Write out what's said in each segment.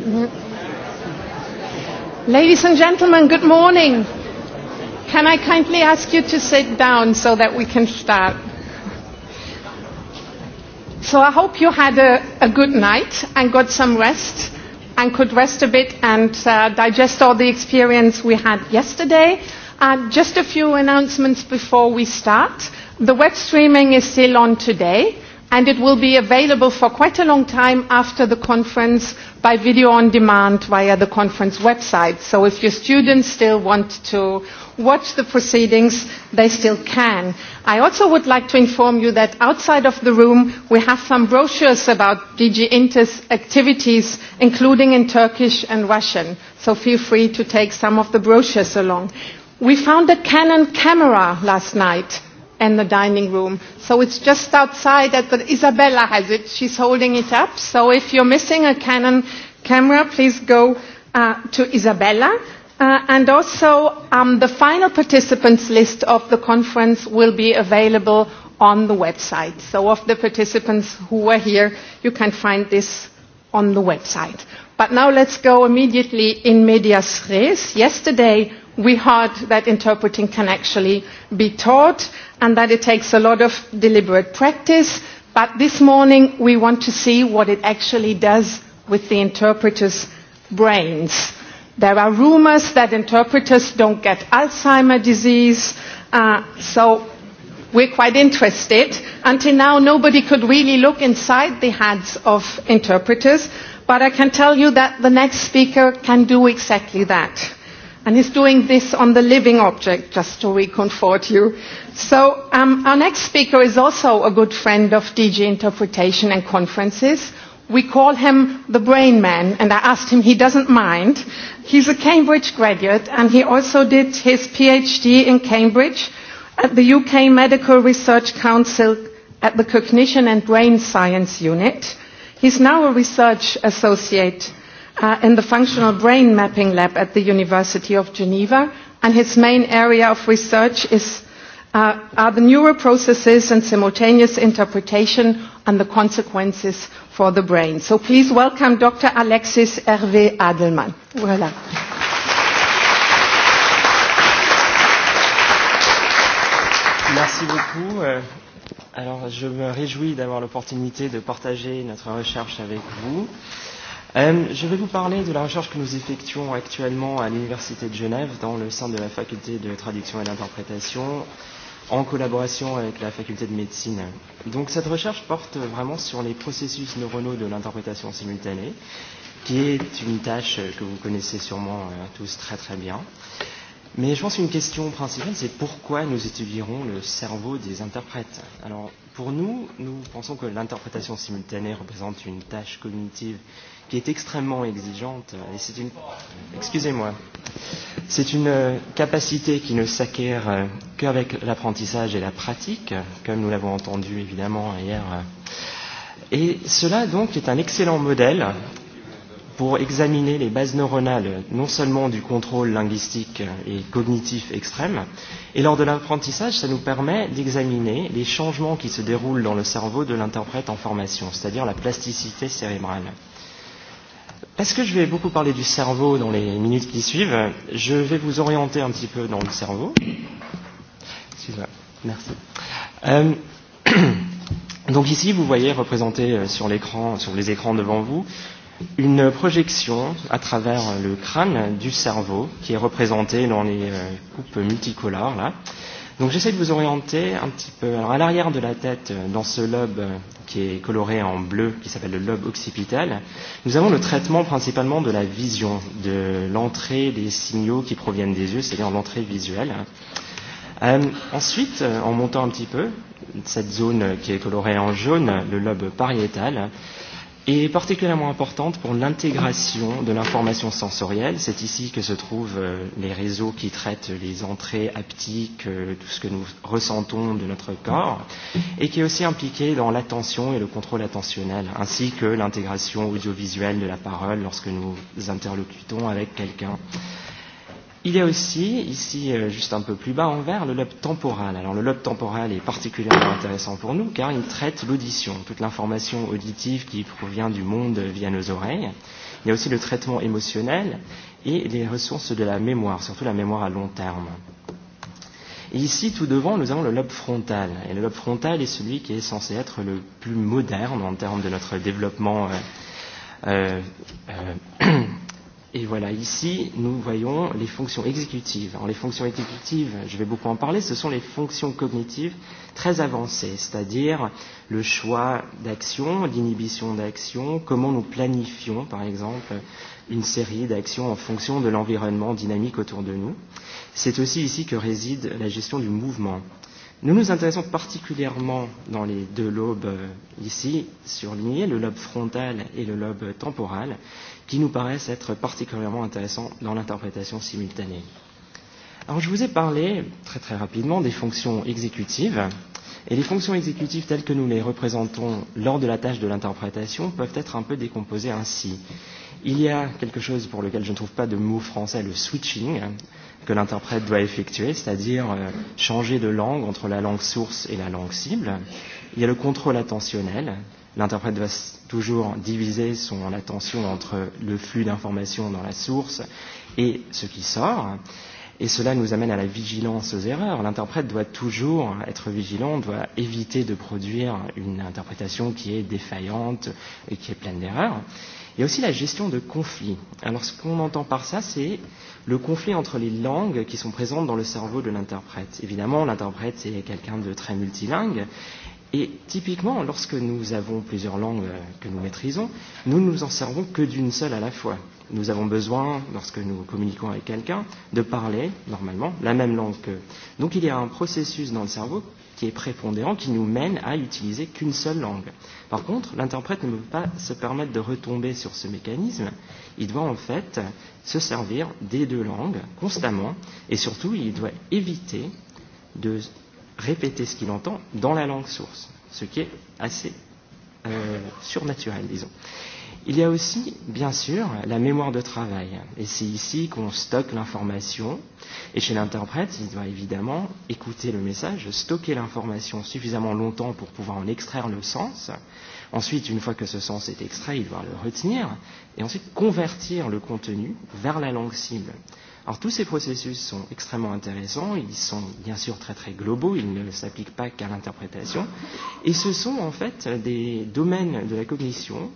Mhm. Ladies and gentlemen, good morning. Can I kindly ask you to sit down so that we can start? So I hope you had a, a good night and got some rest and could rest a bit and uh, digest all the experience we had yesterday. Uh, just a few announcements before we start. The web streaming is still on today and it will be available for quite a long time after the conference by video on demand via the conference website. So if your students still want to watch the proceedings, they still can. I also would like to inform you that outside of the room we have some brochures about DG Inter's activities, including in Turkish and Russian. So feel free to take some of the brochures along. We found a Canon camera last night and the dining room. So it's just outside that, but Isabella has it. She's holding it up. So if you're missing a Canon camera, please go uh, to Isabella. Uh, and also, um, the final participants list of the conference will be available on the website. So of the participants who were here, you can find this on the website. But now let's go immediately in medias res. Yesterday, we heard that interpreting can actually be taught and that it takes a lot of deliberate practice but this morning we want to see what it actually does with the interpreters' brains. There are rumours that interpreters don't get Alzheimer's disease, uh, so we're quite interested. Until now, nobody could really look inside the heads of interpreters, but I can tell you that the next speaker can do exactly that and is doing this on the living object, just to reconfort you. So um, our next speaker is also a good friend of DG Interpretation and Conferences. We call him the brain man, and I asked him, he doesn't mind. He's a Cambridge graduate, and he also did his PhD in Cambridge at the UK Medical Research Council at the Cognition and Brain Science Unit. He's now a research associate uh, in the Functional Brain Mapping Lab at the University of Geneva, and his main area of research is, uh, are the neural processes and simultaneous interpretation and the consequences for the brain. So please welcome Dr. Alexis Hervé Adelman. Voilà. Merci beaucoup. Euh, alors, je me réjouis d'avoir l'opportunité de partager notre recherche avec vous. Euh, je vais vous parler de la recherche que nous effectuons actuellement à l'Université de Genève dans le sein de la faculté de traduction et d'interprétation en collaboration avec la faculté de médecine. Donc cette recherche porte vraiment sur les processus neuronaux de l'interprétation simultanée, qui est une tâche que vous connaissez sûrement euh, tous très très bien. Mais je pense qu'une question principale, c'est pourquoi nous étudierons le cerveau des interprètes. Alors pour nous, nous pensons que l'interprétation simultanée représente une tâche cognitive qui est extrêmement exigeante. Euh, et c'est une, excusez-moi, c'est une euh, capacité qui ne s'acquiert euh, qu'avec l'apprentissage et la pratique, comme nous l'avons entendu évidemment hier. Et cela donc est un excellent modèle pour examiner les bases neuronales, non seulement du contrôle linguistique et cognitif extrême, et lors de l'apprentissage, ça nous permet d'examiner les changements qui se déroulent dans le cerveau de l'interprète en formation, c'est-à-dire la plasticité cérébrale. Parce que je vais beaucoup parler du cerveau dans les minutes qui suivent, je vais vous orienter un petit peu dans le cerveau. Excusez-moi, merci. Euh, donc ici, vous voyez représenté euh, sur l'écran, sur les écrans devant vous, une projection à travers le crâne du cerveau qui est représentée dans les euh, coupes multicolores là. Donc j'essaie de vous orienter un petit peu. Alors à l'arrière de la tête, euh, dans ce lobe euh, qui est coloré en bleu, qui s'appelle le lobe occipital, nous avons le traitement principalement de la vision, de l'entrée des signaux qui proviennent des yeux, c'est-à-dire l'entrée visuelle. Euh, ensuite, euh, en montant un petit peu, cette zone qui est colorée en jaune, le lobe pariétal, est particulièrement importante pour l'intégration de l'information sensorielle. C'est ici que se trouvent euh, les réseaux qui traitent les entrées haptiques, euh, tout ce que nous ressentons de notre corps, et qui est aussi impliqué dans l'attention et le contrôle attentionnel, ainsi que l'intégration audiovisuelle de la parole lorsque nous interlocutons avec quelqu'un. Il y a aussi, ici euh, juste un peu plus bas en vert, le lobe temporal. Alors le lobe temporal est particulièrement intéressant pour nous car il traite l'audition, toute l'information auditive qui provient du monde via nos oreilles. Il y a aussi le traitement émotionnel et les ressources de la mémoire, surtout la mémoire à long terme. Et ici, tout devant, nous avons le lobe frontal. Et le lobe frontal est celui qui est censé être le plus moderne en termes de notre développement euh, euh, euh Et voilà, ici, nous voyons les fonctions exécutives. Alors, les fonctions exécutives, je vais beaucoup en parler, ce sont les fonctions cognitives très avancées, c'est-à-dire le choix d'action, l'inhibition d'action, comment nous planifions, par exemple, une série d'actions en fonction de l'environnement dynamique autour de nous. C'est aussi ici que réside la gestion du mouvement. Nous nous intéressons particulièrement dans les deux lobes euh, ici surlignés, le lobe frontal et le lobe temporal, qui nous paraissent être particulièrement intéressants dans l'interprétation simultanée. Alors je vous ai parlé très très rapidement des fonctions exécutives et les fonctions exécutives telles que nous les représentons lors de la tâche de l'interprétation peuvent être un peu décomposées ainsi. Il y a quelque chose pour lequel je ne trouve pas de mot français, le switching, que l'interprète doit effectuer, c'est-à-dire euh, changer de langue entre la langue source et la langue cible. Il y a le contrôle attentionnel, L'interprète va toujours diviser son attention entre le flux d'informations dans la source et ce qui sort. Et cela nous amène à la vigilance aux erreurs. L'interprète doit toujours être vigilant, doit éviter de produire une interprétation qui est défaillante et qui est pleine d'erreurs. Il y a aussi la gestion de conflits. Alors ce qu'on entend par ça, c'est le conflit entre les langues qui sont présentes dans le cerveau de l'interprète. Évidemment, l'interprète est quelqu'un de très multilingue Et typiquement, lorsque nous avons plusieurs langues euh, que nous maîtrisons, nous ne nous en servons que d'une seule à la fois. Nous avons besoin, lorsque nous communiquons avec quelqu'un, de parler, normalement, la même langue que. Donc il y a un processus dans le cerveau qui est prépondérant, qui nous mène à utiliser qu'une seule langue. Par contre, l'interprète ne peut pas se permettre de retomber sur ce mécanisme. Il doit en fait se servir des deux langues constamment et surtout, il doit éviter de répéter ce qu'il entend dans la langue source, ce qui est assez euh, surnaturel, disons. Il y a aussi, bien sûr, la mémoire de travail. Et c'est ici qu'on stocke l'information. Et chez l'interprète, il doit évidemment écouter le message, stocker l'information suffisamment longtemps pour pouvoir en extraire le sens. Ensuite, une fois que ce sens est extrait, il doit le retenir. Et ensuite, convertir le contenu vers la langue cible. Alors tous ces processus sont extrêmement intéressants, ils sont bien sûr très très globaux, ils ne s'appliquent pas qu'à l'interprétation, et ce sont en fait des domaines de la cognition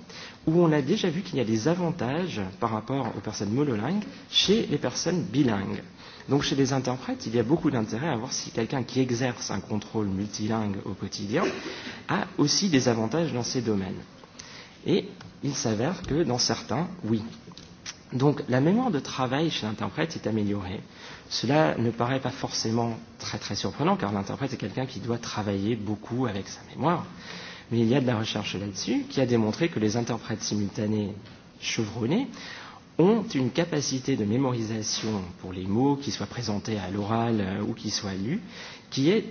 où on a déjà vu qu'il y a des avantages par rapport aux personnes monolingues chez les personnes bilingues. Donc chez les interprètes, il y a beaucoup d'intérêt à voir si quelqu'un qui exerce un contrôle multilingue au quotidien a aussi des avantages dans ces domaines. Et il s'avère que dans certains, oui, Donc la mémoire de travail chez l'interprète est améliorée. Cela ne paraît pas forcément très très surprenant car l'interprète est quelqu'un qui doit travailler beaucoup avec sa mémoire. Mais il y a de la recherche là-dessus qui a démontré que les interprètes simultanés chevronnés ont une capacité de mémorisation pour les mots qui soient présentés à l'oral euh, ou qui soient lus qui est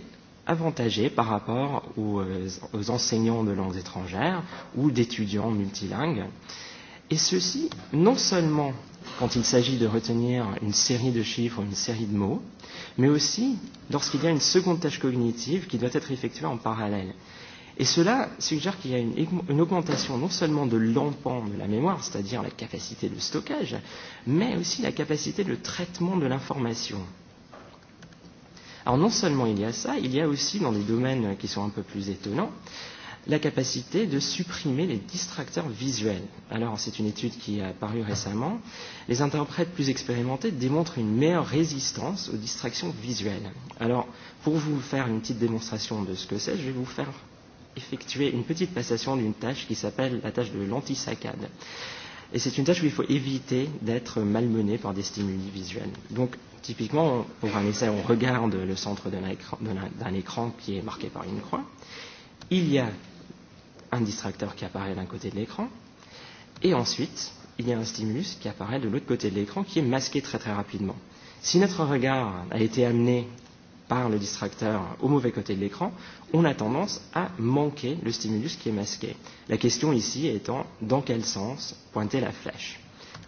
avantagée par rapport aux, euh, aux enseignants de langues étrangères ou d'étudiants multilingues Et ceci, non seulement quand il s'agit de retenir une série de chiffres ou une série de mots, mais aussi lorsqu'il y a une seconde tâche cognitive qui doit être effectuée en parallèle. Et cela suggère qu'il y a une, une augmentation non seulement de l'empan de la mémoire, c'est-à-dire la capacité de stockage, mais aussi la capacité de traitement de l'information. Alors non seulement il y a ça, il y a aussi dans des domaines qui sont un peu plus étonnants, la capacité de supprimer les distracteurs visuels. Alors, c'est une étude qui a paru récemment. Les interprètes plus expérimentés démontrent une meilleure résistance aux distractions visuelles. Alors, pour vous faire une petite démonstration de ce que c'est, je vais vous faire effectuer une petite passation d'une tâche qui s'appelle la tâche de l'antisaccade. Et c'est une tâche où il faut éviter d'être malmené par des stimuli visuels. Donc, typiquement, pour un essai, on regarde le centre d'un écran, écran qui est marqué par une croix. Il y a un distracteur qui apparaît d'un côté de l'écran, et ensuite, il y a un stimulus qui apparaît de l'autre côté de l'écran qui est masqué très très rapidement. Si notre regard a été amené par le distracteur au mauvais côté de l'écran, on a tendance à manquer le stimulus qui est masqué. La question ici étant dans quel sens pointer la flèche.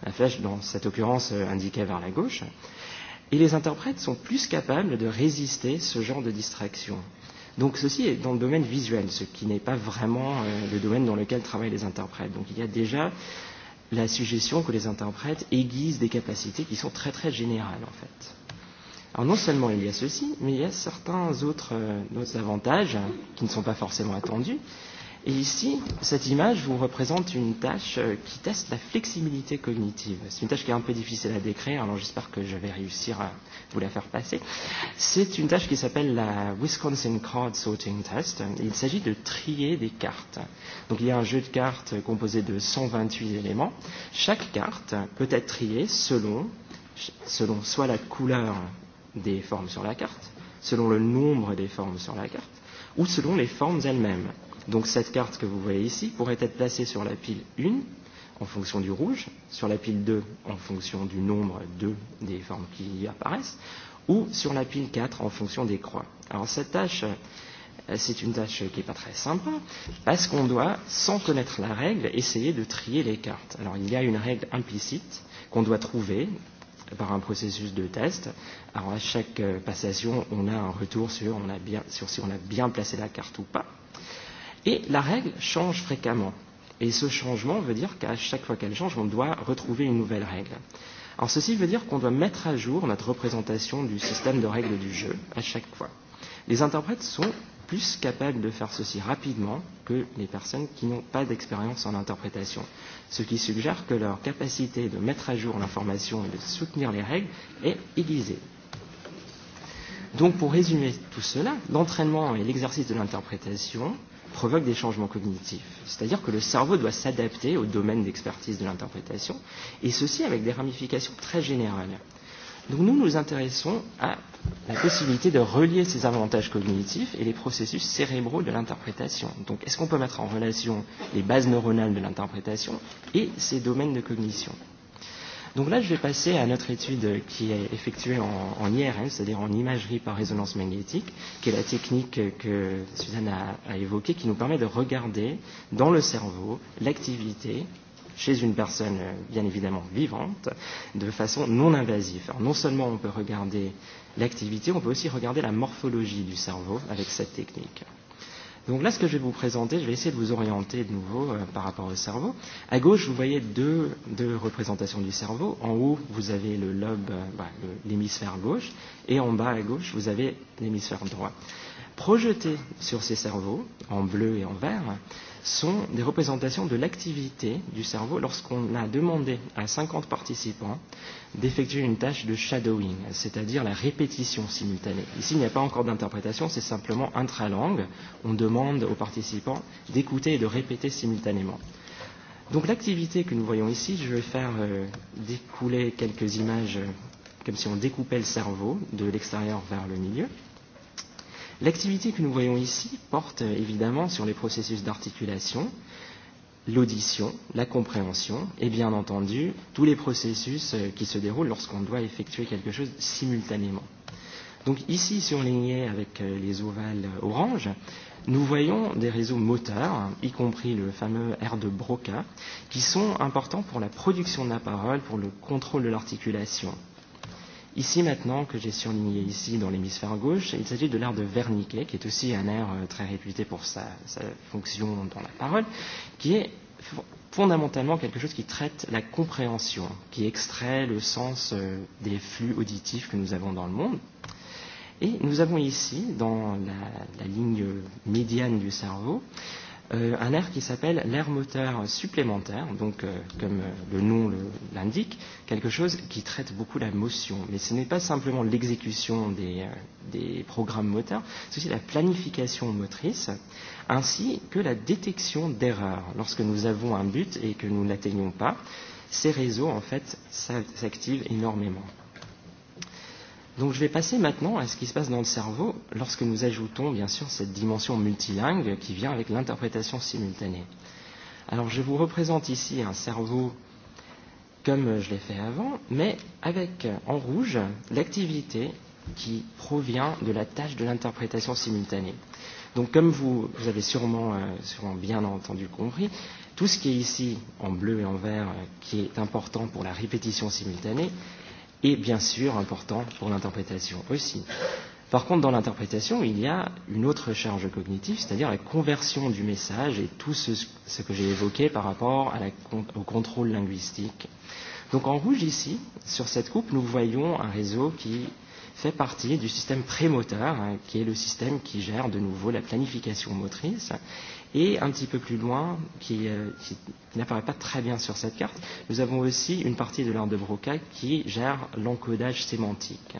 La flèche, dans cette occurrence, euh, indiquait vers la gauche. Et les interprètes sont plus capables de résister ce genre de distraction. Donc ceci est dans le domaine visuel, ce qui n'est pas vraiment euh, le domaine dans lequel travaillent les interprètes. Donc il y a déjà la suggestion que les interprètes aiguisent des capacités qui sont très très générales en fait. Alors non seulement il y a ceci, mais il y a certains autres, euh, autres avantages qui ne sont pas forcément attendus, Et ici, cette image vous représente une tâche euh, qui teste la flexibilité cognitive. C'est une tâche qui est un peu difficile à décrire, alors j'espère que je vais réussir à vous la faire passer. C'est une tâche qui s'appelle la Wisconsin Card Sorting Test. Il s'agit de trier des cartes. Donc il y a un jeu de cartes composé de 128 éléments. Chaque carte peut être triée selon, selon soit la couleur des formes sur la carte, selon le nombre des formes sur la carte, ou selon les formes elles-mêmes. Donc cette carte que vous voyez ici pourrait être placée sur la pile 1 en fonction du rouge, sur la pile 2 en fonction du nombre 2 des formes qui y apparaissent, ou sur la pile 4 en fonction des croix. Alors cette tâche, euh, c'est une tâche qui n'est pas très sympa, parce qu'on doit, sans connaître la règle, essayer de trier les cartes. Alors il y a une règle implicite qu'on doit trouver par un processus de test. Alors à chaque euh, passation, on a un retour sur, on a bien, sur si on a bien placé la carte ou pas. Et la règle change fréquemment. Et ce changement veut dire qu'à chaque fois qu'elle change, on doit retrouver une nouvelle règle. Alors ceci veut dire qu'on doit mettre à jour notre représentation du système de règles du jeu à chaque fois. Les interprètes sont plus capables de faire ceci rapidement que les personnes qui n'ont pas d'expérience en interprétation, ce qui suggère que leur capacité de mettre à jour l'information et de soutenir les règles est aiguisée. Donc pour résumer tout cela, l'entraînement et l'exercice de l'interprétation provoque des changements cognitifs. C'est-à-dire que le cerveau doit s'adapter au domaine d'expertise de l'interprétation, et ceci avec des ramifications très générales. Donc nous nous intéressons à la possibilité de relier ces avantages cognitifs et les processus cérébraux de l'interprétation. Donc est-ce qu'on peut mettre en relation les bases neuronales de l'interprétation et ces domaines de cognition Donc là, je vais passer à notre étude qui est effectuée en, en IRM, c'est-à-dire en imagerie par résonance magnétique, qui est la technique que Suzanne a, a évoquée, qui nous permet de regarder dans le cerveau l'activité chez une personne bien évidemment vivante de façon non invasive. Alors, non seulement on peut regarder l'activité, on peut aussi regarder la morphologie du cerveau avec cette technique. Donc là, ce que je vais vous présenter, je vais essayer de vous orienter de nouveau euh, par rapport au cerveau. À gauche, vous voyez deux, deux représentations du cerveau. En haut, vous avez le lobe, euh, bah, l'hémisphère gauche, et en bas à gauche, vous avez l'hémisphère droit. Projeté sur ces cerveaux, en bleu et en vert, sont des représentations de l'activité du cerveau lorsqu'on a demandé à 50 participants d'effectuer une tâche de shadowing, c'est-à-dire la répétition simultanée. Ici, il n'y a pas encore d'interprétation, c'est simplement intralangue. On demande aux participants d'écouter et de répéter simultanément. Donc l'activité que nous voyons ici, je vais faire euh, découler quelques images euh, comme si on découpait le cerveau de l'extérieur vers le milieu. L'activité que nous voyons ici porte euh, évidemment sur les processus d'articulation, l'audition, la compréhension et bien entendu tous les processus euh, qui se déroulent lorsqu'on doit effectuer quelque chose simultanément. Donc ici surligné avec euh, les ovales orange, nous voyons des réseaux moteurs, y compris le fameux R de Broca, qui sont importants pour la production de la parole, pour le contrôle de l'articulation. Ici maintenant, que j'ai surligné ici dans l'hémisphère gauche, il s'agit de l'art de Wernicke, qui est aussi un air euh, très réputé pour sa, sa fonction dans la parole, qui est fondamentalement quelque chose qui traite la compréhension, qui extrait le sens euh, des flux auditifs que nous avons dans le monde. Et nous avons ici, dans la, la ligne euh, médiane du cerveau, euh, euh, un air qui s'appelle l'air moteur supplémentaire, donc euh, comme euh, le nom l'indique, quelque chose qui traite beaucoup la motion. Mais ce n'est pas simplement l'exécution des, euh, des programmes moteurs, c'est aussi la planification motrice, ainsi que la détection d'erreurs. Lorsque nous avons un but et que nous n'atteignons pas, ces réseaux, en fait, s'activent énormément. Donc je vais passer maintenant à ce qui se passe dans le cerveau lorsque nous ajoutons bien sûr cette dimension multilingue qui vient avec l'interprétation simultanée. Alors je vous représente ici un cerveau comme je l'ai fait avant, mais avec en rouge l'activité qui provient de la tâche de l'interprétation simultanée. Donc comme vous, vous avez sûrement, euh, sûrement bien entendu compris, tout ce qui est ici en bleu et en vert euh, qui est important pour la répétition simultanée et bien sûr important pour l'interprétation aussi. Par contre, dans l'interprétation, il y a une autre charge cognitive, c'est-à-dire la conversion du message et tout ce, ce que j'ai évoqué par rapport à la, au contrôle linguistique. Donc en rouge ici, sur cette coupe, nous voyons un réseau qui fait partie du système prémoteur, hein, qui est le système qui gère de nouveau la planification motrice Et un petit peu plus loin, qui, euh, qui n'apparaît pas très bien sur cette carte, nous avons aussi une partie de l'art de Broca qui gère l'encodage sémantique.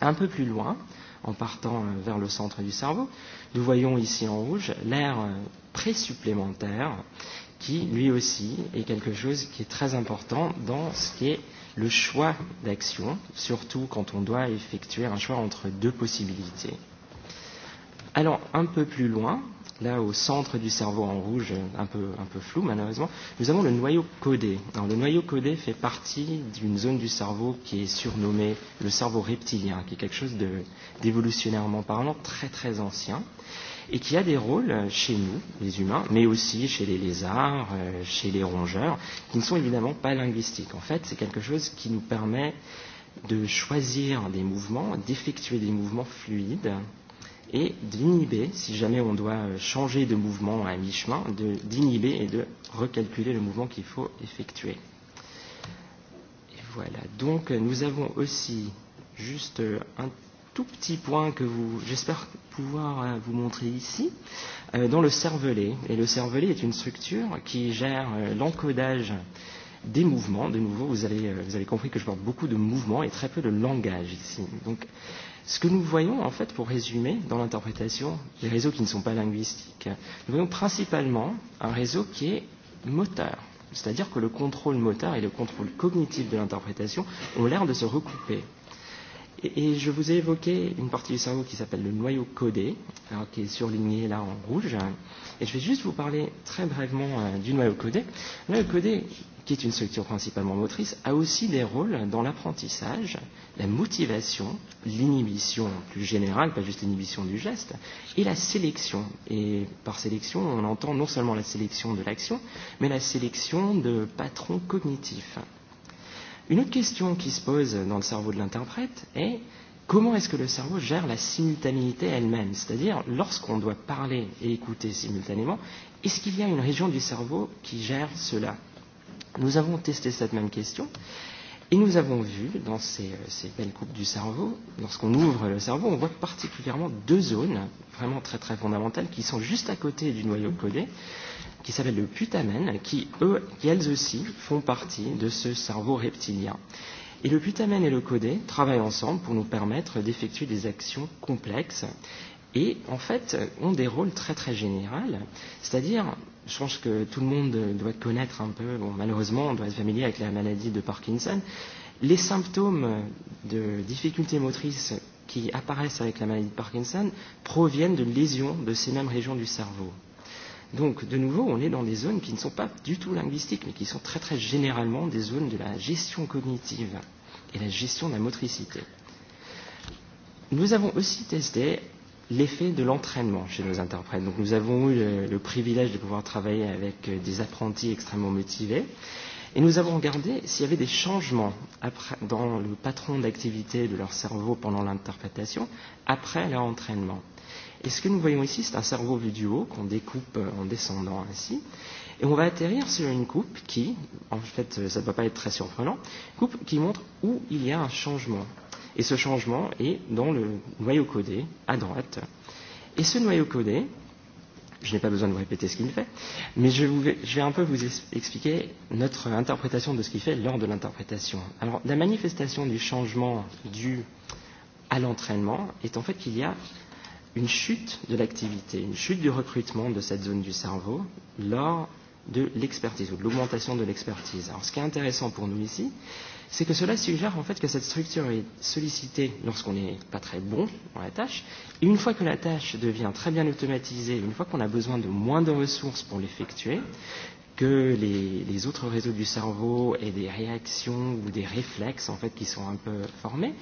Un peu plus loin, en partant euh, vers le centre du cerveau, nous voyons ici en rouge l'air euh, présupplémentaire qui, lui aussi, est quelque chose qui est très important dans ce qui est le choix d'action, surtout quand on doit effectuer un choix entre deux possibilités. Alors un peu plus loin, là au centre du cerveau en rouge, un peu, un peu flou malheureusement, nous avons le noyau codé. Alors, le noyau codé fait partie d'une zone du cerveau qui est surnommée le cerveau reptilien, qui est quelque chose d'évolutionnairement parlant très très ancien et qui a des rôles chez nous, les humains, mais aussi chez les lézards, euh, chez les rongeurs, qui ne sont évidemment pas linguistiques. En fait, c'est quelque chose qui nous permet de choisir des mouvements, d'effectuer des mouvements fluides et d'inhiber, si jamais on doit euh, changer de mouvement à mi-chemin, d'inhiber et de recalculer le mouvement qu'il faut effectuer. Et voilà, donc euh, nous avons aussi juste euh, un tout petit point que vous, j'espère pouvoir vous montrer ici, dans le cervelet. Et le cervelet est une structure qui gère l'encodage des mouvements. De nouveau, vous avez, vous avez compris que je parle beaucoup de mouvements et très peu de langage ici. Donc, Ce que nous voyons, en fait, pour résumer, dans l'interprétation des réseaux qui ne sont pas linguistiques, nous voyons principalement un réseau qui est moteur. C'est-à-dire que le contrôle moteur et le contrôle cognitif de l'interprétation ont l'air de se recouper. Et je vous ai évoqué une partie du cerveau qui s'appelle le noyau codé, alors qui est surligné là en rouge. Et je vais juste vous parler très brièvement euh, du noyau codé. Le noyau codé, qui est une structure principalement motrice, a aussi des rôles dans l'apprentissage, la motivation, l'inhibition plus générale, pas juste l'inhibition du geste, et la sélection. Et par sélection, on entend non seulement la sélection de l'action, mais la sélection de patrons cognitifs. Une autre question qui se pose dans le cerveau de l'interprète est comment est-ce que le cerveau gère la simultanéité elle-même C'est-à-dire, lorsqu'on doit parler et écouter simultanément, est-ce qu'il y a une région du cerveau qui gère cela Nous avons testé cette même question et nous avons vu dans ces, euh, ces belles coupes du cerveau, lorsqu'on ouvre le cerveau, on voit particulièrement deux zones vraiment très très fondamentales qui sont juste à côté du noyau codé, qui s'appellent le putamen, qui, eux, qui elles aussi font partie de ce cerveau reptilien. Et le putamen et le codé travaillent ensemble pour nous permettre d'effectuer des actions complexes et en fait ont des rôles très très généraux, c'est-à-dire je pense que tout le monde doit connaître un peu, bon, malheureusement, on doit être familier avec la maladie de Parkinson. Les symptômes de difficultés motrices qui apparaissent avec la maladie de Parkinson proviennent de lésions de ces mêmes régions du cerveau. Donc, de nouveau, on est dans des zones qui ne sont pas du tout linguistiques, mais qui sont très très généralement des zones de la gestion cognitive et la gestion de la motricité. Nous avons aussi testé l'effet de l'entraînement chez nos interprètes. Donc nous avons eu le, le privilège de pouvoir travailler avec euh, des apprentis extrêmement motivés et nous avons regardé s'il y avait des changements après, dans le patron d'activité de leur cerveau pendant l'interprétation après leur entraînement. Et ce que nous voyons ici, c'est un cerveau vu du haut qu'on découpe euh, en descendant ainsi. Et on va atterrir sur une coupe qui, en fait, euh, ça ne va pas être très surprenant, coupe qui montre où il y a un changement Et ce changement est dans le noyau codé à droite. Et ce noyau codé, je n'ai pas besoin de vous répéter ce qu'il fait, mais je, vous, je vais un peu vous expliquer notre interprétation de ce qu'il fait lors de l'interprétation. Alors, la manifestation du changement dû à l'entraînement est en fait qu'il y a une chute de l'activité, une chute du recrutement de cette zone du cerveau lors de l'expertise ou de l'augmentation de l'expertise. Alors, ce qui est intéressant pour nous ici, c'est que cela suggère en fait que cette structure est sollicitée lorsqu'on n'est pas très bon dans la tâche, et une fois que la tâche devient très bien automatisée, une fois qu'on a besoin de moins de ressources pour l'effectuer, que les, les autres réseaux du cerveau aient des réactions ou des réflexes en fait qui sont un peu formés,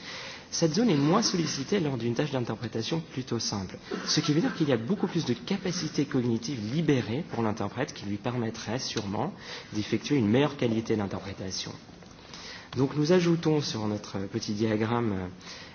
cette zone est moins sollicitée lors d'une tâche d'interprétation plutôt simple. Ce qui veut dire qu'il y a beaucoup plus de capacités cognitives libérées pour l'interprète qui lui permettrait sûrement d'effectuer une meilleure qualité d'interprétation. Donc nous ajoutons sur notre petit diagramme euh,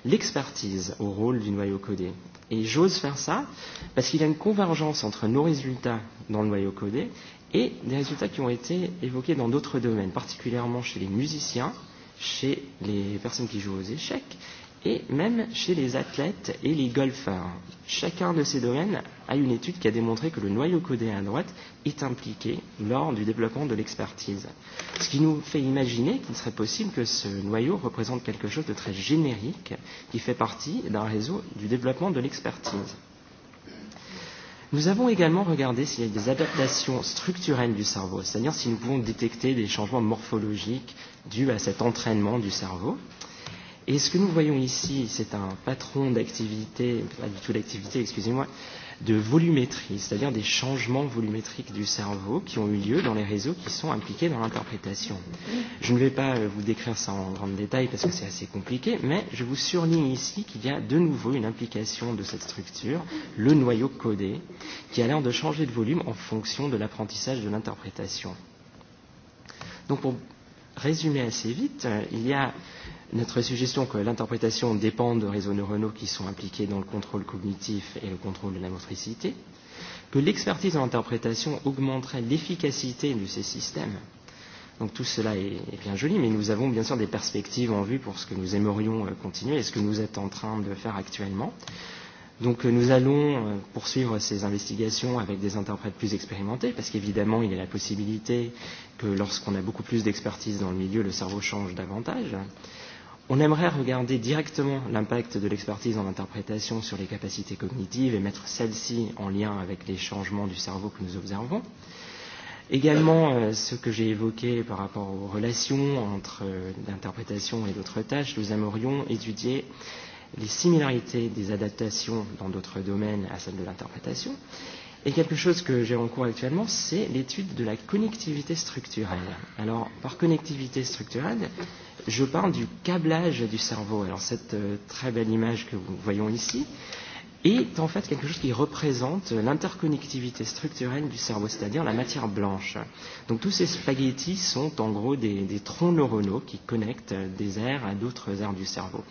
l'expertise au rôle du noyau codé. Et j'ose faire ça parce qu'il y a une convergence entre nos résultats dans le noyau codé et des résultats qui ont été évoqués dans d'autres domaines, particulièrement chez les musiciens, chez les personnes qui jouent aux échecs et même chez les athlètes et les golfeurs. Chacun de ces domaines a une étude qui a démontré que le noyau codé à droite est impliqué lors du développement de l'expertise. Ce qui nous fait imaginer qu'il serait possible que ce noyau représente quelque chose de très générique qui fait partie d'un réseau du développement de l'expertise. Nous avons également regardé s'il y a des adaptations structurelles du cerveau, c'est-à-dire si nous pouvons détecter des changements morphologiques dus à cet entraînement du cerveau. Et ce que nous voyons ici, c'est un patron d'activité, pas du tout d'activité, excusez-moi, de volumétrie, c'est-à-dire des changements volumétriques du cerveau qui ont eu lieu dans les réseaux qui sont impliqués dans l'interprétation. Je ne vais pas euh, vous décrire ça en grand détail parce que c'est assez compliqué, mais je vous surligne ici qu'il y a de nouveau une implication de cette structure, le noyau codé, qui a l'air de changer de volume en fonction de l'apprentissage de l'interprétation. Donc pour résumer assez vite, euh, il y a Notre suggestion que l'interprétation dépend de réseaux neuronaux qui sont impliqués dans le contrôle cognitif et le contrôle de la motricité, que l'expertise en interprétation augmenterait l'efficacité de ces systèmes. Donc tout cela est, bien joli, mais nous avons bien sûr des perspectives en vue pour ce que nous aimerions euh, continuer et ce que nous êtes en train de faire actuellement. Donc euh, nous allons euh, poursuivre ces investigations avec des interprètes plus expérimentés, parce qu'évidemment il y a la possibilité que lorsqu'on a beaucoup plus d'expertise dans le milieu, le cerveau change davantage. On aimerait regarder directement l'impact de l'expertise en interprétation sur les capacités cognitives et mettre celle-ci en lien avec les changements du cerveau que nous observons. Également, euh, ce que j'ai évoqué par rapport aux relations entre euh, l'interprétation et d'autres tâches, nous aimerions étudier les similarités des adaptations dans d'autres domaines à celles de l'interprétation. Et quelque chose que j'ai en cours actuellement, c'est l'étude de la connectivité structurelle. Alors, par connectivité structurelle, je parle du câblage du cerveau. Alors cette euh, très belle image que nous voyons ici est en fait quelque chose qui représente l'interconnectivité structurelle du cerveau, c'est-à-dire la matière blanche. Donc tous ces spaghettis sont en gros des, des troncs neuronaux qui connectent des aires à d'autres aires du cerveau.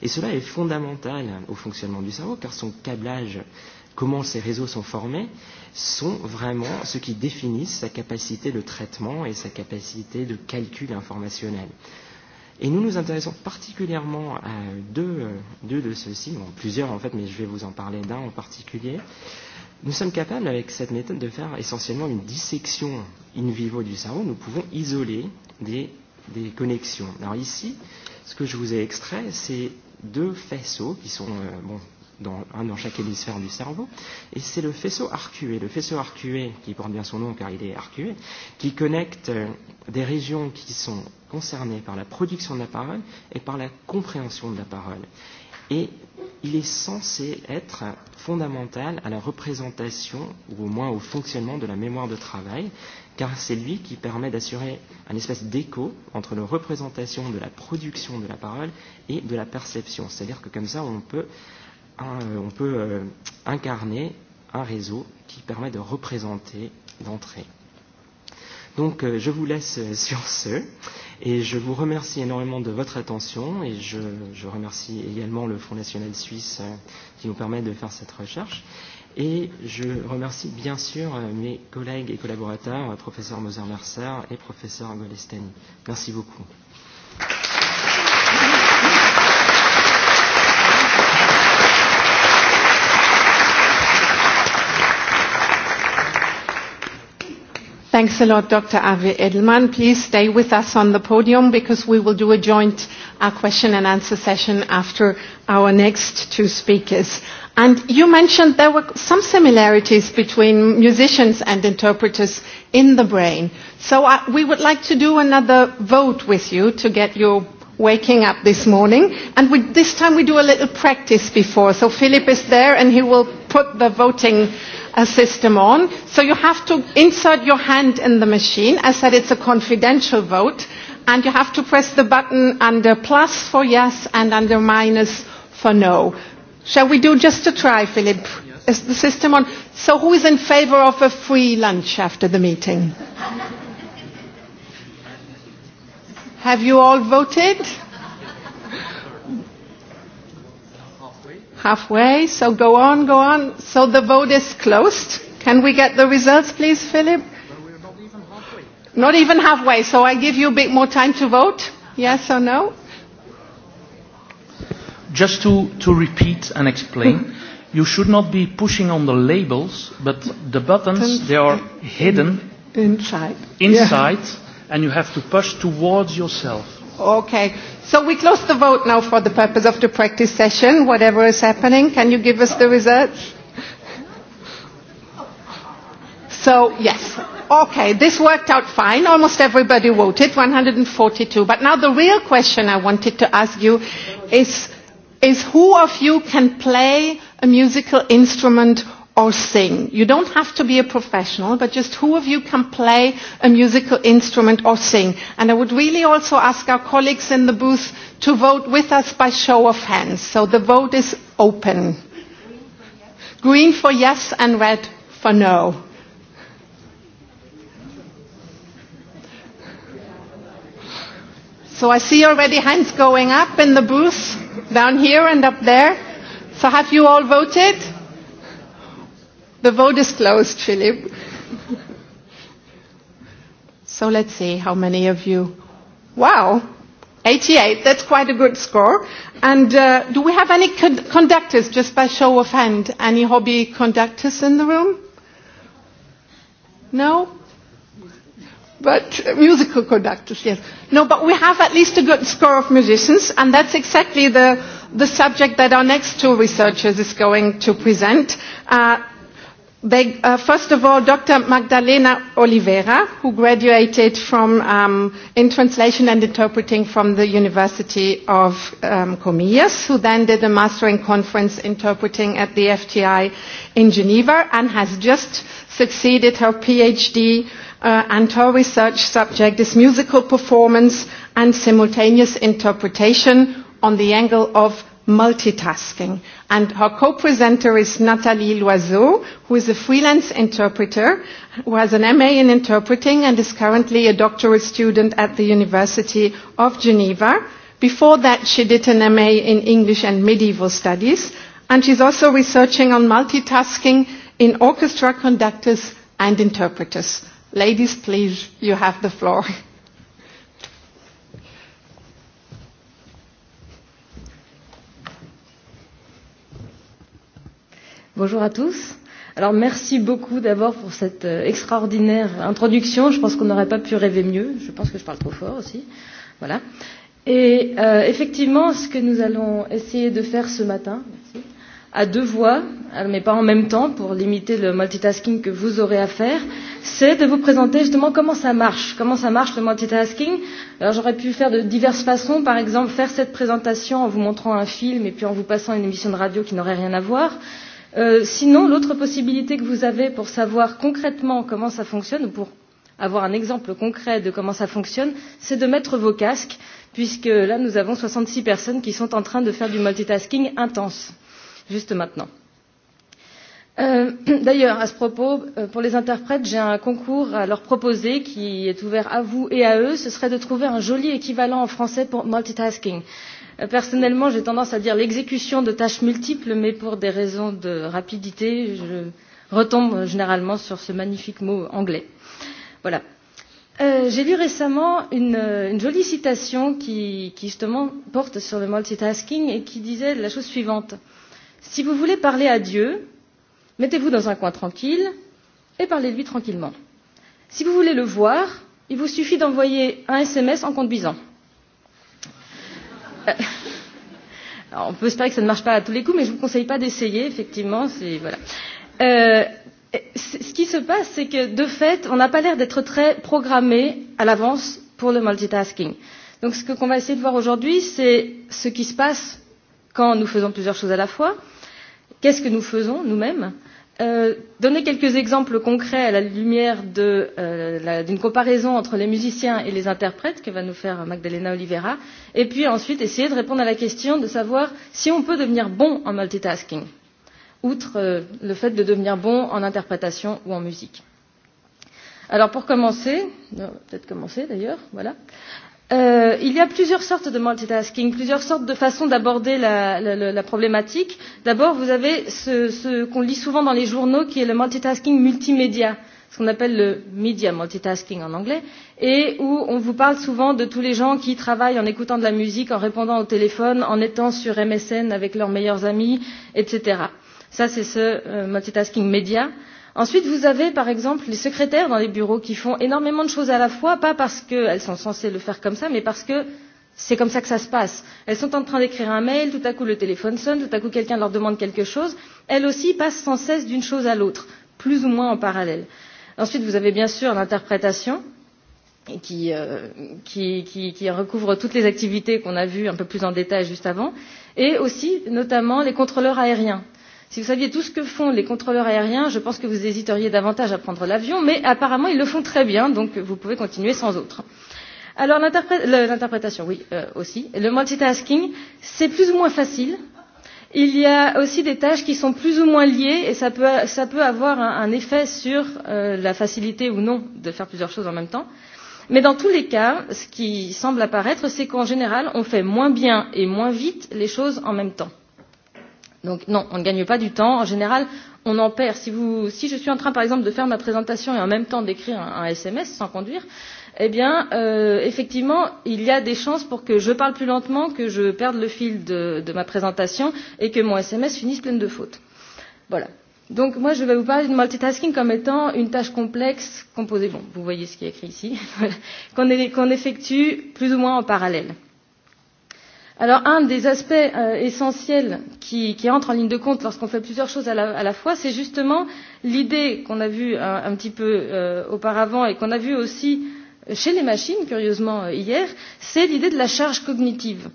Et cela est fondamental au fonctionnement du cerveau car son câblage, comment ces réseaux sont formés, sont vraiment ce qui définissent sa capacité de traitement et sa capacité de calcul informationnel. Et nous nous intéressons particulièrement à deux, euh, deux de ceux-ci, bon, plusieurs en fait, mais je vais vous en parler d'un en particulier. Nous sommes capables, avec cette méthode, de faire essentiellement une dissection in vivo du cerveau. Nous pouvons isoler des, des connexions. Alors ici, ce que je vous ai extrait, c'est deux faisceaux qui sont euh, bon, dans, un dans chaque hémisphère du cerveau. Et c'est le faisceau arcué, le faisceau arcué, qui porte bien son nom car il est arcué, qui connecte euh, des régions qui sont concernées par la production de la parole et par la compréhension de la parole. Et il est censé être fondamental à la représentation, ou au moins au fonctionnement de la mémoire de travail, car c'est lui qui permet d'assurer un espèce d'écho entre la représentation de la production de la parole et de la perception. C'est-à-dire que comme ça, on peut un, on peut euh, incarner un réseau qui permet de représenter d'entrée. Donc euh, je vous laisse euh, sur ce et je vous remercie énormément de votre attention et je, je remercie également le Fonds national suisse euh, qui nous permet de faire cette recherche et je remercie bien sûr mes collègues et collaborateurs, professeur Moser-Mercer et professeur Golestani. Merci beaucoup. Thanks a lot, Dr. Avi Edelman. Please stay with us on the podium because we will do a joint uh, question and answer session after our next two speakers. And you mentioned there were some similarities between musicians and interpreters in the brain. So uh, we would like to do another vote with you to get your waking up this morning. And we, this time we do a little practice before. So Philip is there and he will put the voting a system on. So you have to insert your hand in the machine. I said it's a confidential vote. And you have to press the button under plus for yes and under minus for no. Shall we do just a try, Philip? Yes. Is the system on? So who is in favor of a free lunch after the meeting? have you all voted? halfway, so go on, go on. So the vote is closed. Can we get the results, please, Philip? Well, not, even halfway. not even halfway, so I give you a bit more time to vote. Yes or no? Just to, to repeat and explain, hmm. you should not be pushing on the labels, but the buttons, they are hidden inside, inside yeah. and you have to push towards yourself. Okay. So we close the vote now for the purpose of the practice session, whatever is happening. Can you give us the results? So, yes. Okay, this worked out fine. Almost everybody voted, 142. But now the real question I wanted to ask you is, is who of you can play a musical instrument or sing. You don't have to be a professional, but just who of you can play a musical instrument or sing. And I would really also ask our colleagues in the booth to vote with us by show of hands. So the vote is open. Green for yes and red for no. So I see already hands going up in the booth, down here and up there. So have you all voted? The vote is closed, Philip. so let's see how many of you. Wow, 88. That's quite a good score. And uh, do we have any con conductors, just by show of hand? Any hobby conductors in the room? No? But uh, musical conductors, yes. No, but we have at least a good score of musicians, and that's exactly the, the subject that our next two researchers is going to present. Uh, They, uh, first of all, Dr. Magdalena Oliveira, who graduated from, um, in translation and interpreting from the University of um, Comillas, who then did a master in conference interpreting at the FTI in Geneva and has just succeeded her PhD uh, and her research subject is musical performance and simultaneous interpretation on the angle of multitasking. And her co-presenter is Nathalie Loiseau, who is a freelance interpreter, who has an MA in interpreting and is currently a doctoral student at the University of Geneva. Before that, she did an MA in English and Medieval Studies, and she's also researching on multitasking in orchestra conductors and interpreters. Ladies, please, you have the floor. Bonjour à tous. Alors merci beaucoup d'abord pour cette euh, extraordinaire introduction. Je pense qu'on n'aurait pas pu rêver mieux. Je pense que je parle trop fort aussi. Voilà. Et euh, effectivement, ce que nous allons essayer de faire ce matin, merci, à deux voix, mais pas en même temps pour limiter le multitasking que vous aurez à faire, c'est de vous présenter justement comment ça marche, comment ça marche le multitasking. Alors j'aurais pu faire de diverses façons, par exemple faire cette présentation en vous montrant un film et puis en vous passant une émission de radio qui n'aurait rien à voir. Euh, sinon, l'autre possibilité que vous avez pour savoir concrètement comment ça fonctionne, ou pour avoir un exemple concret de comment ça fonctionne, c'est de mettre vos casques, puisque là nous avons 66 personnes qui sont en train de faire du multitasking intense, juste maintenant. Euh, D'ailleurs, à ce propos, euh, pour les interprètes, j'ai un concours à leur proposer qui est ouvert à vous et à eux. Ce serait de trouver un joli équivalent en français pour multitasking personnellement j'ai tendance à dire l'exécution de tâches multiples mais pour des raisons de rapidité je retombe généralement sur ce magnifique mot anglais. voilà. Euh, j'ai lu récemment une, une jolie citation qui, qui justement porte sur le multitasking et qui disait la chose suivante si vous voulez parler à dieu mettez vous dans un coin tranquille et parlez lui tranquillement. si vous voulez le voir il vous suffit d'envoyer un sms en conduisant. Euh, alors, on peut espérer que ça ne marche pas à tous les coups, mais je ne vous conseille pas d'essayer, effectivement. Voilà. Euh, ce qui se passe, c'est que, de fait, on n'a pas l'air d'être très programmé à l'avance pour le multitasking. Donc, ce qu'on va essayer de voir aujourd'hui, c'est ce qui se passe quand nous faisons plusieurs choses à la fois, qu'est-ce que nous faisons nous-mêmes, Euh, donner quelques exemples concrets à la lumière euh, d'une euh, comparaison entre les musiciens et les interprètes que va nous faire Magdalena Oliveira et puis ensuite essayer de répondre à la question de savoir si on peut devenir bon en multitasking outre euh, le fait de devenir bon en interprétation ou en musique. Alors pour commencer, peut-être commencer d'ailleurs, voilà. Euh, il y a plusieurs sortes de multitasking, plusieurs sortes de façons d'aborder la, la, la problématique. D'abord, vous avez ce, ce qu'on lit souvent dans les journaux qui est le multitasking multimédia ce qu'on appelle le media multitasking en anglais, et où on vous parle souvent de tous les gens qui travaillent en écoutant de la musique, en répondant au téléphone, en étant sur MSN avec leurs meilleurs amis, etc. Ça, c'est ce euh, multitasking média ensuite vous avez par exemple les secrétaires dans les bureaux qui font énormément de choses à la fois pas parce qu'elles sont censées le faire comme ça mais parce que c'est comme ça que ça se passe elles sont en train d'écrire un mail tout à coup le téléphone sonne tout à coup quelqu'un leur demande quelque chose elles aussi passent sans cesse d'une chose à l'autre plus ou moins en parallèle ensuite vous avez bien sûr l'interprétation qui, euh, qui, qui, qui recouvre toutes les activités qu'on a vues un peu plus en détail juste avant et aussi notamment les contrôleurs aériens si vous saviez tout ce que font les contrôleurs aériens, je pense que vous hésiteriez davantage à prendre l'avion, mais apparemment ils le font très bien, donc vous pouvez continuer sans autre. Alors l'interprétation, oui, euh, aussi. Le multitasking, c'est plus ou moins facile. Il y a aussi des tâches qui sont plus ou moins liées et ça peut, ça peut avoir un, un effet sur euh, la facilité ou non de faire plusieurs choses en même temps. Mais dans tous les cas, ce qui semble apparaître, c'est qu'en général, on fait moins bien et moins vite les choses en même temps donc non on ne gagne pas du temps en général on en perd si vous si je suis en train par exemple de faire ma présentation et en même temps d'écrire un, un sms sans conduire eh bien euh, effectivement il y a des chances pour que je parle plus lentement que je perde le fil de de ma présentation et que mon sms finisse plein de fautes voilà donc moi je vais vous parler de multitasking comme étant une tâche complexe composée bon vous voyez ce qui est écrit ici qu'on qu effectue plus ou moins en parallèle Alors, un des aspects euh, essentiels qui, qui entre en ligne de compte lorsqu'on fait plusieurs choses à la, à la fois, c'est justement l'idée qu'on a vue un, euh, un petit peu euh, auparavant et qu'on a vue aussi chez les machines, curieusement, euh, hier, c'est l'idée de la charge cognitive.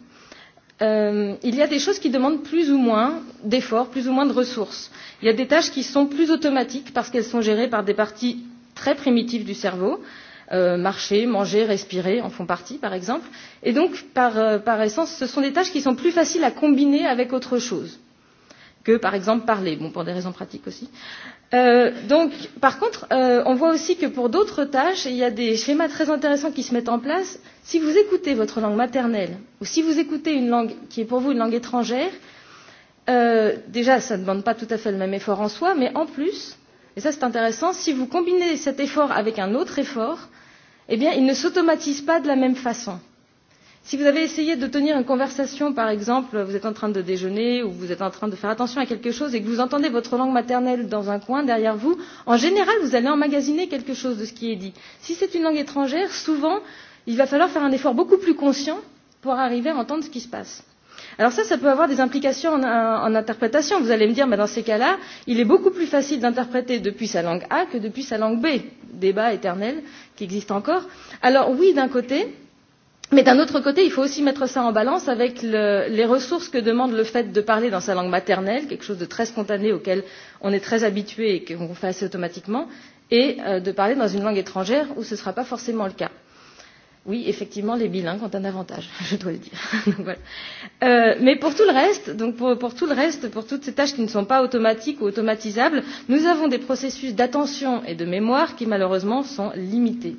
Euh, il y a des choses qui demandent plus ou moins d'efforts, plus ou moins de ressources. Il y a des tâches qui sont plus automatiques parce qu'elles sont gérées par des parties très primitives du cerveau. Euh, Euh, marcher manger respirer en font partie par exemple et donc par, euh, par essence ce sont des tâches qui sont plus faciles à combiner avec autre chose que par exemple parler bon pour des raisons pratiques aussi euh, donc par contre euh, on voit aussi que pour d'autres tâches il y a des schémas très intéressants qui se mettent en place si vous écoutez votre langue maternelle ou si vous écoutez une langue qui est pour vous une langue étrangère déjà ça ne demande pas tout à fait le même effort en soi mais en plus et ça c'est intéressant si vous combinez cet effort avec un autre effort eh bien il ne s'automatise pas de la même façon si vous avez essayé de tenir une conversation par exemple vous êtes en train de déjeuner ou vous êtes en train de faire attention à quelque chose et que vous entendez votre langue maternelle dans un coin derrière vous en général vous allez emmagasiner quelque chose de ce qui est dit si c'est une langue étrangère souvent il va falloir faire un effort beaucoup plus conscient pour arriver à entendre ce qui se passe Alors ça, ça peut avoir des implications en, en interprétation. Vous allez me dire, mais dans ces cas-là, il est beaucoup plus facile d'interpréter depuis sa langue A que depuis sa langue B. Débat éternel qui existe encore. Alors oui, d'un côté, mais d'un autre côté il faut aussi mettre cela en balance avec le, les ressources que demande le fait de parler dans sa langue maternelle quelque chose de très spontané auquel on est très habitué et qu'on fait assez automatiquement et euh, de parler dans une langue étrangère où ce ne sera pas forcément le cas oui, effectivement, les bilingues ont un avantage, je dois le dire. donc, voilà. euh, mais pour tout le reste, donc pour, pour tout le reste, pour toutes ces tâches qui ne sont pas automatiques ou automatisables, nous avons des processus d'attention et de mémoire qui malheureusement sont limités.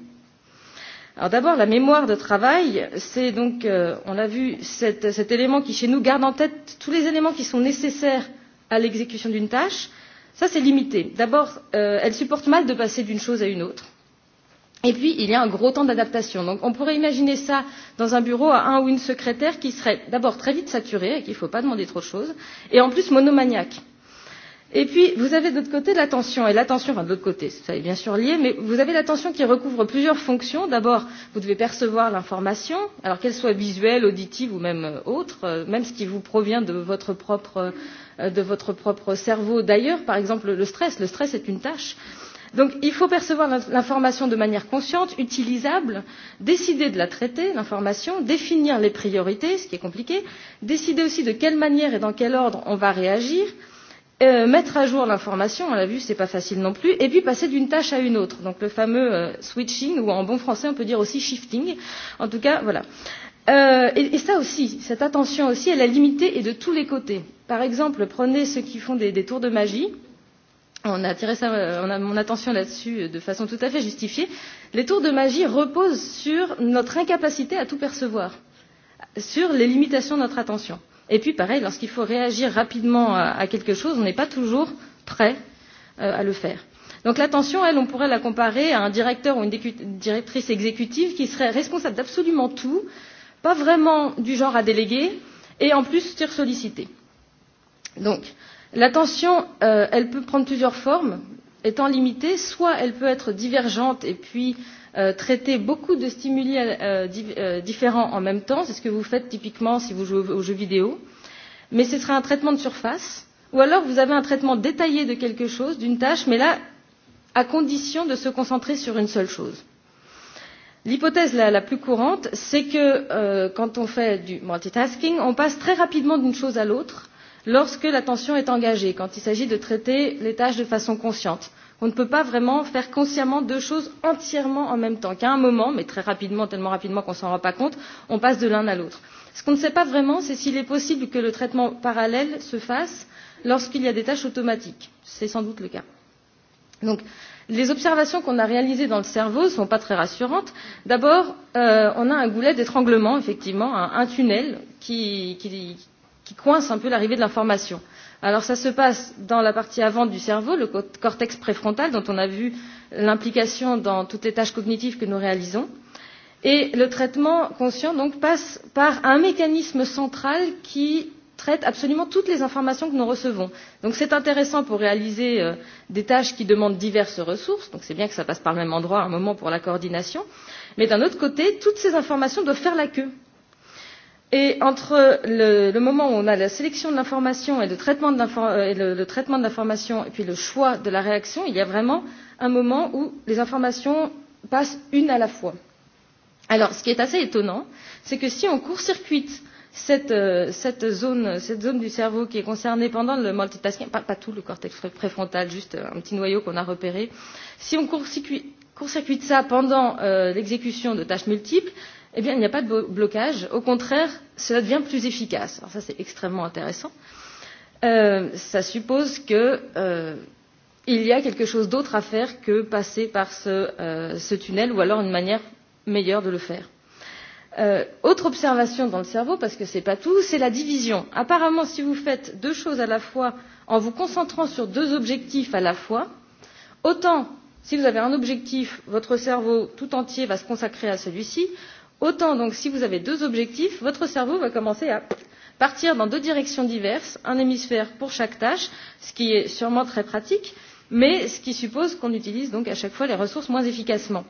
Alors d'abord, la mémoire de travail, c'est donc, euh, on l'a vu, cet, cet élément qui chez nous garde en tête tous les éléments qui sont nécessaires à l'exécution d'une tâche. Ça, c'est limité. D'abord, euh, elle supporte mal de passer d'une chose à une autre Et puis, il y a un gros temps d'adaptation. Donc, on pourrait imaginer ça dans un bureau à un ou une secrétaire qui serait d'abord très vite saturé et qu'il ne faut pas demander trop de choses, et en plus monomaniaque. Et puis, vous avez de l'autre côté l'attention, et l'attention, enfin de l'autre côté, ça est bien sûr lié, mais vous avez l'attention qui recouvre plusieurs fonctions. D'abord, vous devez percevoir l'information, alors qu'elle soit visuelle, auditive ou même euh, autre, euh, même ce qui vous provient de votre propre, euh, de votre propre cerveau. D'ailleurs, par exemple, le stress, le stress est une tâche donc il faut percevoir l'information de manière consciente utilisable décider de la traiter l'information définir les priorités ce qui est compliqué décider aussi de quelle manière et dans quel ordre on va réagir euh, mettre à jour l'information on l'a vu ce n'est pas facile non plus et puis passer d'une tâche à une autre donc le fameux euh, switching ou en bon français on peut dire aussi shifting en tout cas voilà. Euh, et, et ça aussi cette attention aussi elle est limitée et de tous les côtés. par exemple prenez ceux qui font des, des tours de magie on a attiré ça, euh, on a mon attention là-dessus euh, de façon tout à fait justifiée. Les tours de magie reposent sur notre incapacité à tout percevoir, sur les limitations de notre attention. Et puis, pareil, lorsqu'il faut réagir rapidement à, quelque chose, on n'est pas toujours prêt euh, à le faire. Donc l'attention, elle, on pourrait la comparer à un directeur ou une directrice exécutive qui serait responsable d'absolument tout, pas vraiment du genre à déléguer, et en plus sur solliciter. Donc, la tension euh, elle peut prendre plusieurs formes étant limitée soit elle peut être divergente et puis euh, traiter beaucoup de stimuli euh, différents en même temps c'est ce que vous faites typiquement si vous jouez aux jeux vidéo mais ce sera un traitement de surface ou alors vous avez un traitement détaillé de quelque chose d'une tâche mais là à condition de se concentrer sur une seule chose. L'hypothèse la, la plus courante, c'est que euh, quand on fait du multitasking, on passe très rapidement d'une chose à l'autre lorsque l'attention tension est engagée quand il s'agit de traiter les tâches de façon consciente. on ne peut pas vraiment faire consciemment deux choses entièrement en même temps qu'à un moment mais très rapidement tellement rapidement qu'on ne s'en rend pas compte on passe de l'un à l'autre. ce qu'on ne sait pas vraiment c'est s'il est possible que le traitement parallèle se fasse lorsqu'il y a des tâches automatiques. c'est sans doute le cas. Donc, les observations qu'on a réalisées dans le cerveau ne sont pas très rassurantes. d'abord euh, on a un goulet d'étranglement effectivement un, un tunnel qui, qui, qui coince un peu l'arrivée de l'information. Alors ça se passe dans la partie avant du cerveau, le cortex préfrontal dont on a vu l'implication dans toutes les tâches cognitives que nous réalisons. Et le traitement conscient donc passe par un mécanisme central qui traite absolument toutes les informations que nous recevons. Donc c'est intéressant pour réaliser euh, des tâches qui demandent diverses ressources, donc c'est bien que ça passe par le même endroit à un moment pour la coordination, mais d'un autre côté, toutes ces informations doivent faire la queue et entre le, le moment où on a la sélection de l'information et, le traitement de euh, et le, traitement de l'information et puis le choix de la réaction il y a vraiment un moment où les informations passent une à la fois. alors ce qui est assez étonnant c'est que si on court circuite cette, euh, cette, zone, cette zone du cerveau qui est concernée pendant le multitasking pas, pas tout le cortex préfrontal juste euh, un petit noyau qu'on a repéré si on court circuite, court ça pendant euh, l'exécution de tâches multiples eh bien, il n'y a pas de blocage. Au contraire, cela devient plus efficace. Alors ça, c'est extrêmement intéressant. Euh, ça suppose qu'il euh, y a quelque chose d'autre à faire que passer par ce, euh, ce tunnel ou alors une manière meilleure de le faire. Euh, autre observation dans le cerveau, parce que ce n'est pas tout, c'est la division. Apparemment, si vous faites deux choses à la fois en vous concentrant sur deux objectifs à la fois, autant si vous avez un objectif, votre cerveau tout entier va se consacrer à celui-ci, autant donc si vous avez deux objectifs votre cerveau va commencer à partir dans deux directions diverses un hémisphère pour chaque tâche ce qui est sûrement très pratique mais ce qui suppose qu'on utilise donc à chaque fois les ressources moins efficacement.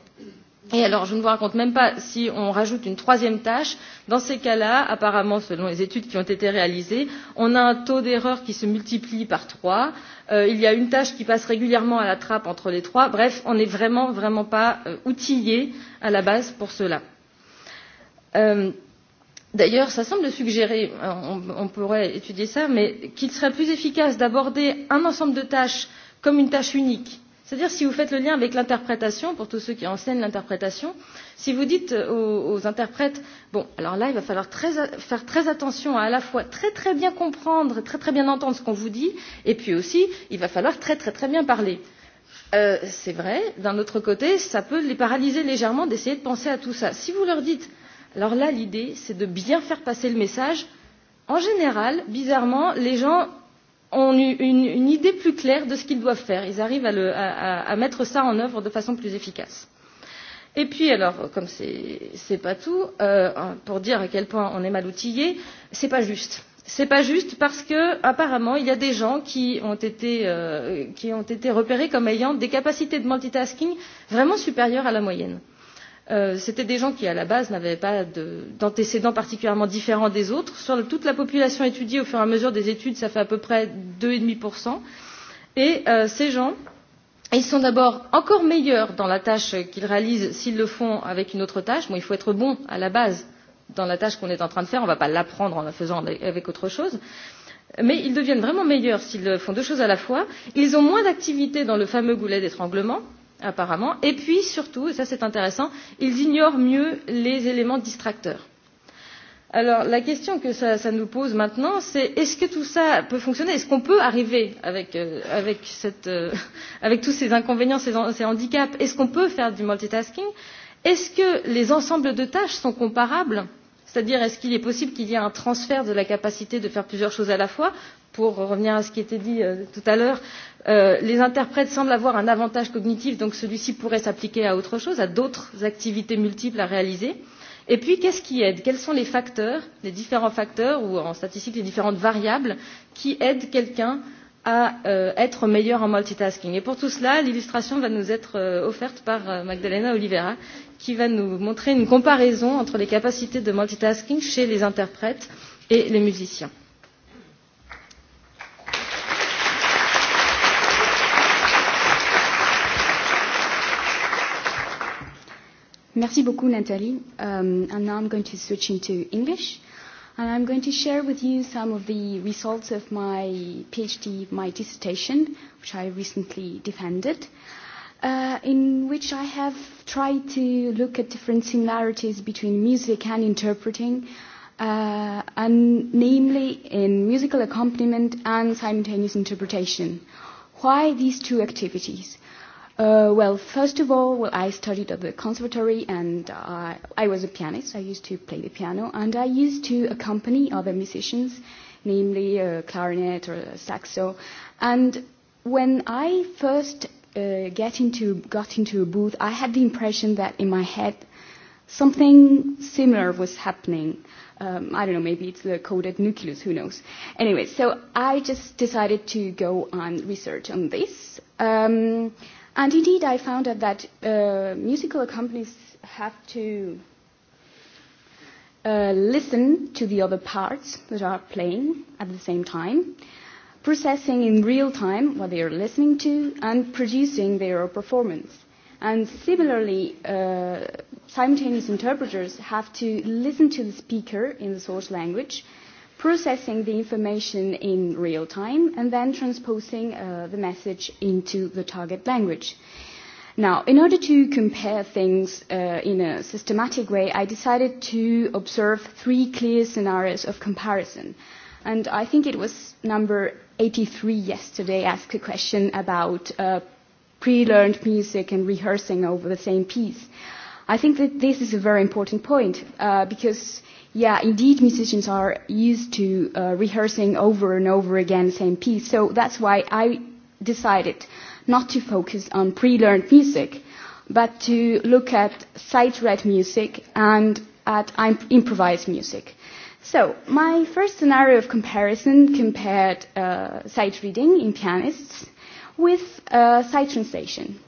Et alors, je ne vous raconte même pas si on rajoute une troisième tâche. Dans ces cas-là, apparemment, selon les études qui ont été réalisées, on a un taux d'erreur qui se multiplie par trois. Euh, il y a une tâche qui passe régulièrement à la trappe entre les trois. Bref, on n'est vraiment, vraiment pas euh, outillé à la base pour cela. Euh, d'ailleurs, ça semble suggérer, on, pourrait étudier ça, mais qu'il serait plus efficace d'aborder un ensemble de tâches comme une tâche unique. C'est-à-dire, si vous faites le lien avec l'interprétation, pour tous ceux qui enseignent l'interprétation, si vous dites aux, interprètes, bon, alors là, il va falloir très, faire très attention à à la fois très très bien comprendre, très très bien entendre ce qu'on vous dit, et puis aussi, il va falloir très très très bien parler. Euh, C'est vrai, d'un autre côté, ça peut les paralyser légèrement d'essayer de penser à tout ça. Si vous leur dites, alors là l'idée c'est de bien faire passer le message en général bizarrement les gens ont une, une, idée plus claire de ce qu'ils doivent faire ils arrivent à, le, à, à mettre ça en œuvre de façon plus efficace et puis alors comme n'est pas tout euh, pour dire à quel point on est mal outillé n'est pas juste c'est pas juste parce qu'apparemment, il y a des gens qui ont été euh, qui ont été repérés comme ayant des capacités de multitasking vraiment supérieures à la moyenne Euh, c'étaient des gens qui à la base n'avaient pas d'antécédents particulièrement différents des autres. sur toute la population étudiée au fur et à mesure des études ça fait à peu près deux demi et euh, ces gens ils sont d'abord encore meilleurs dans la tâche qu'ils réalisent s'ils le font avec une autre tâche. Bon, il faut être bon à la base dans la tâche qu'on est en train de faire on ne va pas l'apprendre en la faisant avec autre chose mais ils deviennent vraiment meilleurs s'ils font deux choses à la fois ils ont moins d'activité dans le fameux goulet d'étranglement apparemment et puis surtout et ça c'est intéressant ils ignorent mieux les éléments distracteurs. alors la question que ça, ça nous pose maintenant c'est est ce que tout ça peut fonctionner est ce qu'on peut arriver avec, euh, avec, cette, euh, avec tous ces inconvénients ces handicaps est ce qu'on peut faire du multitasking est ce que les ensembles de tâches sont comparables c'est à dire est ce qu'il est possible qu'il y ait un transfert de la capacité de faire plusieurs choses à la fois pour revenir à ce qui a été dit euh, tout à l'heure euh, les interprètes semblent avoir un avantage cognitif donc celui ci pourrait s'appliquer à autre chose à d'autres activités multiples à réaliser. et puis qu'est ce qui aide? quels sont les facteurs les différents facteurs ou en statistique les différentes variables qui aident quelqu'un à euh, être meilleur en multitasking? et pour tout cela l'illustration va nous être euh, offerte par magdalena oliveira qui va nous montrer une comparaison entre les capacités de multitasking chez les interprètes et les musiciens. Merci beaucoup, Nathalie. Um, and now I'm going to switch into English. And I'm going to share with you some of the results of my PhD, my dissertation, which I recently defended, uh, in which I have tried to look at different similarities between music and interpreting, uh, and namely in musical accompaniment and simultaneous interpretation. Why these two activities? Uh, well, first of all, well, I studied at the conservatory and uh, I was a pianist. I used to play the piano and I used to accompany other musicians, namely a clarinet or a saxo. And when I first uh, get into, got into a booth, I had the impression that in my head something similar was happening. Um, I don't know, maybe it's the coded nucleus, who knows. Anyway, so I just decided to go on research on this. Um, And indeed, I found out that uh, musical companies have to uh, listen to the other parts that are playing at the same time, processing in real time what they are listening to, and producing their performance. And similarly, uh, simultaneous interpreters have to listen to the speaker in the source language processing the information in real time, and then transposing uh, the message into the target language. Now, in order to compare things uh, in a systematic way, I decided to observe three clear scenarios of comparison. And I think it was number 83 yesterday asked a question about uh, pre-learned music and rehearsing over the same piece. I think that this is a very important point uh, because Yeah, indeed, musicians are used to uh, rehearsing over and over again the same piece. So that's why I decided not to focus on pre-learned music, but to look at sight-read music and at improvised music. So my first scenario of comparison compared uh, sight reading in pianists with uh, sight translation.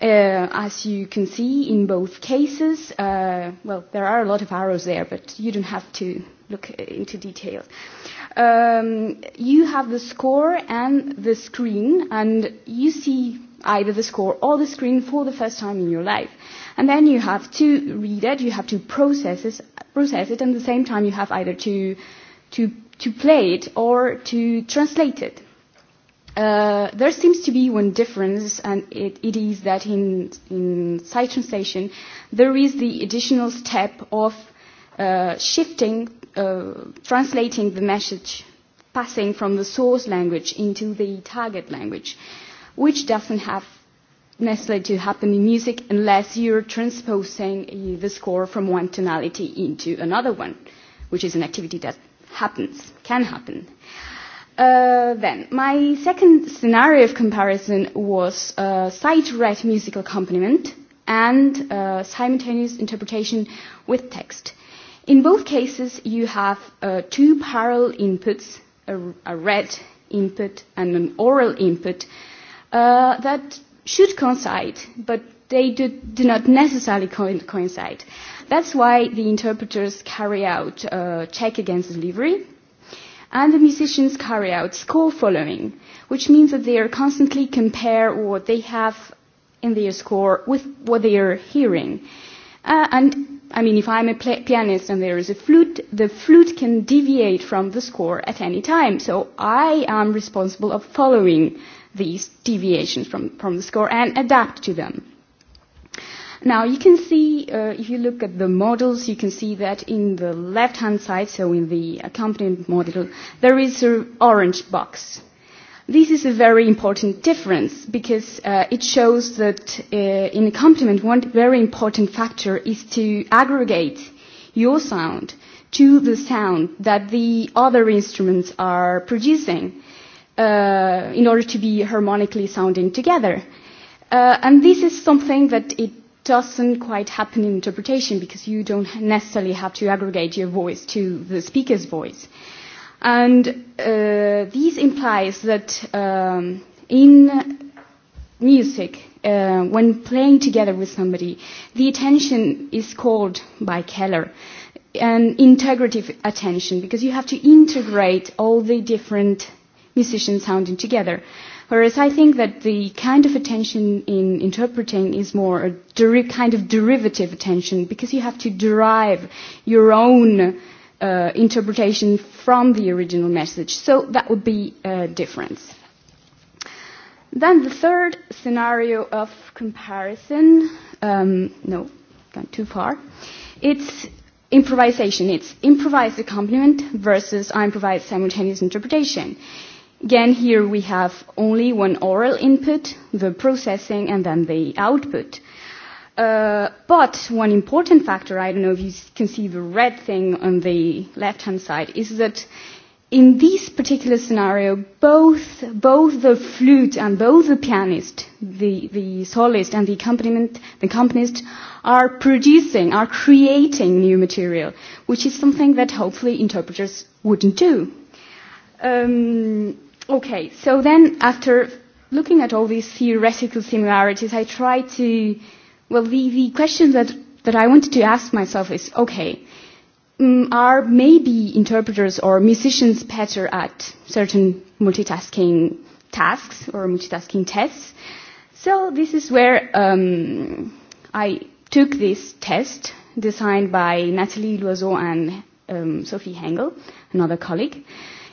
Uh, as you can see in both cases, uh, well, there are a lot of arrows there, but you don't have to look into detail. Um, you have the score and the screen, and you see either the score or the screen for the first time in your life. And then you have to read it, you have to process it, process it and at the same time you have either to, to, to play it or to translate it. Uh, there seems to be one difference, and it, it is that in, in site translation, there is the additional step of uh, shifting, uh, translating the message, passing from the source language into the target language, which doesn't have necessarily to happen in music unless you're transposing the score from one tonality into another one, which is an activity that happens, can happen Uh, then, my second scenario of comparison was uh, sight-read musical accompaniment and uh, simultaneous interpretation with text. In both cases, you have uh, two parallel inputs, a, a read input and an oral input, uh, that should coincide, but they do, do not necessarily co coincide. That's why the interpreters carry out a uh, check against delivery and the musicians carry out score following, which means that they are constantly compare what they have in their score with what they are hearing. Uh, and I mean, if I'm a pianist and there is a flute, the flute can deviate from the score at any time. So I am responsible of following these deviations from, from the score and adapt to them. Now you can see, uh, if you look at the models, you can see that in the left-hand side, so in the accompanying model, there is an orange box. This is a very important difference because uh, it shows that uh, in accompaniment one very important factor is to aggregate your sound to the sound that the other instruments are producing uh, in order to be harmonically sounding together. Uh, and this is something that it doesn't quite happen in interpretation because you don't necessarily have to aggregate your voice to the speaker's voice. And uh, this implies that um, in music, uh, when playing together with somebody, the attention is called by Keller an integrative attention because you have to integrate all the different musicians sounding together. Whereas I think that the kind of attention in interpreting is more a deri kind of derivative attention because you have to derive your own uh, interpretation from the original message. So that would be a difference. Then the third scenario of comparison, um, no, gone too far, it's improvisation. It's improvised accompaniment versus improvised simultaneous interpretation. Again, here we have only one oral input, the processing, and then the output. Uh, but one important factor, I don't know if you can see the red thing on the left-hand side, is that in this particular scenario, both, both the flute and both the pianist, the, the soloist and the accompaniment, the accompanist, are producing, are creating new material, which is something that hopefully interpreters wouldn't do. Um, Okay, so then after looking at all these theoretical similarities, I try to, well, the, the question that, that I wanted to ask myself is, okay, mm, are maybe interpreters or musicians better at certain multitasking tasks or multitasking tests? So this is where um, I took this test designed by Nathalie Loiseau and um, Sophie Hengel, another colleague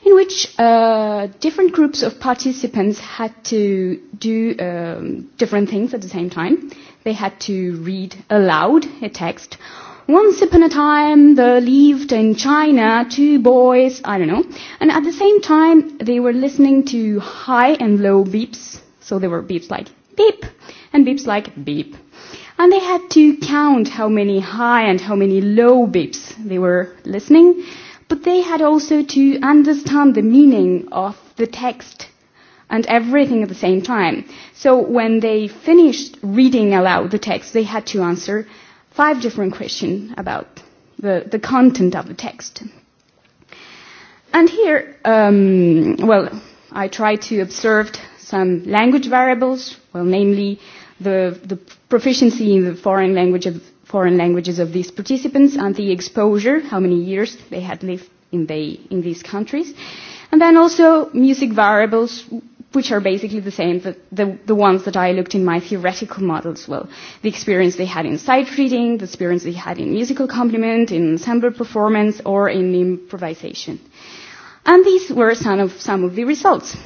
in which uh, different groups of participants had to do um, different things at the same time. They had to read aloud a text. Once upon a time, there lived in China two boys, I don't know, and at the same time, they were listening to high and low beeps. So there were beeps like beep and beeps like beep. And they had to count how many high and how many low beeps they were listening But they had also to understand the meaning of the text and everything at the same time. So when they finished reading aloud the text, they had to answer five different questions about the, the content of the text. And here, um, well, I tried to observe some language variables, well, namely the, the proficiency in the foreign language of foreign languages of these participants and the exposure, how many years they had lived in, in these countries. And then also music variables, which are basically the same, the, the ones that I looked in my theoretical models. Well, the experience they had in sight reading, the experience they had in musical accompaniment, in ensemble performance, or in improvisation. And these were some of, some of the results.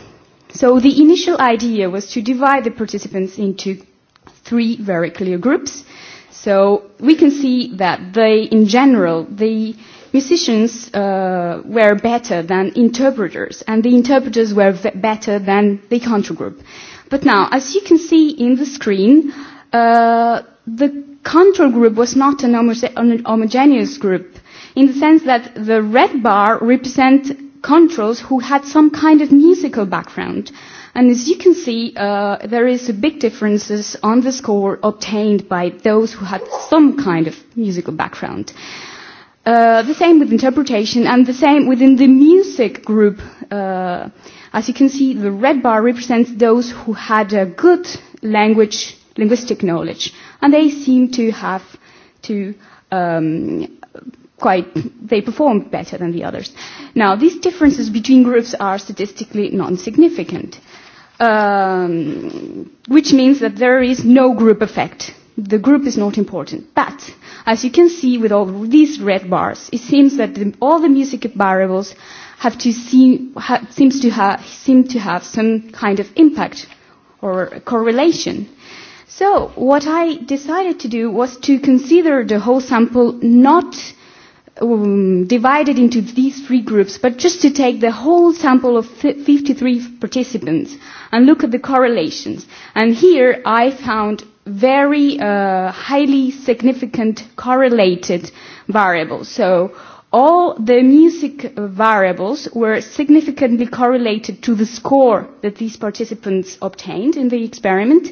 So the initial idea was to divide the participants into three very clear groups. So we can see that they, in general, the musicians uh, were better than interpreters, and the interpreters were v better than the control group. But now, as you can see in the screen, uh, the control group was not an homogeneous group in the sense that the red bar represents controls who had some kind of musical background And as you can see, uh, there is a big differences on the score obtained by those who had some kind of musical background. Uh, the same with interpretation and the same within the music group. Uh, as you can see, the red bar represents those who had a good language, linguistic knowledge, and they seem to have to um, quite they performed better than the others. Now, these differences between groups are statistically non-significant um, which means that there is no group effect. The group is not important. But, as you can see with all these red bars, it seems that the, all the music variables have to see, ha, seems to ha, seem to have some kind of impact or correlation. So, what I decided to do was to consider the whole sample not um, divided into these three groups, but just to take the whole sample of 53 participants and look at the correlations. And here I found very uh, highly significant correlated variables. So all the music variables were significantly correlated to the score that these participants obtained in the experiment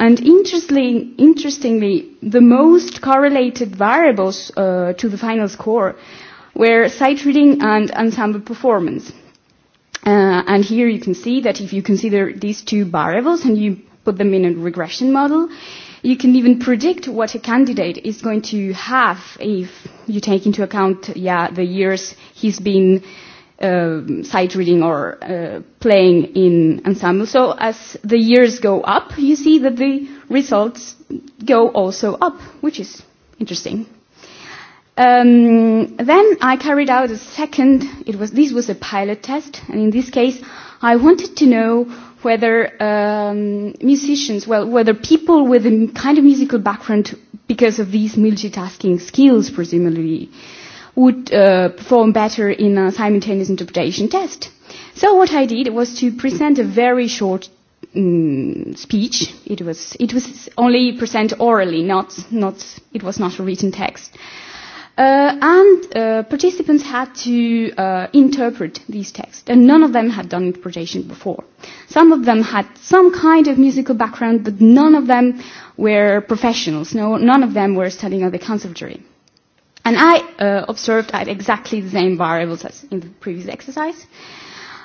And interestingly, interestingly the most correlated variables uh, to the final score were sight reading and ensemble performance. Uh, and here you can see that if you consider these two variables and you put them in a regression model, you can even predict what a candidate is going to have if you take into account the years he's been uh, sight reading or uh, playing in ensemble. So as the years go up, you see that the results go also up, which is interesting. Um, then I carried out a second, it was, this was a pilot test, and in this case I wanted to know whether um, musicians, well, whether people with a kind of musical background because of these multitasking skills presumably uh, would uh, perform better in a simultaneous interpretation test. So what I did was to present a very short um, speech. It was, it was only present orally, not, not, it was not a written text. Uh, and uh, participants had to uh, interpret these texts, and none of them had done interpretation before. Some of them had some kind of musical background, but none of them were professionals. No, none of them were studying at the conservatory. And I uh, observed I had exactly the same variables as in the previous exercise.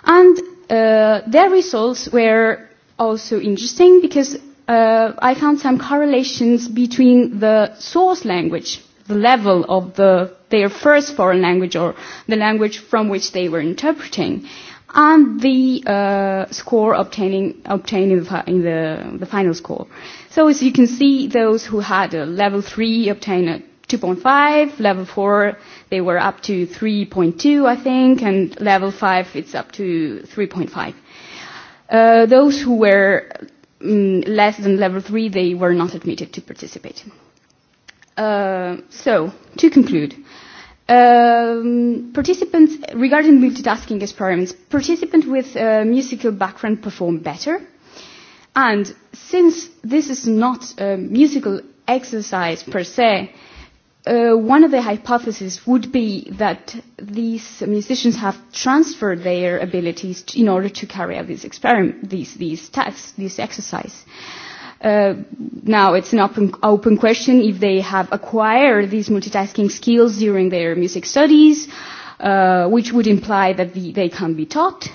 And uh, their results were also interesting because uh, I found some correlations between the source language, the level of the, their first foreign language or the language from which they were interpreting, and the uh, score obtaining, obtained in, the, in the, the final score. So as you can see, those who had a level 3 obtained a 2.5 level 4 they were up to 3.2 i think and level 5 it's up to 3.5 uh, those who were mm, less than level 3 they were not admitted to participate uh, so to conclude um, participants regarding multitasking experiments participants with a uh, musical background perform better and since this is not a musical exercise per se Uh, one of the hypotheses would be that these musicians have transferred their abilities to, in order to carry out these experiment, these these tests, this exercise. Uh, now it's an open open question if they have acquired these multitasking skills during their music studies, uh, which would imply that the, they can be taught,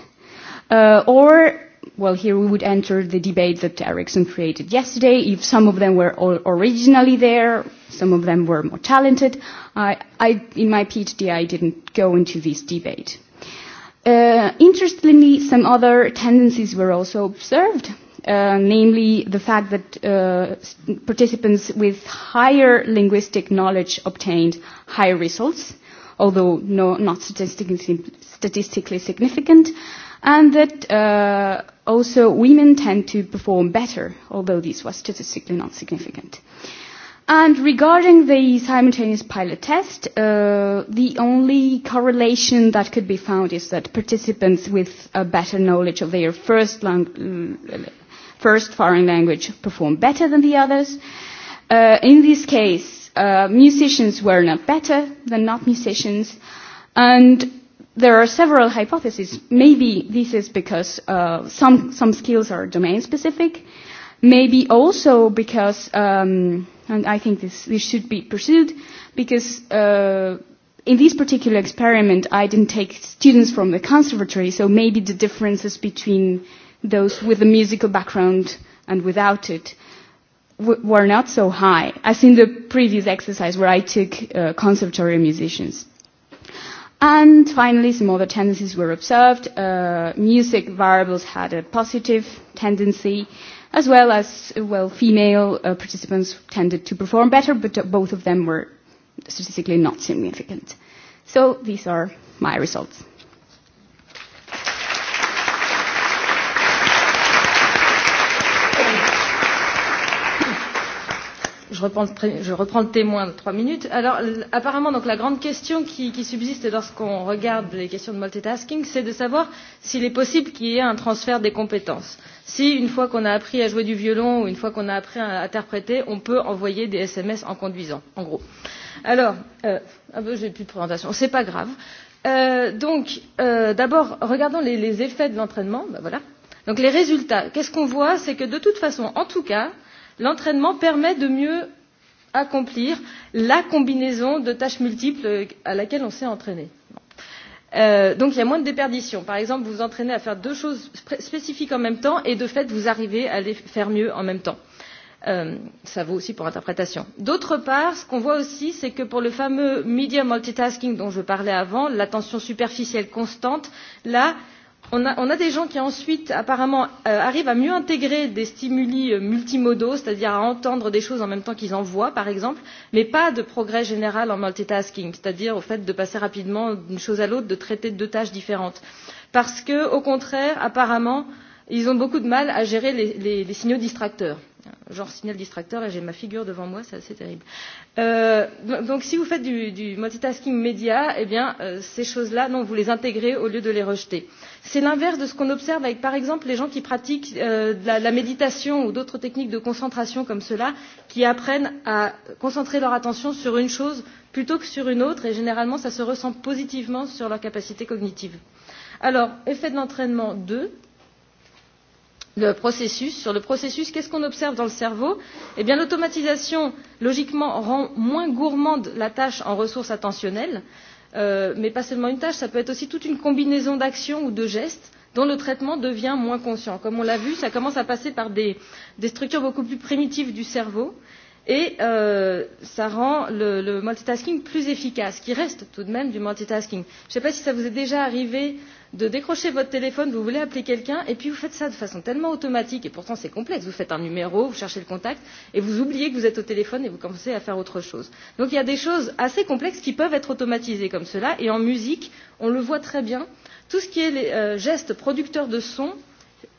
uh, or well, here we would enter the debate that Ericsson created yesterday. If some of them were all originally there, some of them were more talented. I, I, in my PhD, I didn't go into this debate. Uh, interestingly, some other tendencies were also observed, uh, namely the fact that uh, participants with higher linguistic knowledge obtained higher results, although no, not statistically, statistically significant and that uh, also women tend to perform better, although this was statistically not significant. And regarding the simultaneous pilot test, uh, the only correlation that could be found is that participants with a better knowledge of their first, lang uh, first foreign language perform better than the others. Uh, in this case, uh, musicians were not better than not musicians, and there are several hypotheses. Maybe this is because uh, some, some skills are domain specific. Maybe also because, um, and I think this, this should be pursued, because uh, in this particular experiment I didn't take students from the conservatory, so maybe the differences between those with a musical background and without it w were not so high, as in the previous exercise where I took uh, conservatory musicians. And finally, some other tendencies were observed. Uh, music variables had a positive tendency, as well as, well, female uh, participants tended to perform better, but both of them were statistically not significant. So these are my results. je reprends, je reprends le témoin de trois minutes. Alors, apparemment, donc, la grande question qui, qui subsiste lorsqu'on regarde les questions de multitasking, c'est de savoir s'il est possible qu'il y ait un transfert des compétences. Si, une fois qu'on a appris à jouer du violon ou une fois qu'on a appris à interpréter, on peut envoyer des SMS en conduisant, en gros. Alors, euh, ah ben, j'ai plus de présentation, c'est pas grave. Euh, donc, euh, d'abord, regardons les, les effets de l'entraînement. Ben, voilà. Donc, les résultats. Qu'est-ce qu'on voit C'est que, de toute façon, en tout cas, l'entraînement permet de mieux accomplir la combinaison de tâches multiples à laquelle on s'est entraîné. Euh, donc il y a moins de déperdition. Par exemple, vous vous entraînez à faire deux choses spécifiques en même temps et de fait, vous arrivez à les faire mieux en même temps. Euh, ça vaut aussi pour interprétation. D'autre part, ce qu'on voit aussi, c'est que pour le fameux media multitasking dont je parlais avant, l'attention superficielle constante, là, euh, on a, des gens qui ensuite apparemment euh, arrivent à mieux intégrer des stimuli euh, multimodaux c'est à dire à entendre des choses en même temps qu'ils en voient par exemple mais pas de progrès général en multitasking c'est à dire au fait de passer rapidement d'une chose à l'autre de traiter deux tâches différentes parce qu'au contraire apparemment ils ont beaucoup de mal à gérer les signaux distracteurs genre signal distracteur, et j'ai ma figure devant moi, c'est assez terrible. Euh, donc si vous faites du, du multitasking média, eh bien euh, ces choses-là, non, vous les intégrez au lieu de les rejeter. C'est l'inverse de ce qu'on observe avec par exemple les gens qui pratiquent euh, la, la méditation ou d'autres techniques de concentration comme cela, qui apprennent à concentrer leur attention sur une chose plutôt que sur une autre, et généralement ça se ressent positivement sur leur capacité cognitive. Alors, effet de l'entraînement 2, le processus. Sur le processus, qu'est-ce qu'on observe dans le cerveau Eh bien, l'automatisation, logiquement, rend moins gourmande la tâche en ressources attentionnelles, euh, mais pas seulement une tâche, ça peut être aussi toute une combinaison d'actions ou de gestes dont le traitement devient moins conscient. Comme on l'a vu, ça commence à passer par des, des structures beaucoup plus primitives du cerveau, et cela euh, ça rend le, le multitasking plus efficace, qui reste tout de même du multitasking. Je ne sais pas si ça vous est déjà arrivé de décrocher votre téléphone, vous voulez appeler quelqu'un, et puis vous faites ça de façon tellement automatique, et pourtant c'est complexe, vous faites un numéro, vous cherchez le contact, et vous oubliez que vous êtes au téléphone et vous commencez à faire autre chose. Donc il y a des choses assez complexes qui peuvent être automatisées comme cela, et en musique, on le voit très bien, tout ce qui est les euh, gestes producteurs de son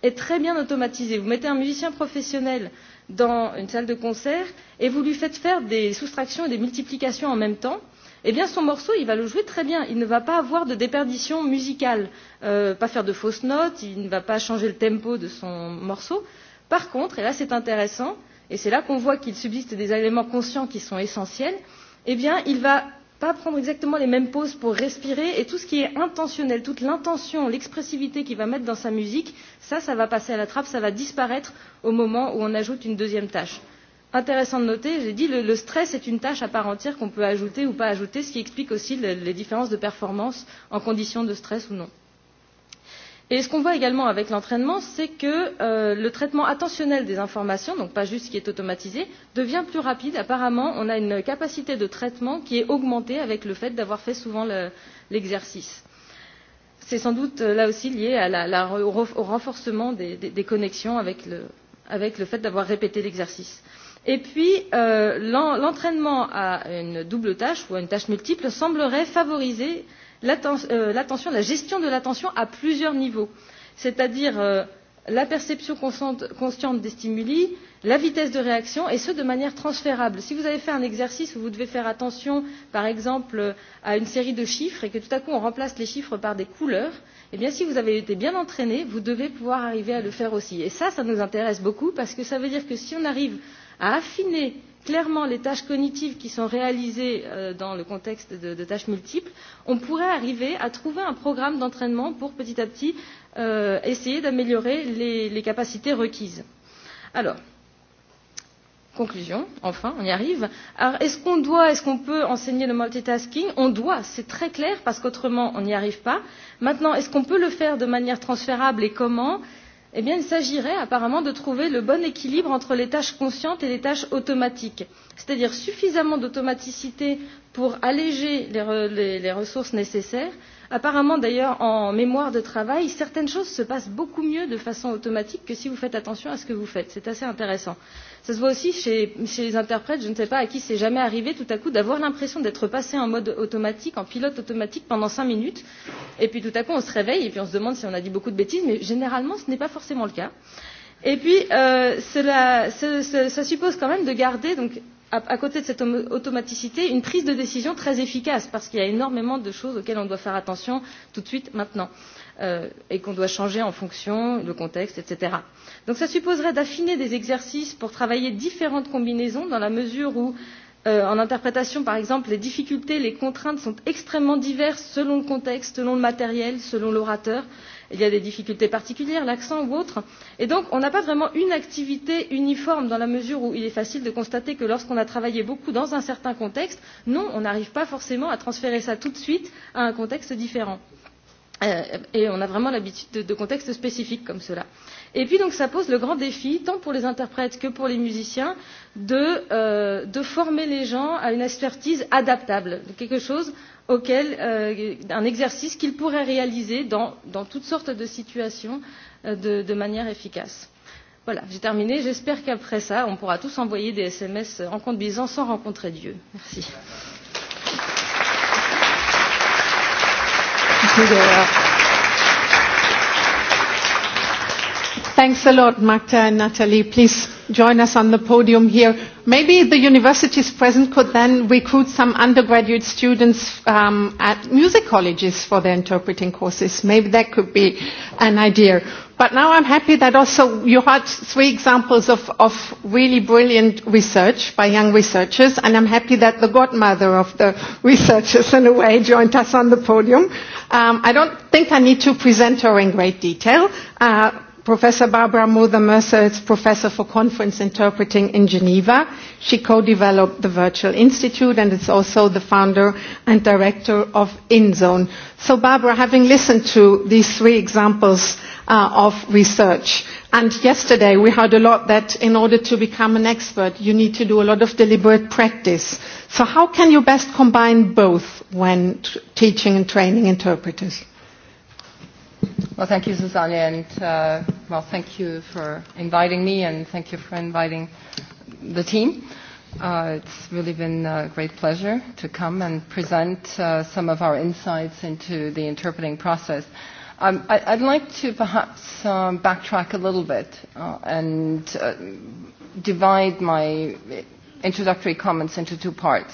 est très bien automatisé. Vous mettez un musicien professionnel dans une salle de concert et vous lui faites faire des soustractions et des multiplications en même temps eh bien son morceau il va le jouer très bien il ne va pas avoir de déperdition musicale euh, pas faire de fausses notes il ne va pas changer le tempo de son morceau par contre et là c'est intéressant et c'est là qu'on voit qu'il subsiste des éléments conscients qui sont essentiels eh bien il va pas prendre exactement les mêmes pauses pour respirer et tout ce qui est intentionnel toute l'intention l'expressivité qu'il va mettre dans sa musique ça ça va passer à la trappe ça va disparaître au moment où on ajoute une deuxième tâche intéressant de noter j'ai dit le, le stress est une tâche à part entière qu'on peut ajouter ou pas ajouter ce qui explique aussi le, les différences de performance en conditions de stress ou non Et ce qu'on voit également avec l'entraînement, c'est que euh, le traitement attentionnel des informations, donc pas juste ce qui est automatisé, devient plus rapide. Apparemment, on a une capacité de traitement qui est augmentée avec le fait d'avoir fait souvent l'exercice. Le, c'est sans doute euh, là aussi lié à la, la, au renforcement des, des, des connexions avec le, avec le fait d'avoir répété l'exercice. Et puis, euh, l'entraînement à une double tâche ou à une tâche multiple semblerait favoriser euh, Euh, l'attention la gestion de l'attention à plusieurs niveaux c'est à dire euh, la perception consciente des stimuli la vitesse de réaction et ce de manière transférable. si vous avez fait un exercice où vous devez faire attention par exemple à une série de chiffres et que tout à coup on remplace les chiffres par des couleurs eh bien si vous avez été bien entraîné vous devez pouvoir arriver à le faire aussi. et ça ça nous intéresse beaucoup parce que ça veut dire que si on arrive à affiner clairement les tâches cognitives qui sont réalisées euh, dans le contexte de, de tâches multiples, on pourrait arriver à trouver un programme d'entraînement pour petit à petit euh, essayer d'améliorer les, les capacités requises. Alors, conclusion, enfin, on y arrive. Alors, est-ce qu'on doit, est-ce qu'on peut enseigner le multitasking On doit, c'est très clair, parce qu'autrement, on n'y arrive pas. Maintenant, est-ce qu'on peut le faire de manière transférable et comment Eh il s'agirait apparemment de trouver le bon équilibre entre les tâches conscientes et les tâches automatiques c'est à dire suffisamment d'automaticité pour alléger les, les ressources nécessaires apparemment d'ailleurs en mémoire de travail certaines choses se passent beaucoup mieux de façon automatique que si vous faites attention à ce que vous faites c'est assez intéressant ça se voit aussi chez, chez les interprètes je ne sais pas à qui c'est jamais arrivé tout à coup d'avoir l'impression d'être passé en mode automatique en pilote automatique pendant cinq minutes et puis tout à coup on se réveille et puis on se demande si on a dit beaucoup de bêtises mais généralement ce n'est pas forcément le cas et puis euh, cela, ce, ce, ça suppose quand même de garder donc à côté de cette automaticité une prise de décision très efficace parce qu'il y a énormément de choses auxquelles on doit faire attention tout de suite maintenant euh, et qu'on doit changer en fonction le contexte etc. donc ça supposerait d'affiner des exercices pour travailler différentes combinaisons dans la mesure où euh, en interprétation par exemple les difficultés les contraintes sont extrêmement diverses selon le contexte selon le matériel selon l'orateur il y a des difficultés particulières l'accent ou autre et donc on n'a pas vraiment une activité uniforme dans la mesure où il est facile de constater que lorsqu'on a travaillé beaucoup dans un certain contexte non on n'arrive pas forcément à transférer cela tout de suite à un contexte différent. Euh, et on a vraiment l'habitude de, de contextes spécifiques comme cela. Et puis donc ça pose le grand défi, tant pour les interprètes que pour les musiciens, de, euh, de former les gens à une expertise adaptable, quelque chose auquel euh, un exercice qu'ils pourraient réaliser dans, dans toutes sortes de situations euh, de, de manière efficace. Voilà, j'ai terminé. J'espère qu'après ça, on pourra tous envoyer des SMS en conduisant sans rencontrer Dieu. Merci. Yeah. Thanks a lot, Magda and Natalie. Please join us on the podium here. Maybe the universities present could then recruit some undergraduate students um, at music colleges for their interpreting courses. Maybe that could be an idea. But now I'm happy that also you had three examples of, of really brilliant research by young researchers, and I'm happy that the godmother of the researchers, in a way, joined us on the podium. Um, I don't think I need to present her in great detail. Uh, Professor Barbara Mother-Mercer is Professor for Conference Interpreting in Geneva. She co-developed the Virtual Institute and is also the founder and director of InZone. So Barbara, having listened to these three examples uh, of research, and yesterday we heard a lot that in order to become an expert, you need to do a lot of deliberate practice. So how can you best combine both when teaching and training interpreters? Well, thank you, Susanne, and uh, well, thank you for inviting me, and thank you for inviting the team. Uh, it's really been a great pleasure to come and present uh, some of our insights into the interpreting process. Um, I, I'd like to perhaps um, backtrack a little bit uh, and uh, divide my introductory comments into two parts.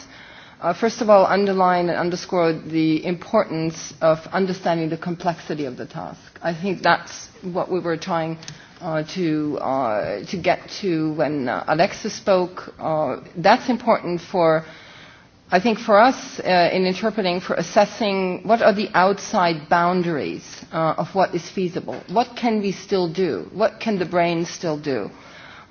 Uh, first of all, underline and underscore the importance of understanding the complexity of the task. I think that's what we were trying uh, to uh, to get to when uh, Alexa spoke. Uh, that's important for, I think, for us uh, in interpreting, for assessing what are the outside boundaries uh, of what is feasible. What can we still do? What can the brain still do?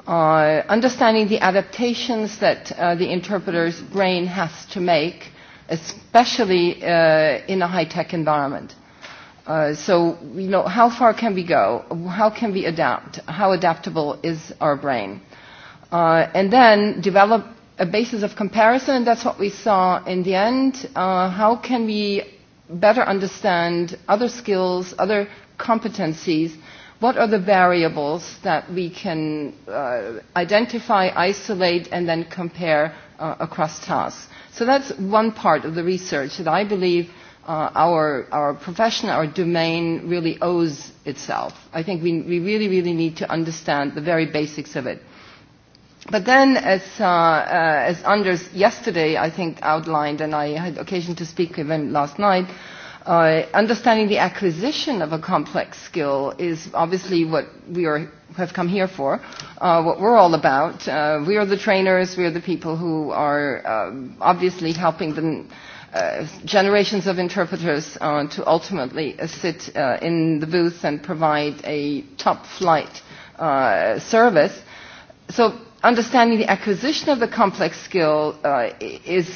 Uh, understanding the adaptations that uh, the interpreter's brain has to make, especially uh, in a high-tech environment. Uh, so, you know, how far can we go? How can we adapt? How adaptable is our brain? Uh, and then develop a basis of comparison. That's what we saw in the end. Uh, how can we better understand other skills, other competencies? What are the variables that we can uh, identify, isolate, and then compare uh, across tasks? So that's one part of the research that I believe – uh, our, our profession, our domain really owes itself. I think we, we really, really need to understand the very basics of it. But then, as, uh, uh, as Anders yesterday, I think, outlined, and I had occasion to speak with him last night, uh, understanding the acquisition of a complex skill is obviously what we are, have come here for, uh, what we're all about. Uh, we are the trainers, we are the people who are uh, obviously helping them Uh, generations of interpreters uh, to ultimately uh, sit uh, in the booth and provide a top flight uh, service. So understanding the acquisition of the complex skill uh, is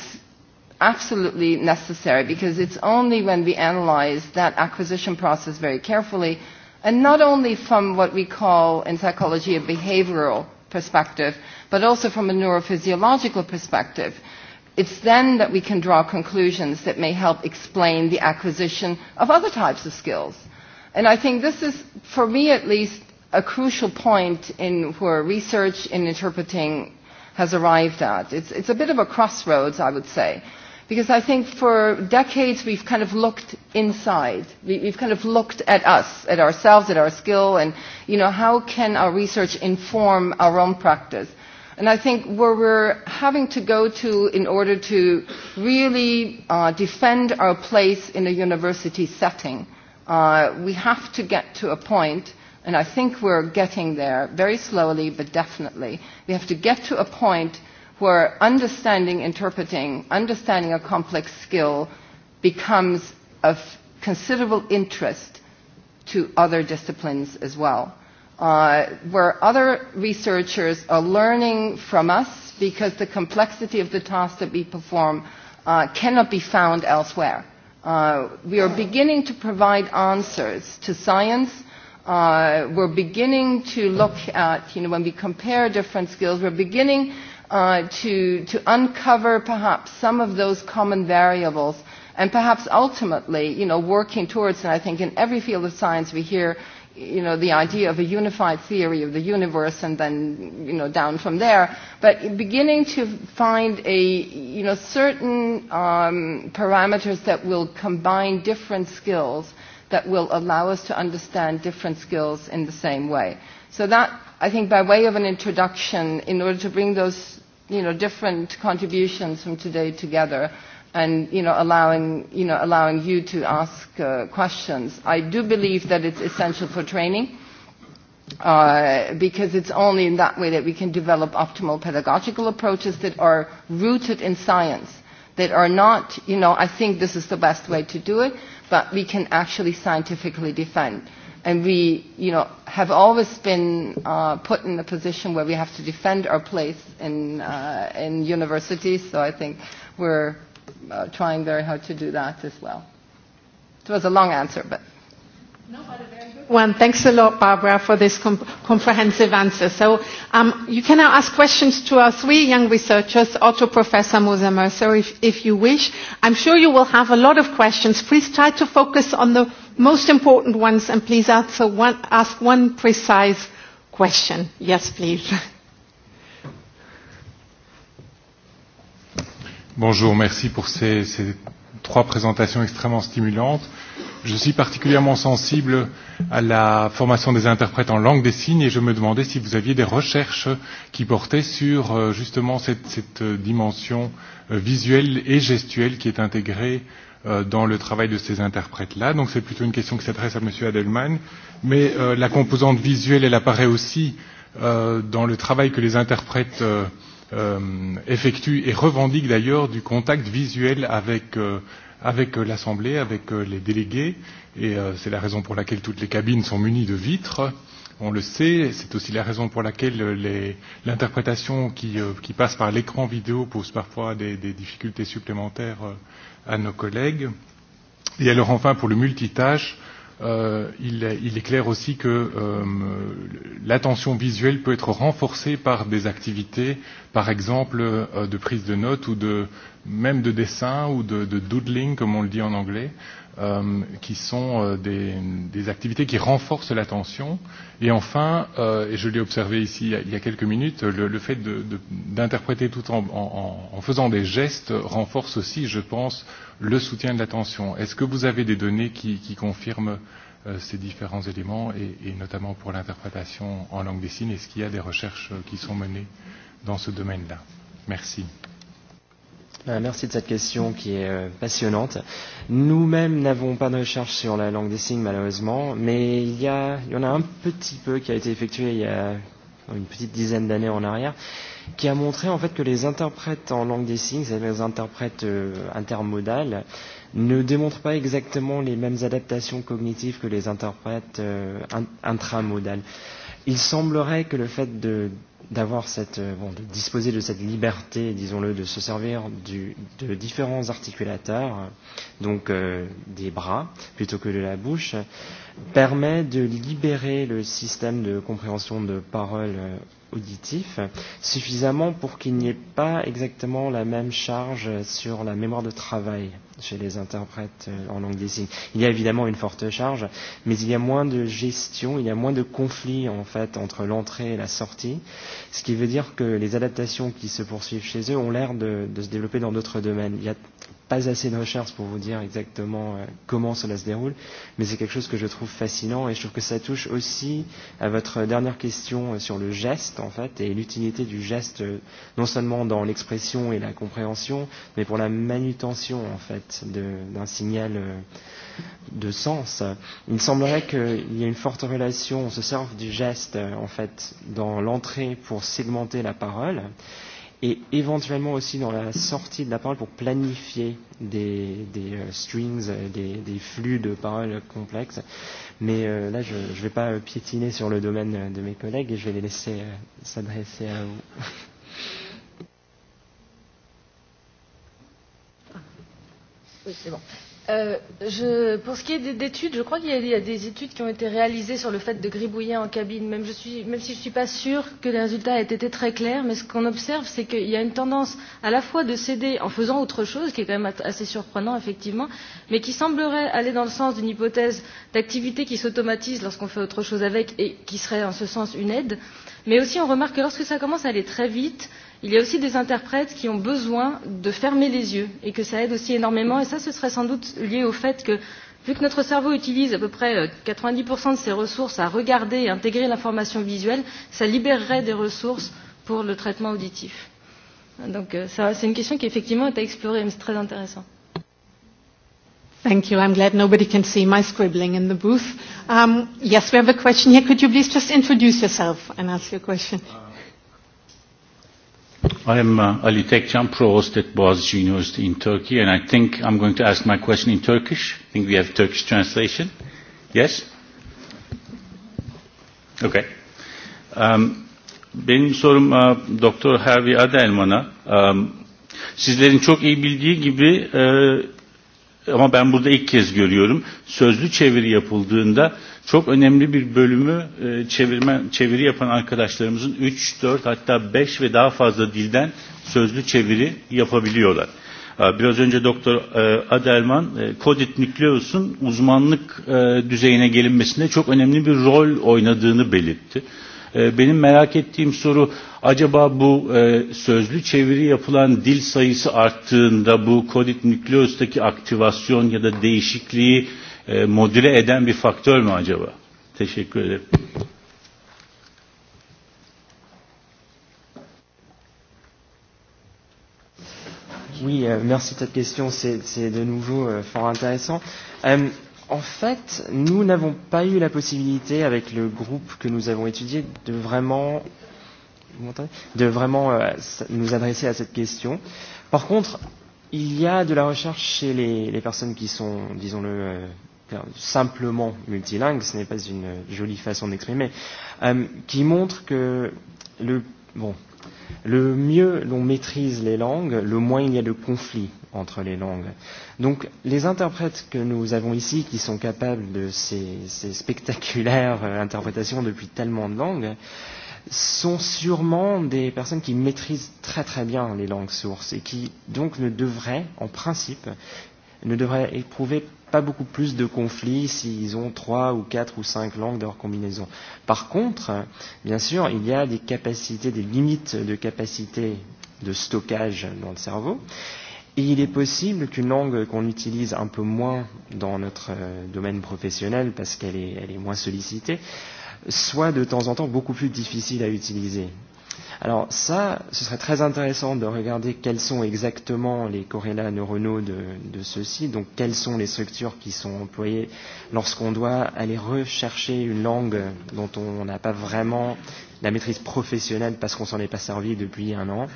absolutely necessary because it's only when we analyze that acquisition process very carefully and not only from what we call in psychology a behavioral perspective but also from a neurophysiological perspective It's then that we can draw conclusions that may help explain the acquisition of other types of skills. And I think this is, for me at least, a crucial point in where research in interpreting has arrived at. It's, it's a bit of a crossroads, I would say, because I think for decades we've kind of looked inside. We, we've kind of looked at us, at ourselves, at our skill, and, you know, how can our research inform our own practice? And I think where we're having to go to in order to really uh, defend our place in a university setting, uh, we have to get to a point, and I think we're getting there very slowly but definitely. We have to get to a point where understanding, interpreting, understanding a complex skill becomes of considerable interest to other disciplines as well uh, where other researchers are learning from us because the complexity of the tasks that we perform uh, cannot be found elsewhere. Uh, we are beginning to provide answers to science. Uh, we're beginning to look at, you know, when we compare different skills, we're beginning uh, to, to uncover perhaps some of those common variables and perhaps ultimately, you know, working towards, and I think in every field of science we hear you know, the idea of a unified theory of the universe and then, you know, down from there, but beginning to find a, you know, certain um, parameters that will combine different skills that will allow us to understand different skills in the same way. So that, I think, by way of an introduction, in order to bring those, you know, different contributions from today together, and you know allowing you know allowing you to ask uh, questions i do believe that it's essential for training uh, because it's only in that way that we can develop optimal pedagogical approaches that are rooted in science that are not you know i think this is the best way to do it but we can actually scientifically defend and we you know have always been uh, put in a position where we have to defend our place in uh, in universities so i think we're uh, trying very hard to do that as well. It was a long answer, but. No, but a very good one. Thanks a lot, Barbara, for this comp comprehensive answer. So um, you can now ask questions to our three young researchers or to Professor Musa Mercer if, if you wish. I'm sure you will have a lot of questions. Please try to focus on the most important ones and please answer one, ask one precise question. Yes, please. Bonjour, merci pour ces, ces trois présentations extrêmement stimulantes. Je suis particulièrement sensible à la formation des interprètes en langue des signes et je me demandais si vous aviez des recherches qui portaient sur euh, justement cette, cette dimension euh, visuelle et gestuelle qui est intégrée euh, dans le travail de ces interprètes-là. Donc c'est plutôt une question qui s'adresse à Monsieur Adelman. Mais la composante visuelle, elle apparaît aussi dans le travail que les interprètes Euh, effectue et revendique d'ailleurs du contact visuel avec euh, avec euh, l'Assemblée, avec les délégués, et c'est la raison pour laquelle toutes les cabines sont munies de vitres, on le sait, c'est aussi la raison pour laquelle l'interprétation qui, qui passe par l'écran vidéo pose parfois des, des difficultés supplémentaires à nos collègues. Et alors enfin, pour le multitâche, euh, il, est, il est clair aussi que euh, l'attention visuelle peut être renforcée par des activités, par exemple euh, de prise de notes ou de, même de dessin ou de, de doodling, comme on le dit en anglais, Euh, qui sont euh, des, des activités qui renforcent l'attention. Et enfin, euh, et je l'ai observé ici il y a quelques minutes, le, le fait d'interpréter de, de, tout en, en, en faisant des gestes renforce aussi, je pense, le soutien de l'attention. Est-ce que vous avez des données qui, qui confirment euh, ces différents éléments, et, et notamment pour l'interprétation en langue des signes Est-ce qu'il y a des recherches qui sont menées dans ce domaine-là Merci. Merci de cette question qui est euh, passionnante. Nous-mêmes n'avons pas de recherche sur la langue des signes malheureusement, mais il y, a, il y en a un petit peu qui a été effectué il y a une petite dizaine d'années en arrière, qui a montré en fait que les interprètes en langue des signes, c'est-à-dire les interprètes euh, intermodales, ne démontrent pas exactement les mêmes adaptations cognitives que les interprètes euh, intramodales. Il semblerait que le fait de d'avoir cette euh, bon, de disposer de cette liberté, disons-le, de se servir du, de différents articulateurs, euh, donc euh, des bras plutôt que de la bouche, permet de libérer le système de compréhension de parole euh, auditif suffisamment pour qu'il n'y ait pas exactement la même charge sur la mémoire de travail chez les interprètes en langue des signes. Il y a évidemment une forte charge, mais il y a moins de gestion, il y a moins de conflits en fait entre l'entrée et la sortie ce qui veut dire que les adaptations qui se poursuivent chez eux ont l'air de, de se développer dans d'autres domaines. Il y a pas assez de recherche pour vous dire exactement euh, comment cela se déroule, mais c'est quelque chose que je trouve fascinant et je trouve que ça touche aussi à votre dernière question euh, sur le geste en fait et l'utilité du geste euh, non seulement dans l'expression et la compréhension, mais pour la manutention en fait d'un signal de sens. Il me semblerait qu'il y a une forte relation, on se serve du geste en fait dans l'entrée pour segmenter la parole et éventuellement aussi dans la sortie de la parole pour planifier des, des euh, strings, euh, des, des flux de paroles complexes. Mais euh, là, je ne vais pas euh, piétiner sur le domaine euh, de mes collègues et je vais les laisser euh, s'adresser à vous. Oui, c'est bon. Euh, je, pour ce qui est d'études, je crois qu'il y, y, a des études qui ont été réalisées sur le fait de gribouiller en cabine, même, je suis, même si je ne suis pas sûre que les résultats aient été très clairs. Mais ce qu'on observe, c'est qu'il y a une tendance à la fois de céder en faisant autre chose, qui est quand même assez surprenant, effectivement, mais qui semblerait aller dans le sens d'une hypothèse d'activité qui s'automatise lorsqu'on fait autre chose avec et qui serait en ce sens une aide. Mais aussi, on remarque que lorsque ça commence à aller très vite, il y a aussi des interprètes qui ont besoin de fermer les yeux et que ça aide aussi énormément et ça ce serait sans doute lié au fait que vu que notre cerveau utilise à peu près 90% euh, de ses ressources à regarder et intégrer l'information visuelle ça libérerait des ressources pour le traitement auditif donc euh, c'est une question qui effectivement est à explorer mais c'est très intéressant Thank you. I'm glad nobody can see my scribbling in the booth. Um, yes, we have a question here. Could you please just introduce yourself and ask your question? Uh, i am uh, Ali Tekcan, Provost at Boğaziçi University in Turkey, and I think I'm going to ask my question in Turkish. I think we have Turkish translation. Yes? Okay. Um, benim sorum uh, Doktor Harvey Adelman'a. Um, sizlerin çok iyi bildiği gibi uh, ama ben burada ilk kez görüyorum. Sözlü çeviri yapıldığında çok önemli bir bölümü e, çevirme, çeviri yapan arkadaşlarımızın 3, 4 hatta 5 ve daha fazla dilden sözlü çeviri yapabiliyorlar. E, biraz önce Doktor e, Adelman Kodit Nükleus'un uzmanlık düzeyine gelinmesinde çok önemli bir rol oynadığını belirtti. Benim merak ettiğim soru Acaba bu e, sözlü çeviri yapılan dil sayısı arttığında bu kodit nükleostaki aktivasyon ya da değişikliği e, modüle eden bir faktör mü acaba? Teşekkür ederim. Oui, euh, merci de cette question, c'est de nouveau euh, fort intéressant. Euh, en fait, nous n'avons pas eu la possibilité, avec le groupe que nous avons étudié, de vraiment de vraiment euh, nous adresser à cette question. Par contre, il y a de la recherche chez les, les personnes qui sont, disons-le, euh, simplement multilingues, ce n'est pas une jolie façon d'exprimer, euh, qui montre que le, bon, le mieux l'on maîtrise les langues, le moins il y a de conflits entre les langues. Donc les interprètes que nous avons ici, qui sont capables de ces, ces spectaculaires euh, interprétations depuis tellement de langues, sont sûrement des personnes qui maîtrisent très très bien les langues sources et qui donc ne devraient, en principe, ne devraient éprouver pas beaucoup plus de conflits s'ils ont trois ou quatre ou cinq langues de leur combinaison. Par contre, bien sûr, il y a des capacités, des limites de capacité de stockage dans le cerveau. Et il est possible qu'une langue qu'on utilise un peu moins dans notre euh, domaine professionnel parce qu'elle est, elle est moins sollicitée, soit de temps en temps beaucoup plus difficile à utiliser. Alors ça, ce serait très intéressant de regarder quels sont exactement les corrélats neuronaux de, de ceux-ci, donc quelles sont les structures qui sont employées lorsqu'on doit aller rechercher une langue dont on n'a pas vraiment la maîtrise professionnelle parce qu'on s'en est pas servi depuis un an.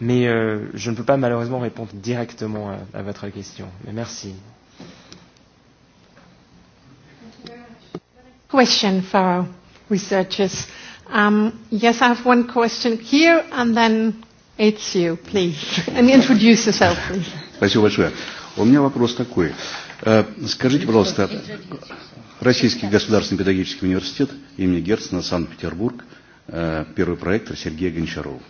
Mais euh, je ne peux pas malheureusement répondre directement à, à votre question. Mais merci. question for our researchers. Um, yes, I have one question here, and then it's you, please. And introduce yourself, please. Спасибо большое. У меня вопрос такой. Скажите, пожалуйста, Российский государственный педагогический университет имени Герцена, Санкт-Петербург, первый проектор Сергей Гончаров.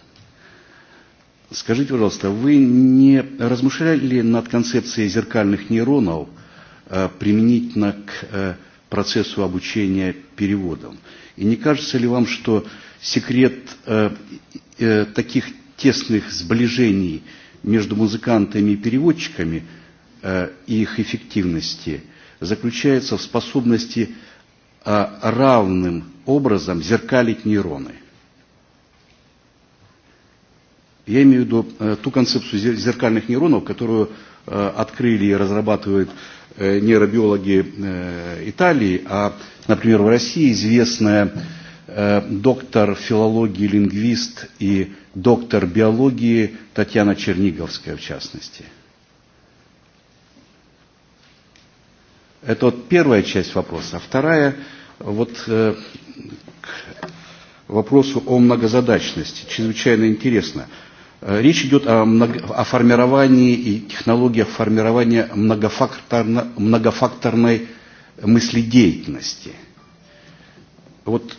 Скажите, пожалуйста, вы не размышляли над концепцией зеркальных нейронов применительно к процессу обучения переводам. И не кажется ли вам, что секрет э, э, таких тесных сближений между музыкантами и переводчиками э, и их эффективности заключается в способности э, равным образом зеркалить нейроны? Я имею в виду э, ту концепцию зеркальных нейронов, которую открыли и разрабатывают нейробиологи Италии, а, например, в России известная доктор филологии, лингвист и доктор биологии Татьяна Черниговская, в частности. Это вот первая часть вопроса. А вторая, вот к вопросу о многозадачности. Чрезвычайно интересно – Речь идет о, много, о формировании и технологиях формирования многофакторно, многофакторной мыследеятельности. Вот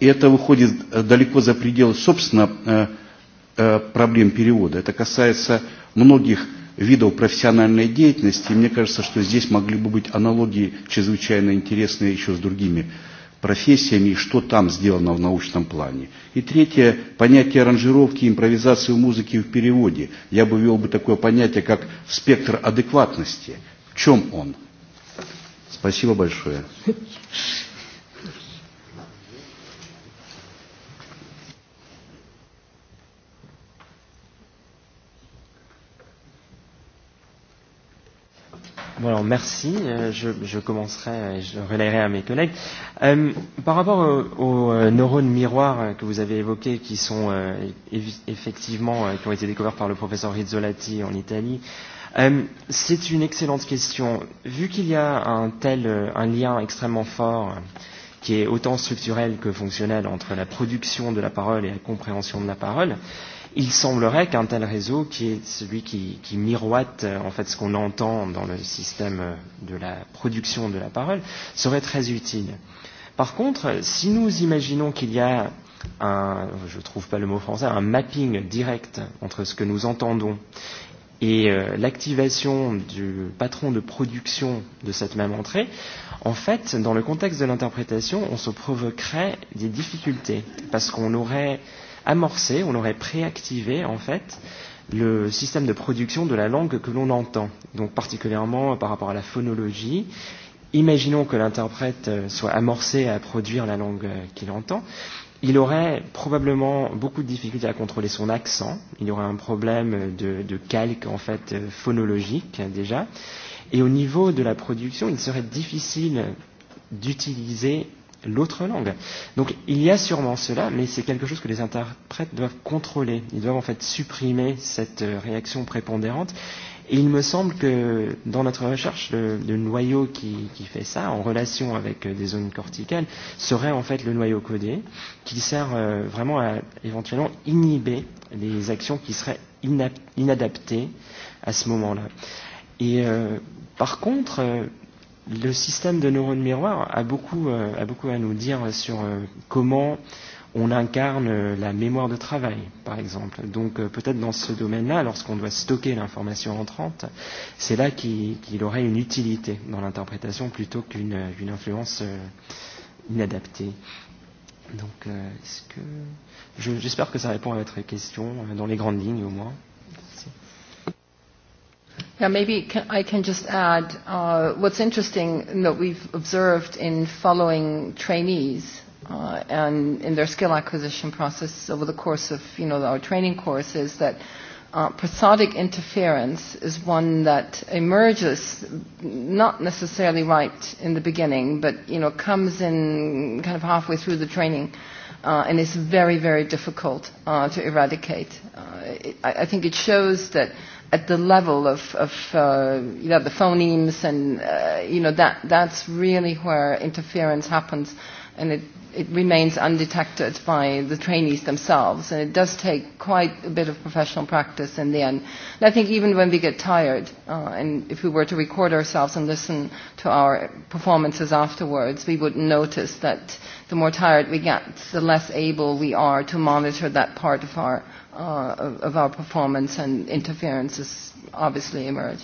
это выходит далеко за пределы, собственно, проблем перевода. Это касается многих видов профессиональной деятельности. И мне кажется, что здесь могли бы быть аналогии чрезвычайно интересные еще с другими профессиями, что там сделано в научном плане. И третье, понятие аранжировки, импровизации в музыке и в переводе. Я бы ввел бы такое понятие, как спектр адекватности. В чем он? Спасибо большое. Bon, alors merci. Euh, je, je commencerai et je relayerai à mes collègues. Euh, par rapport aux, aux euh, neurones miroirs euh, que vous avez évoqués, qui sont euh, effectivement, qui ont été découverts par le professeur Rizzolatti en Italie, euh, c'est une excellente question. Vu qu'il y a un tel un lien extrêmement fort qui est autant structurel que fonctionnel entre la production de la parole et la compréhension de la parole, Il semblerait qu'un tel réseau, qui est celui qui, qui miroite euh, en fait ce qu'on entend dans le système euh, de la production de la parole, serait très utile. Par contre, si nous imaginons qu'il y a un, je ne trouve pas le mot français, un mapping direct entre ce que nous entendons et euh, l'activation du patron de production de cette même entrée, en fait, dans le contexte de l'interprétation, on se provoquerait des difficultés parce qu'on aurait amorcé, on aurait préactivé en fait le système de production de la langue que l'on entend, donc particulièrement par rapport à la phonologie. Imaginons que l'interprète euh, soit amorcé à produire la langue euh, qu'il entend. Il aurait probablement beaucoup de difficultés à contrôler son accent. Il y aurait un problème de, de calque en fait euh, phonologique déjà. Et au niveau de la production, il serait difficile d'utiliser l'autre langue. Donc il y a sûrement cela, mais c'est quelque chose que les interprètes doivent contrôler. Ils doivent en fait supprimer cette euh, réaction prépondérante. Et il me semble que dans notre recherche, le, le noyau qui, qui fait ça, en relation avec euh, des zones corticales, serait en fait le noyau codé, qui sert euh, vraiment à éventuellement inhiber les actions qui seraient inadaptées à ce moment-là. Et euh, par contre, euh, le système de neurones miroirs a beaucoup, euh, a beaucoup à nous dire sur euh, comment on incarne euh, la mémoire de travail, par exemple. Donc euh, peut-être dans ce domaine-là, lorsqu'on doit stocker l'information entrante, c'est là qu'il qu aurait une utilité dans l'interprétation plutôt qu'une euh, une influence inadaptée. Donc, est-ce que... J'espère que ça répond à votre question, dans les grandes lignes au moins. Yeah, maybe can, I can just add uh, what's interesting that we've observed in following trainees uh, and in their skill acquisition process over the course of you know our training course is that uh, prosodic interference is one that emerges not necessarily right in the beginning, but you know comes in kind of halfway through the training. Uh, and it's very, very difficult uh, to eradicate. Uh, I, I think it shows that at the level of, of uh, you know, the phonemes and, uh, you know, that, that's really where interference happens and it, it remains undetected by the trainees themselves. And it does take quite a bit of professional practice in the end. And I think even when we get tired, uh, and if we were to record ourselves and listen to our performances afterwards, we would notice that the more tired we get, the less able we are to monitor that part of our uh, of our performance and interferences obviously emerge.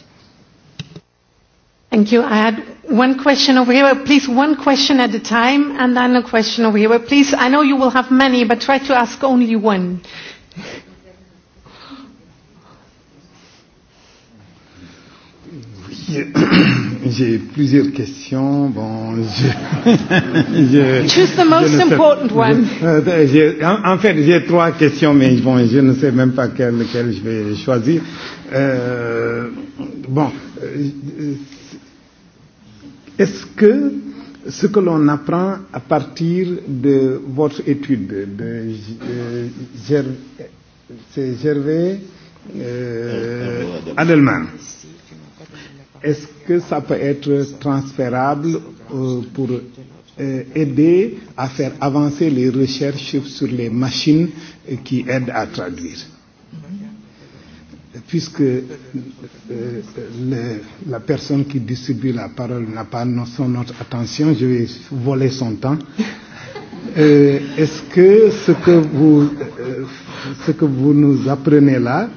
Thank you. I had one question over here. Please, one question at a time, and then a question over here. Please, I know you will have many, but try to ask only one. J'ai plusieurs questions. Bon, je, je, Choose the most je important sais, one. Je, euh, en, en, fait, j'ai trois questions, mais bon, je ne sais même pas quelle, quelle je vais choisir. Euh, bon, euh, est-ce que ce que l'on apprend à partir de votre étude de Gervais euh, euh Adelman, est-ce que ça peut être transférable euh, pour euh, aider à faire avancer les recherches sur les machines qui aident à traduire Puisque euh, euh le, la personne qui distribue la parole n'a pas son notre attention, je vais voler son temps. Euh, est-ce que ce que vous, euh, ce que vous nous apprenez là,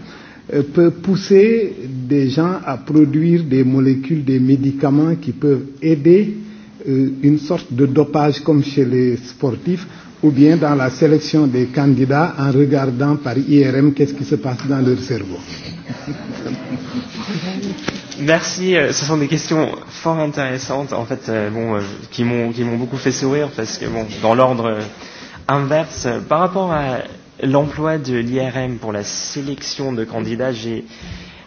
Euh, peut pousser des gens à produire des molécules, des médicaments qui peuvent aider euh, une sorte de dopage comme chez les sportifs ou bien dans la sélection des candidats en regardant par IRM qu'est-ce qui se passe dans leur cerveau. Merci, euh, ce sont des questions fort intéressantes en fait euh, bon euh, qui m'ont beaucoup fait sourire parce que bon dans l'ordre euh, inverse par rapport à l'emploi de l'IRM pour la sélection de candidats, j'ai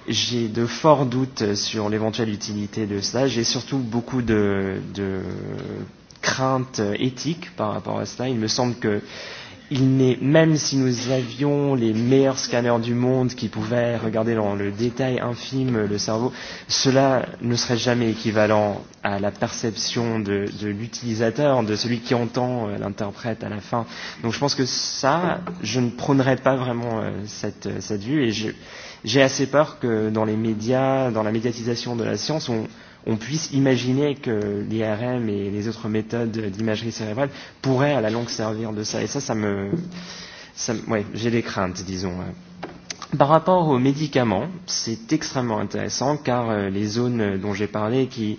j'ai de forts doutes sur l'éventuelle utilité de cela. J'ai surtout beaucoup de, de craintes éthiques par rapport à cela. Il me semble que il n'est, même si nous avions les meilleurs scanners du monde qui pouvaient regarder dans le détail infime le cerveau, cela ne serait jamais équivalent à la perception de, de l'utilisateur, de celui qui entend euh, l'interprète à la fin. Donc je pense que ça, je ne prônerais pas vraiment euh, cette, cette vue et j'ai assez peur que dans les médias, dans la médiatisation de la science, on, on puisse imaginer que l'IRM et les autres méthodes d'imagerie cérébrale pourraient à la longue servir de ça. Et ça, ça me... Ça, ouais, j'ai des craintes, disons. Par rapport aux médicaments, c'est extrêmement intéressant car euh, les zones euh, dont j'ai parlé qui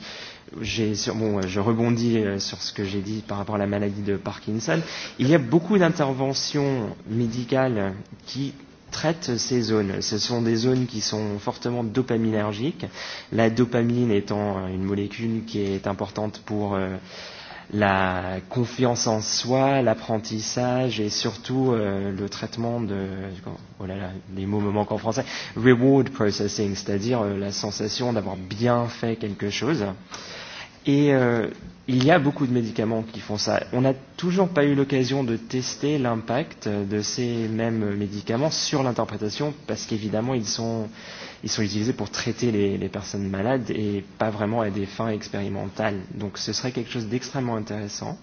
j'ai bon, je rebondis euh, sur ce que j'ai dit par rapport à la maladie de Parkinson. Il y a beaucoup d'interventions médicales qui traite ces zones. Ce sont des zones qui sont fortement dopaminergiques, la dopamine étant une molécule qui est importante pour euh, la confiance en soi, l'apprentissage et surtout euh, le traitement de oh là là, les mots me manquent en français reward processing, c'est-à-dire euh, la sensation d'avoir bien fait quelque chose. Et euh, il y a beaucoup de médicaments qui font ça. On n'a toujours pas eu l'occasion de tester l'impact de ces mêmes médicaments sur l'interprétation parce qu'évidemment ils sont, ils sont utilisés pour traiter les, les personnes malades et pas vraiment à des fins expérimentales. Donc ce serait quelque chose d'extrêmement intéressant.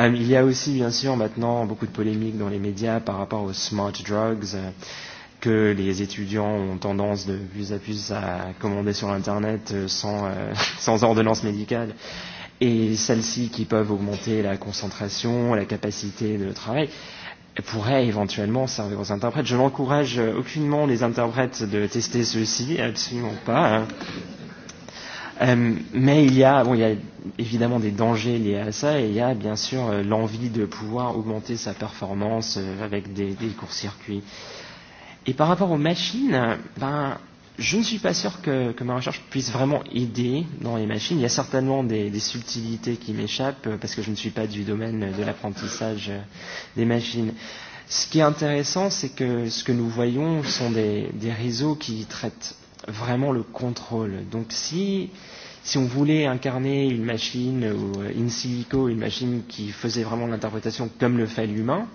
Euh, il y a aussi bien sûr maintenant beaucoup de polémiques dans les médias par rapport aux smart drugs euh, que les étudiants ont tendance de plus à plus à commander sur Internet euh, sans, euh, sans ordonnance médicale et celles-ci qui peuvent augmenter la concentration, la capacité de travail, pourraient éventuellement servir aux interprètes. Je n'encourage aucunement les interprètes de tester ceci, absolument pas. Euh, mais il y, a, bon, il y a évidemment des dangers liés à ça et il y a bien sûr l'envie de pouvoir augmenter sa performance euh, avec des, des courts-circuits. Et par rapport aux machines, ben, je ne suis pas sûr que, que ma recherche puisse vraiment aider dans les machines. Il y a certainement des, des subtilités qui m'échappent euh, parce que je ne suis pas du domaine de l'apprentissage euh, des machines. Ce qui est intéressant, c'est que ce que nous voyons sont des, des réseaux qui traitent vraiment le contrôle. Donc si, si on voulait incarner une machine ou euh, in silico, une machine qui faisait vraiment l'interprétation comme le fait l'humain,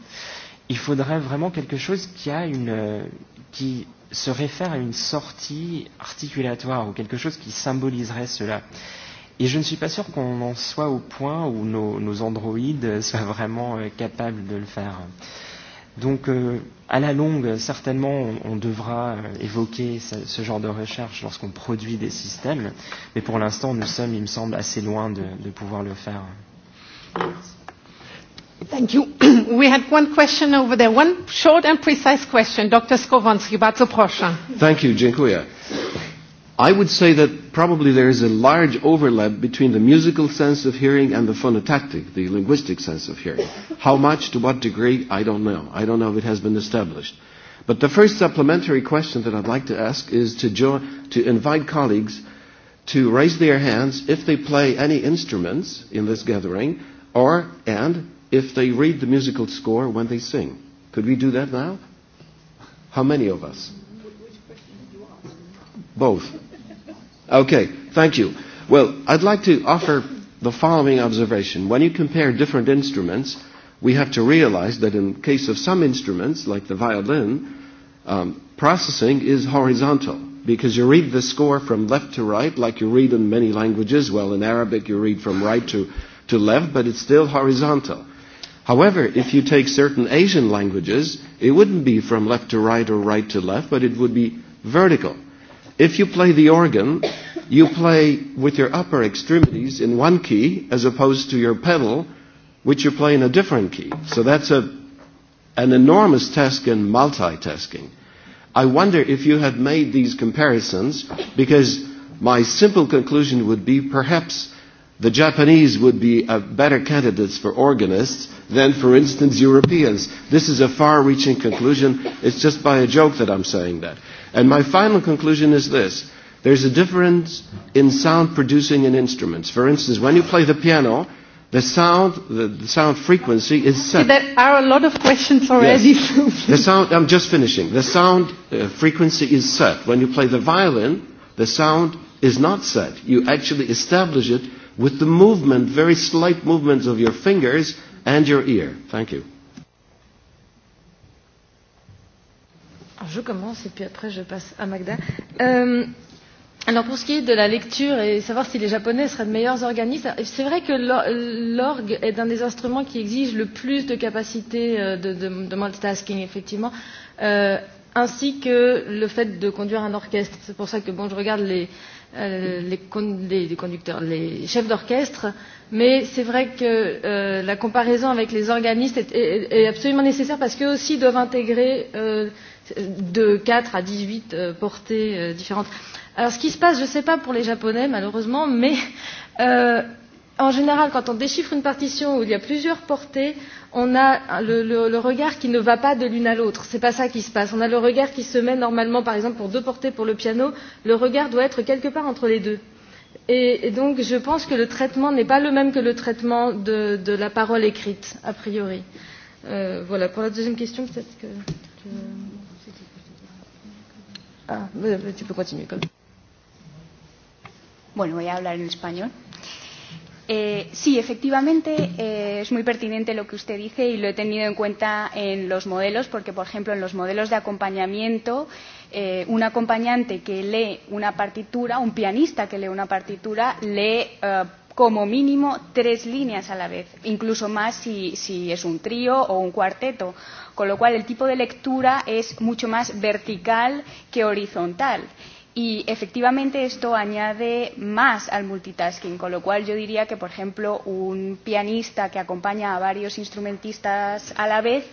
il faudrait vraiment quelque chose qui a une qui se réfère à une sortie articulatoire ou quelque chose qui symboliserait cela. Et je ne suis pas sûr qu'on en soit au point où nos, nos androïdes soient vraiment euh, capables de le faire. Donc, euh, à la longue, certainement, on, on devra euh, évoquer ce, ce genre de recherche lorsqu'on produit des systèmes, mais pour l'instant, nous sommes, il me semble, assez loin de, de pouvoir le faire. Merci. Thank you. We had one question over there, one short and precise question. Dr. Skowronski, bardzo proszę. Thank you, dziękuję. I would say that probably there is a large overlap between the musical sense of hearing and the phonotactic, the linguistic sense of hearing. How much, to what degree, I don't know. I don't know if it has been established. But the first supplementary question that I'd like to ask is to, join, to invite colleagues to raise their hands if they play any instruments in this gathering or and if they read the musical score when they sing. Could we do that now? How many of us? Both. Okay, thank you. Well, I'd like to offer the following observation. When you compare different instruments, we have to realize that in case of some instruments, like the violin, um, processing is horizontal because you read the score from left to right like you read in many languages. Well, in Arabic you read from right to, to left, but it's still horizontal. However, if you take certain Asian languages, it wouldn't be from left to right or right to left, but it would be vertical. If you play the organ, you play with your upper extremities in one key as opposed to your pedal, which you play in a different key. So that's a, an enormous task in multitasking. I wonder if you had made these comparisons, because my simple conclusion would be perhaps the Japanese would be a uh, better candidates for organists than, for instance, Europeans. This is a far-reaching conclusion. It's just by a joke that I'm saying that. And my final conclusion is this. There's a difference in sound producing in instruments. For instance, when you play the piano, the sound, the, the sound frequency is set. There are a lot of questions already. Yes. the sound, I'm just finishing. The sound uh, frequency is set. When you play the violin, the sound is not set. You actually establish it with the movement, very slight movements of your fingers and your ear. Thank you. je commence et puis après je passe à Magda. Euh, alors pour ce qui est de la lecture et savoir si les Japonais seraient de meilleurs organistes, c'est vrai que l'orgue est un des instruments qui exige le plus de capacité euh, de, de, de multitasking, effectivement. Euh, ainsi que le fait de conduire un orchestre. C'est pour ça que bon, je regarde les, Euh, les, con les conducteurs, les chefs d'orchestre, mais c'est vrai que euh, la comparaison avec les organistes est, est, est absolument nécessaire parce qu'eux aussi doivent intégrer euh, de 4 à 18 euh, portées euh, différentes. Alors ce qui se passe, je ne sais pas pour les Japonais malheureusement, mais euh, en général, quand on déchiffre une partition où il y a plusieurs portées, on a le, le, le regard qui ne va pas de l'une à l'autre. Ce n'est pas ça qui se passe. On a le regard qui se met normalement, par exemple, pour deux portées pour le piano. Le regard doit être quelque part entre les deux. Et, et donc, je pense que le traitement n'est pas le même que le traitement de, de la parole écrite, a priori. Euh, voilà, pour la deuxième question, peut-être que... ah, tu peux continuer comme Bueno, voy a hablar en español. Eh, sí, efectivamente eh, es muy pertinente lo que usted dice y lo he tenido en cuenta en los modelos, porque, por ejemplo, en los modelos de acompañamiento, eh, un acompañante que lee una partitura, un pianista que lee una partitura, lee eh, como mínimo tres líneas a la vez, incluso más si, si es un trío o un cuarteto, con lo cual el tipo de lectura es mucho más vertical que horizontal Y efectivamente esto añade más al multitasking, con lo cual yo diría que, por ejemplo, un pianista que acompaña a varios instrumentistas a la vez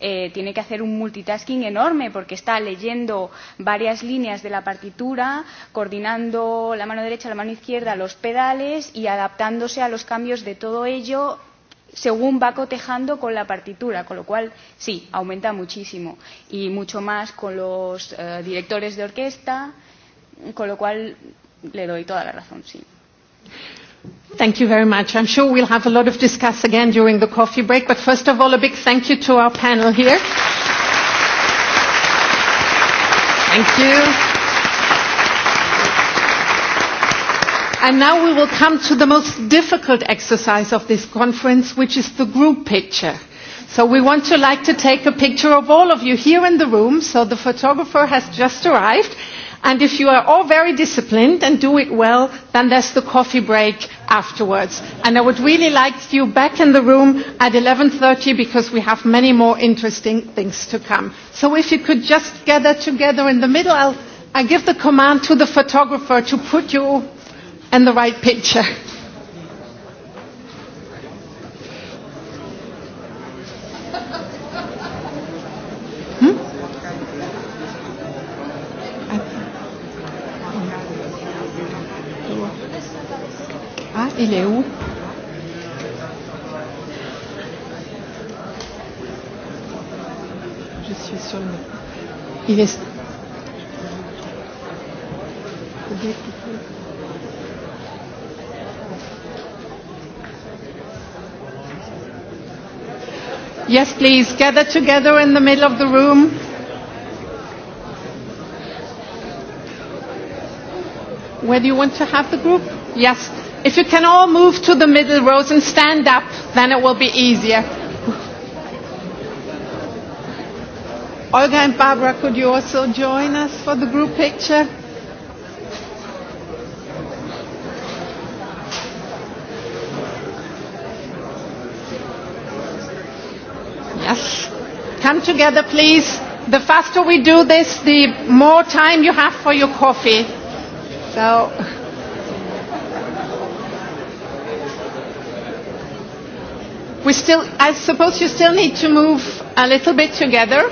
eh, tiene que hacer un multitasking enorme porque está leyendo varias líneas de la partitura, coordinando la mano derecha, la mano izquierda, los pedales y adaptándose a los cambios de todo ello según va cotejando con la partitura, con lo cual sí, aumenta muchísimo y mucho más con los eh, directores de orquesta, con lo cual le doy toda la razón, sí. Thank you very much. I'm sure we'll have a lot of discuss again during the coffee break, but first of all, a big thank you to our panel here. Thank you. And now we will come to the most difficult exercise of this conference, which is the group picture. So we want to like to take a picture of all of you here in the room. So the photographer has just arrived and if you are all very disciplined and do it well then there's the coffee break afterwards and i would really like you back in the room at 11:30 because we have many more interesting things to come so if you could just gather together in the middle i'll i give the command to the photographer to put you in the right picture hmm? Il est où Je suis sur le... Il est... Yes, please, gather together in the middle of the room. Where do you want to have the group? Yes, If you can all move to the middle rows and stand up, then it will be easier. Olga and Barbara, could you also join us for the group picture? Yes. Come together, please. The faster we do this, the more time you have for your coffee. So... We still, I suppose you still need to move a little bit together.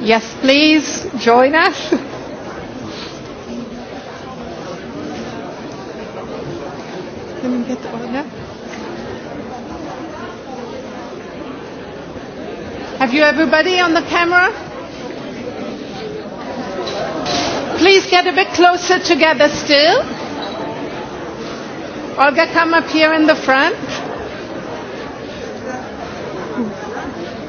Yes, please join us. Let me get order. Have you everybody on the camera? Please get a bit closer together still. Olga, come up here in the front.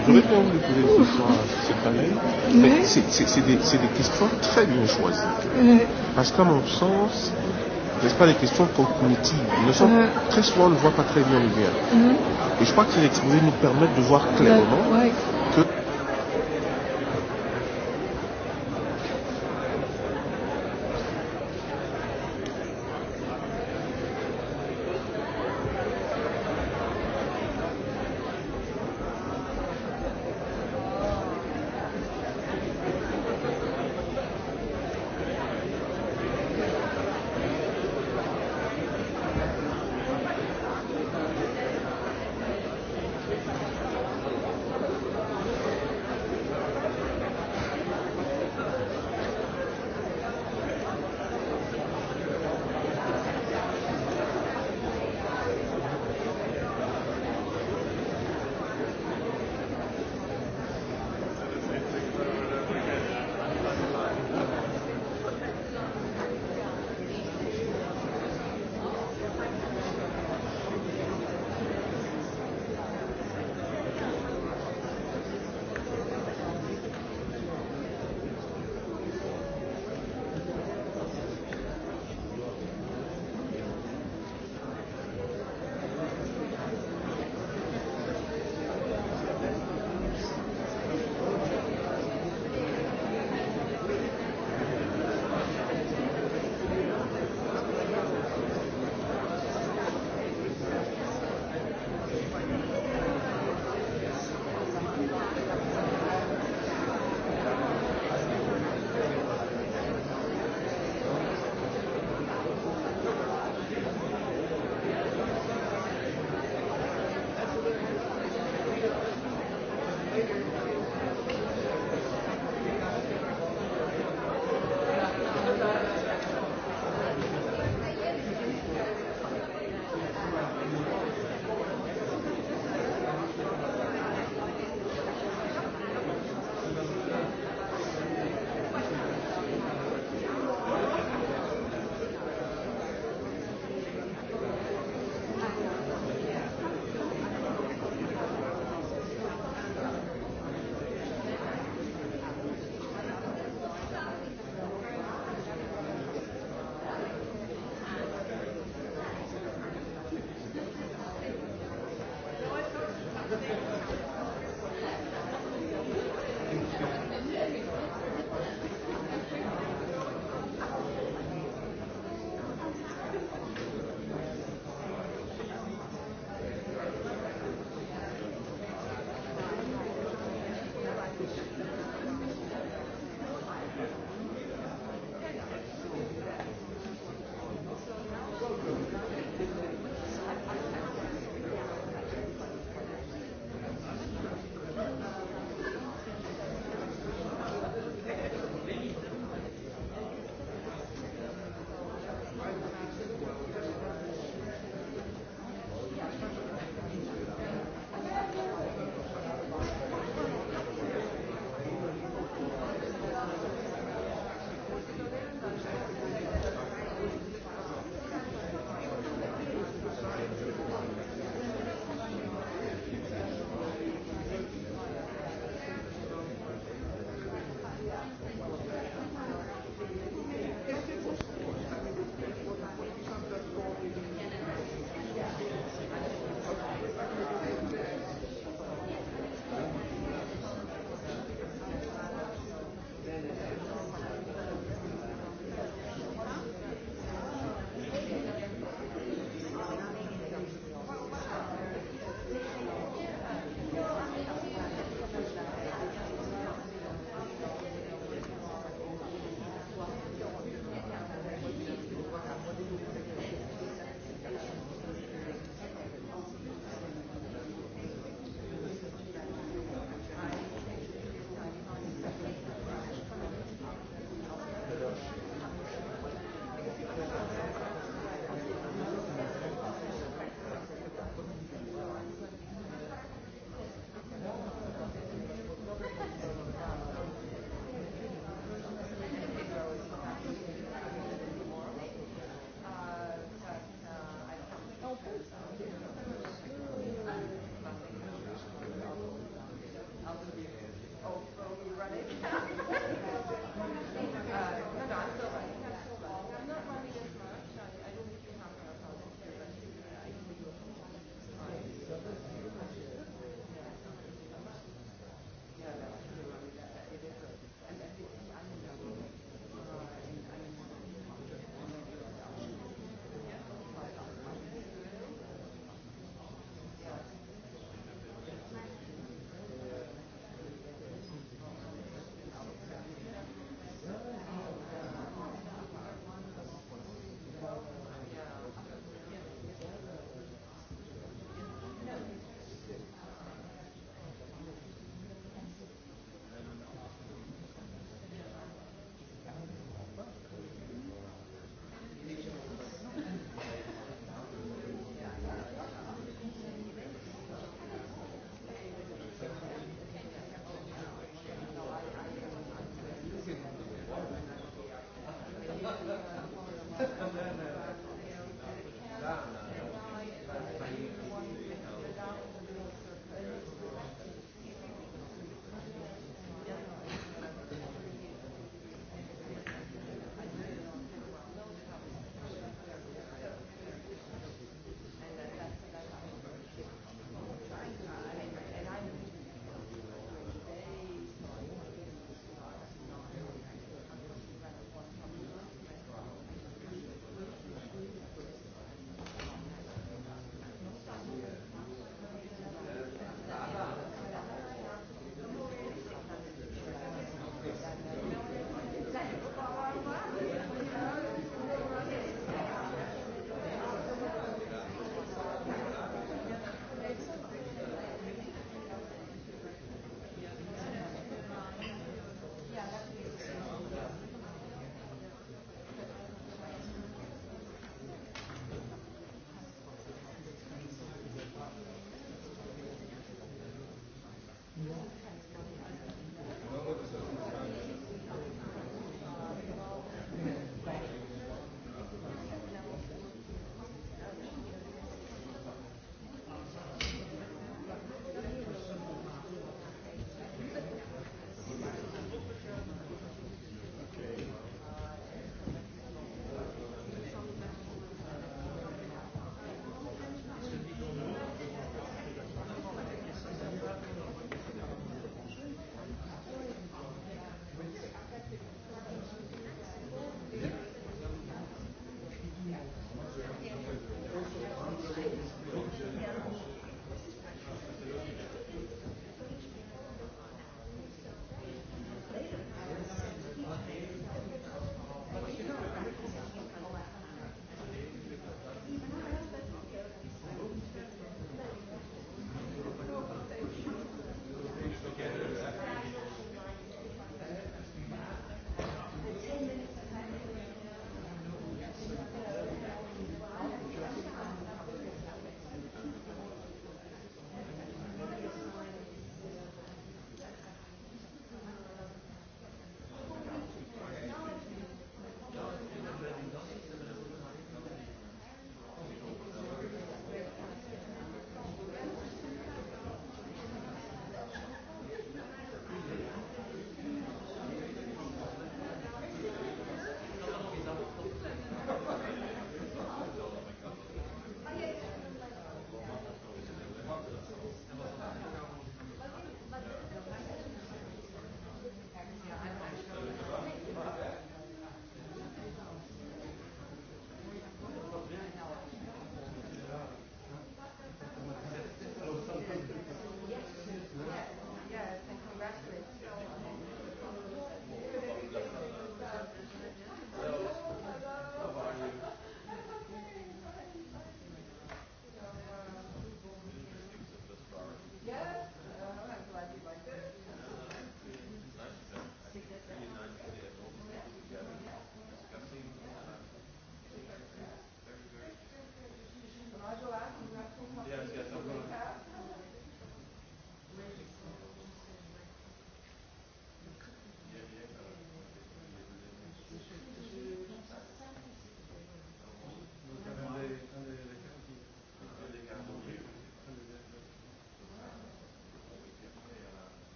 ce ce mais c'est des, questions très bien choisies. Parce qu'à mon sens, n'est-ce pas, des questions cognitives ne sont, très souvent, on ne voit pas très bien le lien. Et je crois que ces exposés nous permettent de voir clairement que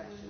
profession.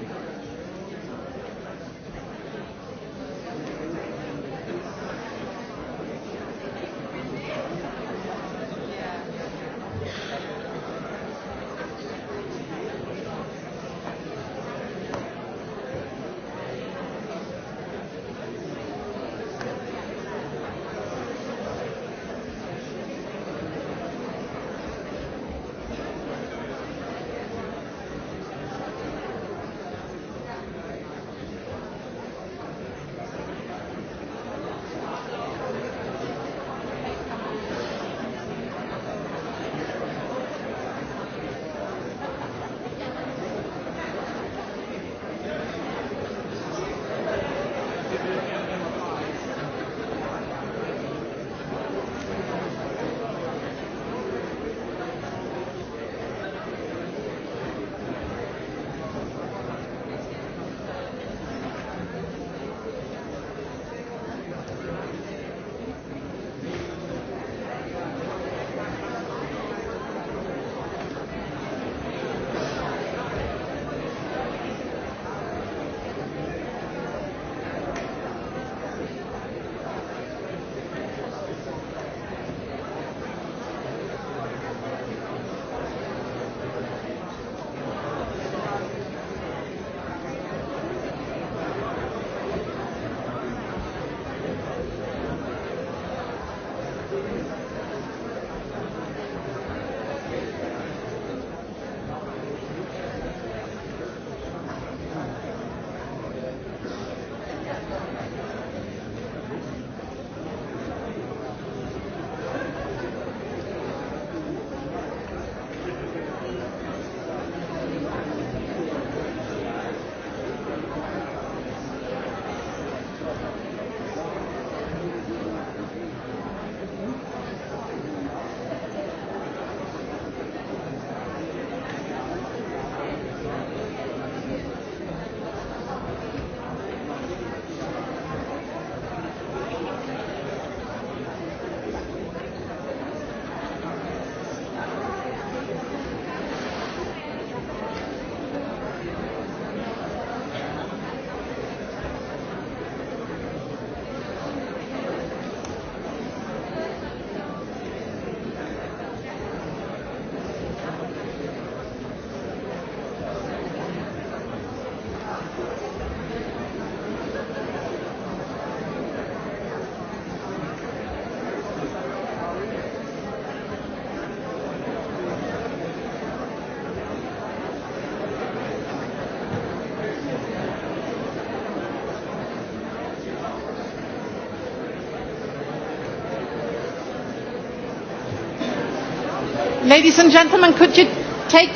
Ladies and gentlemen, could you take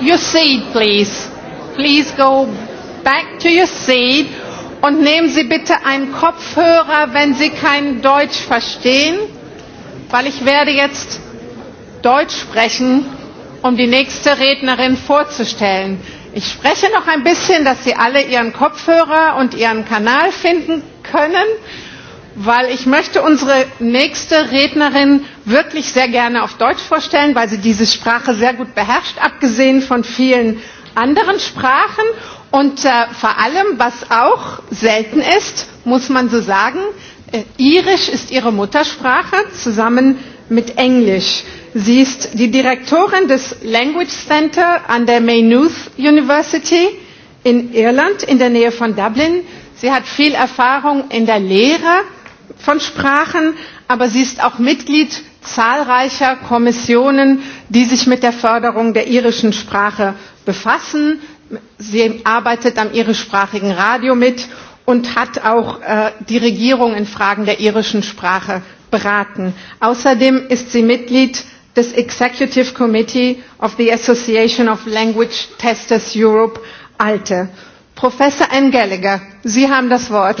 your seat, please? Please go back to your seat und nehmen Sie bitte einen Kopfhörer, wenn Sie kein Deutsch verstehen, weil ich werde jetzt Deutsch sprechen, um die nächste Rednerin vorzustellen. Ich spreche noch ein bisschen, dass Sie alle Ihren Kopfhörer und Ihren Kanal finden können, weil ich möchte unsere nächste Rednerin wirklich sehr gerne auf Deutsch vorstellen, weil sie diese Sprache sehr gut beherrscht, abgesehen von vielen anderen Sprachen. Und äh, vor allem, was auch selten ist, muss man so sagen, äh, Irisch ist ihre Muttersprache zusammen mit Englisch. Sie ist die Direktorin des Language Center an der Maynooth University in Irland in der Nähe von Dublin. Sie hat viel Erfahrung in der Lehre von Sprachen, aber sie ist auch Mitglied zahlreicher kommissionen die sich mit der förderung der irischen sprache befassen sie arbeitet am irischsprachigen radio mit und hat auch äh, die regierung in fragen der irischen sprache beraten außerdem ist sie mitglied des executive committee of the association of language testers europe alte professor Anne gallagher sie haben das wort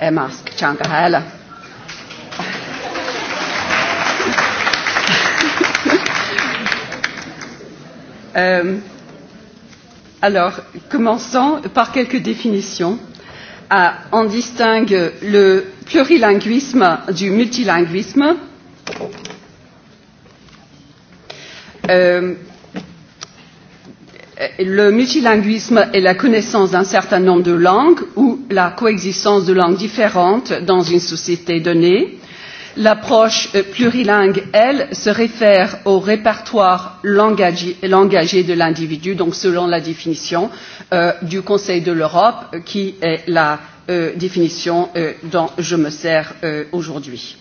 Eh, mask ehm, alors commençons par quelques définitions Uh, on distingue le plurilinguisme du multilinguisme euh, Euh, le multilinguisme est la connaissance d'un certain nombre de langues ou la coexistence de langues différentes dans une société donnée. L'approche euh, plurilingue, elle, se réfère au répertoire langagé, de l'individu, donc selon la définition euh, du Conseil de l'Europe, qui est la euh, définition euh, dont je me sers euh, aujourd'hui.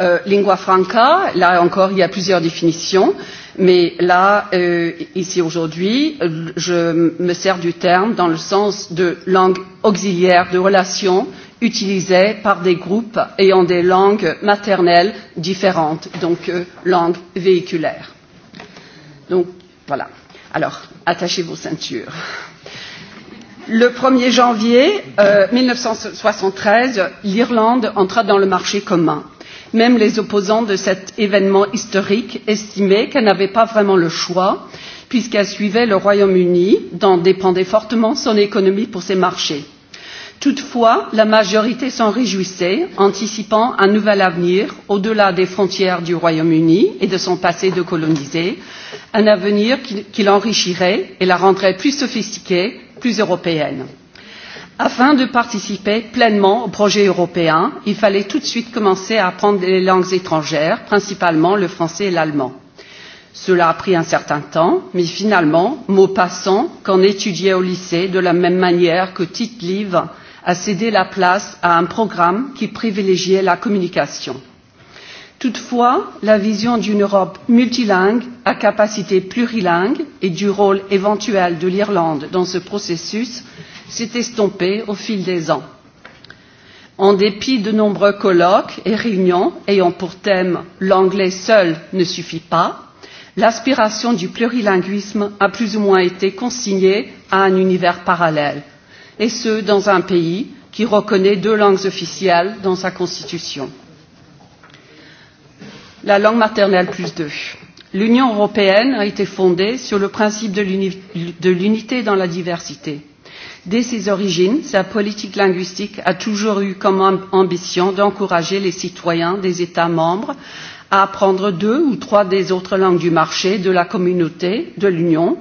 Euh, lingua franca, là encore, il y a plusieurs définitions, mais là, euh, ici aujourd'hui, je me sers du terme dans le sens de langue auxiliaire, de relation utilisée par des groupes ayant des langues maternelles différentes, donc euh, langue véhiculaire. Donc, voilà. Alors, attachez vos ceintures. Le 1er janvier euh, 1973, l'Irlande entra dans le marché commun même les opposants de cet événement historique estimaient qu'elle n'avait pas vraiment le choix puisqu'elle suivait le royaume uni dont dépendait fortement son économie pour ses marchés. toutefois la majorité s'en réjouissait anticipant un nouvel avenir au delà des frontières du royaume uni et de son passé de colonisé un avenir qui l'enrichirait et la rendrait plus sophistiquée plus européenne afin de participer pleinement au projet européen il fallait tout de suite commencer à apprendre les langues étrangères principalement le français et l'allemand. cela a pris un certain temps mais finalement passant, qu'on étudiait au lycée de la même manière que tite livre a cédé la place à un programme qui privilégiait la communication. toutefois la vision d'une europe multilingue à capacité plurilingue et du rôle éventuel de l'irlande dans ce processus s'est estompée au fil des ans. En dépit de nombreux colloques et réunions ayant pour thème l'anglais seul ne suffit pas, l'aspiration du plurilinguisme a plus ou moins été consignée à un univers parallèle, et ce dans un pays qui reconnaît deux langues officielles dans sa constitution. La langue maternelle plus deux. L'Union européenne a été fondée sur le principe de l'unité dans la diversité Dès ses origines, sa politique linguistique a toujours eu comme ambition d'encourager les citoyens des États membres à apprendre deux ou trois des autres langues du marché, de la communauté, de l'Union,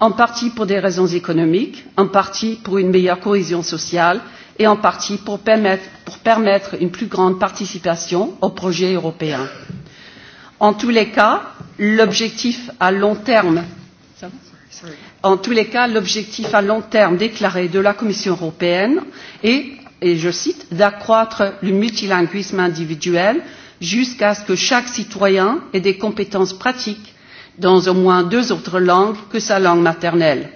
en partie pour des raisons économiques, en partie pour une meilleure cohésion sociale et en partie pour permettre, pour permettre une plus grande participation au projet européen. En tous les cas, l'objectif à long terme en tous les cas l'objectif à long terme déclaré de la commission européenne est et je cite d'accroître le multilinguisme individuel jusqu'à ce que chaque citoyen ait des compétences pratiques dans au moins deux autres langues que sa langue maternelle.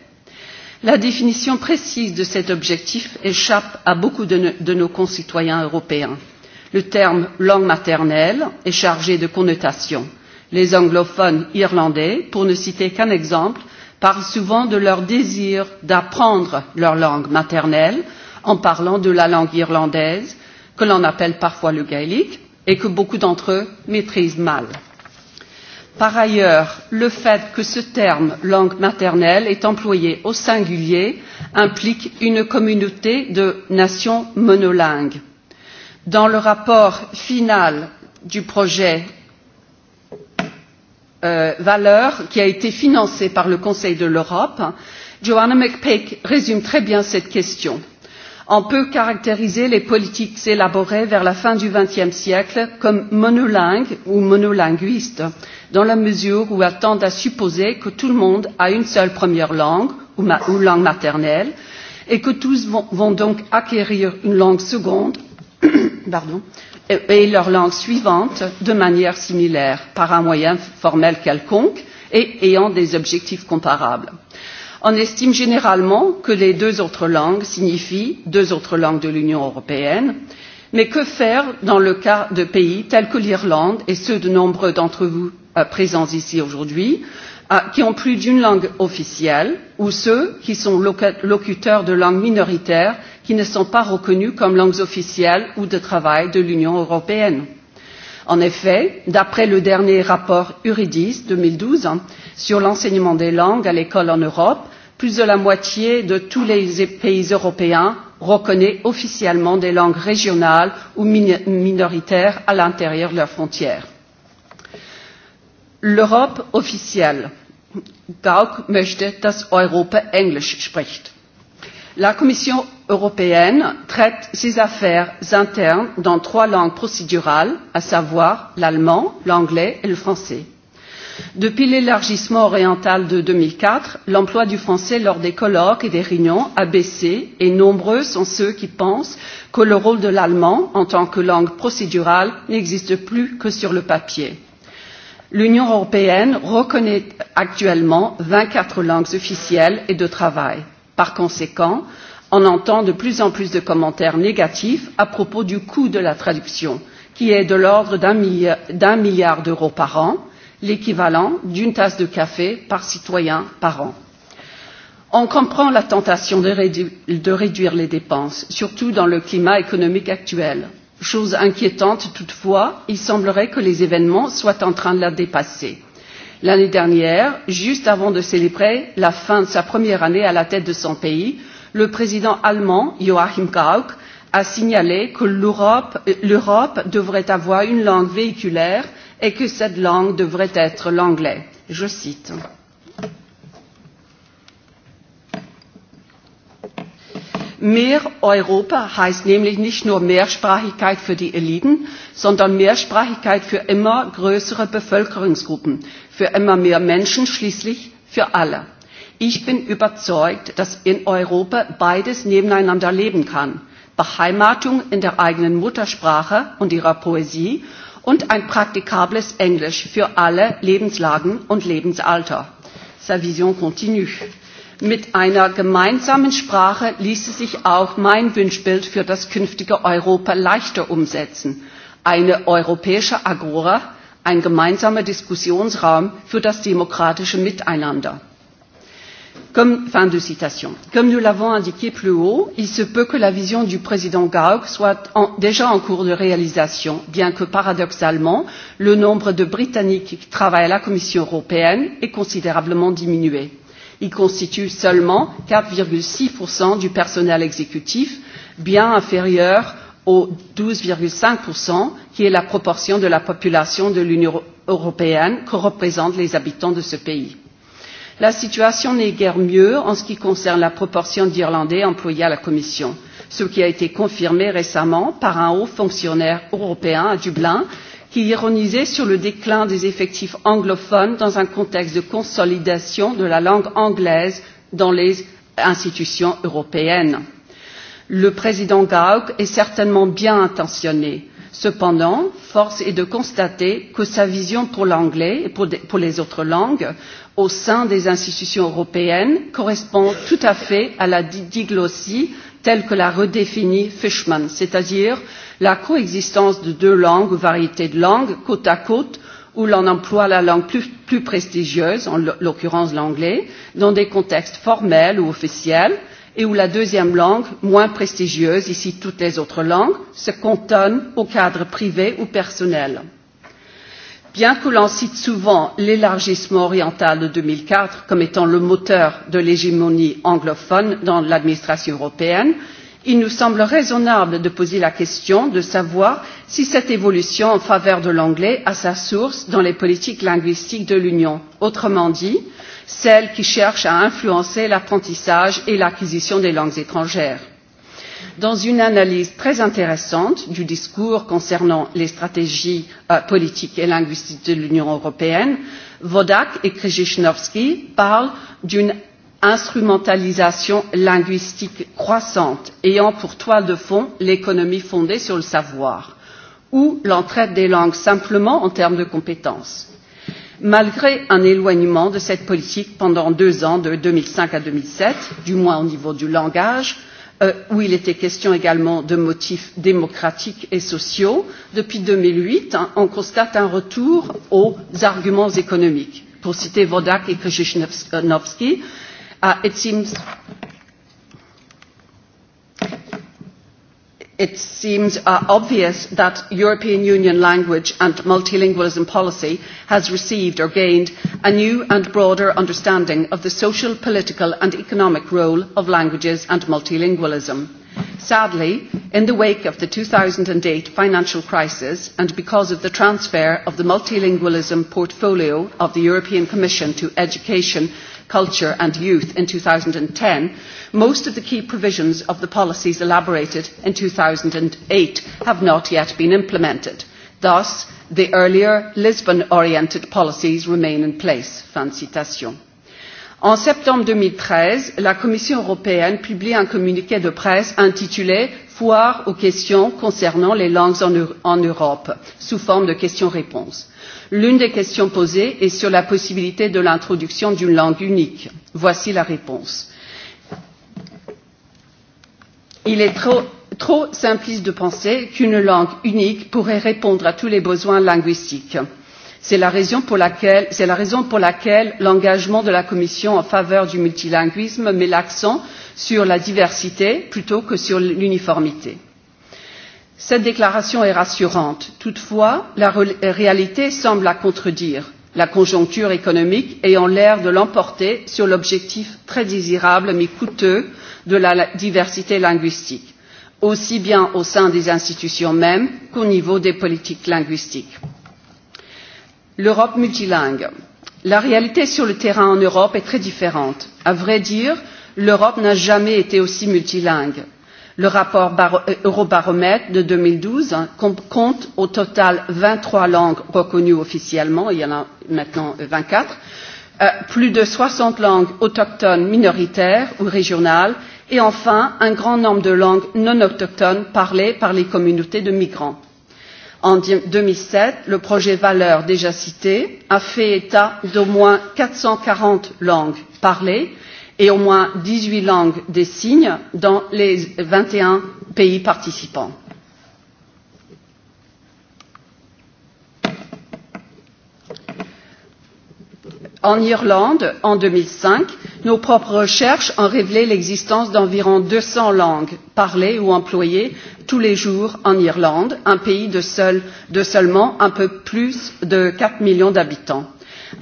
la définition précise de cet objectif échappe à beaucoup de, de nos concitoyens européens. le terme langue maternelle est chargé de connotations. les anglophones irlandais pour ne citer qu'un exemple parlent souvent de leur désir d'apprendre leur langue maternelle en parlant de la langue irlandaise que l'on appelle parfois le gaélique et que beaucoup d'entre eux maîtrisent mal. Par ailleurs, le fait que ce terme langue maternelle est employé au singulier implique une communauté de nations monolingues. Dans le rapport final du projet Euh, valeurs qui a été financé par le conseil de l'europe joanna mcpeak résume très bien cette question on peut caractériser les politiques élaborées vers la fin du XXe siècle comme monolingues ou monolinguistes dans la mesure où elles tendent à supposer que tout le monde a une seule première langue ou, ma ou langue maternelle et que tous vont, vont donc acquérir une langue seconde pardon, et leur langue suivante de manière similaire par un moyen formel quelconque et ayant des objectifs comparables. On estime généralement que les deux autres langues signifient deux autres langues de l'Union européenne, mais que faire dans le cas de pays tels que l'Irlande et ceux de nombreux d'entre vous euh, présents ici aujourd'hui euh, qui ont plus d'une langue officielle ou ceux qui sont locuteurs de langues minoritaires qui ne sont pas reconnues comme langues officielles ou de travail de l'union européenne. en effet d'après le dernier rapport euridis 2012 sur l'enseignement des langues à l'école en europe plus de la moitié de tous les pays européens reconnaît officiellement des langues régionales ou minoritaires à l'intérieur de leurs frontières. L'Europe officielle Gauk möchte, dass Europa Englisch spricht la commission européenne traite ses affaires internes dans trois langues procédurales à savoir l'allemand l'anglais et le français. depuis l'élargissement oriental de deux mille quatre l'emploi du français lors des colloques et des réunions a baissé et nombreux sont ceux qui pensent que le rôle de l'allemand en tant que langue procédurale n'existe plus que sur le papier. l'union européenne reconnaît actuellement vingt quatre langues officielles et de travail par conséquent on entend de plus en plus de commentaires négatifs à propos du coût de la traduction qui est de l'ordre d'un milliard, d'euros par an l'équivalent d'une tasse de café par citoyen par an. on comprend la tentation de, de réduire les dépenses surtout dans le climat économique actuel. chose inquiétante toutefois il semblerait que les événements soient en train de la dépasser l'année dernière juste avant de célébrer la fin de sa première année à la tête de son pays le président allemand joachim gauck a signalé que l'europe devrait avoir une langue véhiculaire et que cette langue devrait être l'anglais je cite Mehr Europa heißt nämlich nicht nur Mehrsprachigkeit für die Eliten, sondern Mehrsprachigkeit für immer größere Bevölkerungsgruppen für immer mehr Menschen, schließlich für alle. Ich bin überzeugt, dass in Europa beides nebeneinander leben kann. Beheimatung in der eigenen Muttersprache und ihrer Poesie und ein praktikables Englisch für alle Lebenslagen und Lebensalter. Sa vision continue. Mit einer gemeinsamen Sprache ließe sich auch mein Wünschbild für das künftige Europa leichter umsetzen. Eine europäische Agora ein gemeinsamer diskussionsraum für das demokratische miteinander. Comme, fin de citation. Comme nous l'avons indiqué plus haut, il se peut que la vision du président Gauck soit en, déjà en cours de réalisation, bien que paradoxalement, le nombre de Britanniques qui travaillent à la Commission européenne est considérablement diminué. Il constitue seulement 4,6% du personnel exécutif, bien inférieur au 12,5 qui est la proportion de la population de l'Union européenne que représentent les habitants de ce pays. La situation n'est guère mieux en ce qui concerne la proportion d'Irlandais employés à la Commission, ce qui a été confirmé récemment par un haut fonctionnaire européen à Dublin qui ironisait sur le déclin des effectifs anglophones dans un contexte de consolidation de la langue anglaise dans les institutions européennes le président gauck est certainement bien intentionné. cependant force est de constater que sa vision pour l'anglais et pour, pour les autres langues au sein des institutions européennes correspond tout à fait à la diglossie telle que l'a redéfinie fishman c'est à dire la coexistence de deux langues ou variétés de langues côte à côte où l'on emploie la langue plus, plus prestigieuse en l'occurrence l'anglais dans des contextes formels ou officiels et où la deuxième langue, moins prestigieuse, ici toutes les autres langues, se cantonne au cadre privé ou personnel. Bien que l'on cite souvent l'élargissement oriental de 2004 comme étant le moteur de l'hégémonie anglophone dans l'administration européenne, il nous semble raisonnable de poser la question de savoir si cette évolution en faveur de l'anglais a sa source dans les politiques linguistiques de l'union. autrement dit celles qui cherchent à influencer l'apprentissage et l'acquisition des langues étrangères. Dans une analyse très intéressante du discours concernant les stratégies euh, politiques et linguistiques de l'Union européenne, Vodak et Krzyzewski parlent d'une instrumentalisation linguistique croissante ayant pour toile de fond l'économie fondée sur le savoir ou l'entraide des langues simplement en termes de compétences malgré un éloignement de cette politique pendant deux ans de deux mille cinq à deux mille sept du moins au niveau du langage euh, où il était question également de motifs démocratiques et sociaux depuis deux mille huit on constate un retour aux arguments économiques. pour citer wodak et krzyżanowski it seems it seems uh, obvious that european union language and multilingualism policy has received or gained a new and broader understanding of the social political and economic role of languages and multilingualism. sadly in the wake of the two thousand and eight financial crisis and because of the transfer of the multilingualism portfolio of the european commission to education culture and youth in 2010 most of the key provisions of the policies elaborated in 2008 have not yet been implemented thus the earlier lisbon oriented policies remain in place citation en septembre deux mille treize la commission européenne publie un communiqué de presse intitulé foire aux questions concernant les langues en europe sous forme de questions réponses l'une des questions posées est sur la possibilité de l'introduction d'une langue unique. voici la réponse il est trop, trop simpliste de penser qu'une langue unique pourrait répondre à tous les besoins linguistiques. c'est la raison pour laquelle, laquelle l'engagement de la commission en faveur du multilinguisme met l'accent sur la diversité plutôt que sur l'uniformité cette déclaration est rassurante. toutefois la réalité semble la contredire la conjoncture économique ayant l'air de l'emporter sur l'objectif très désirable mais coûteux de la diversité linguistique aussi bien au sein des institutions mêmes qu'au niveau des politiques linguistiques. l'europe multilingue la réalité sur le terrain en europe est très différente. à vrai dire l'europe n'a jamais été aussi multilingue le rapport euh, eurobaromètre de deux mille douze compte au total vingt trois langues reconnues officiellement il y en a maintenant euh, vingt quatre euh, plus de soixante langues autochtones minoritaires ou régionales et enfin un grand nombre de langues non autochtones parlées par les communautés de migrants. en deux mille sept le projet valeurs déjà cité a fait état d'au moins quatre cent quarante langues parlées et au moins dix huit langues des signes dans les vingt et un pays participants. En Irlande, en deux mille cinq, nos propres recherches ont révélé l'existence d'environ deux cents langues parlées ou employées tous les jours en Irlande, un pays de, seul, de seulement un peu plus de quatre millions d'habitants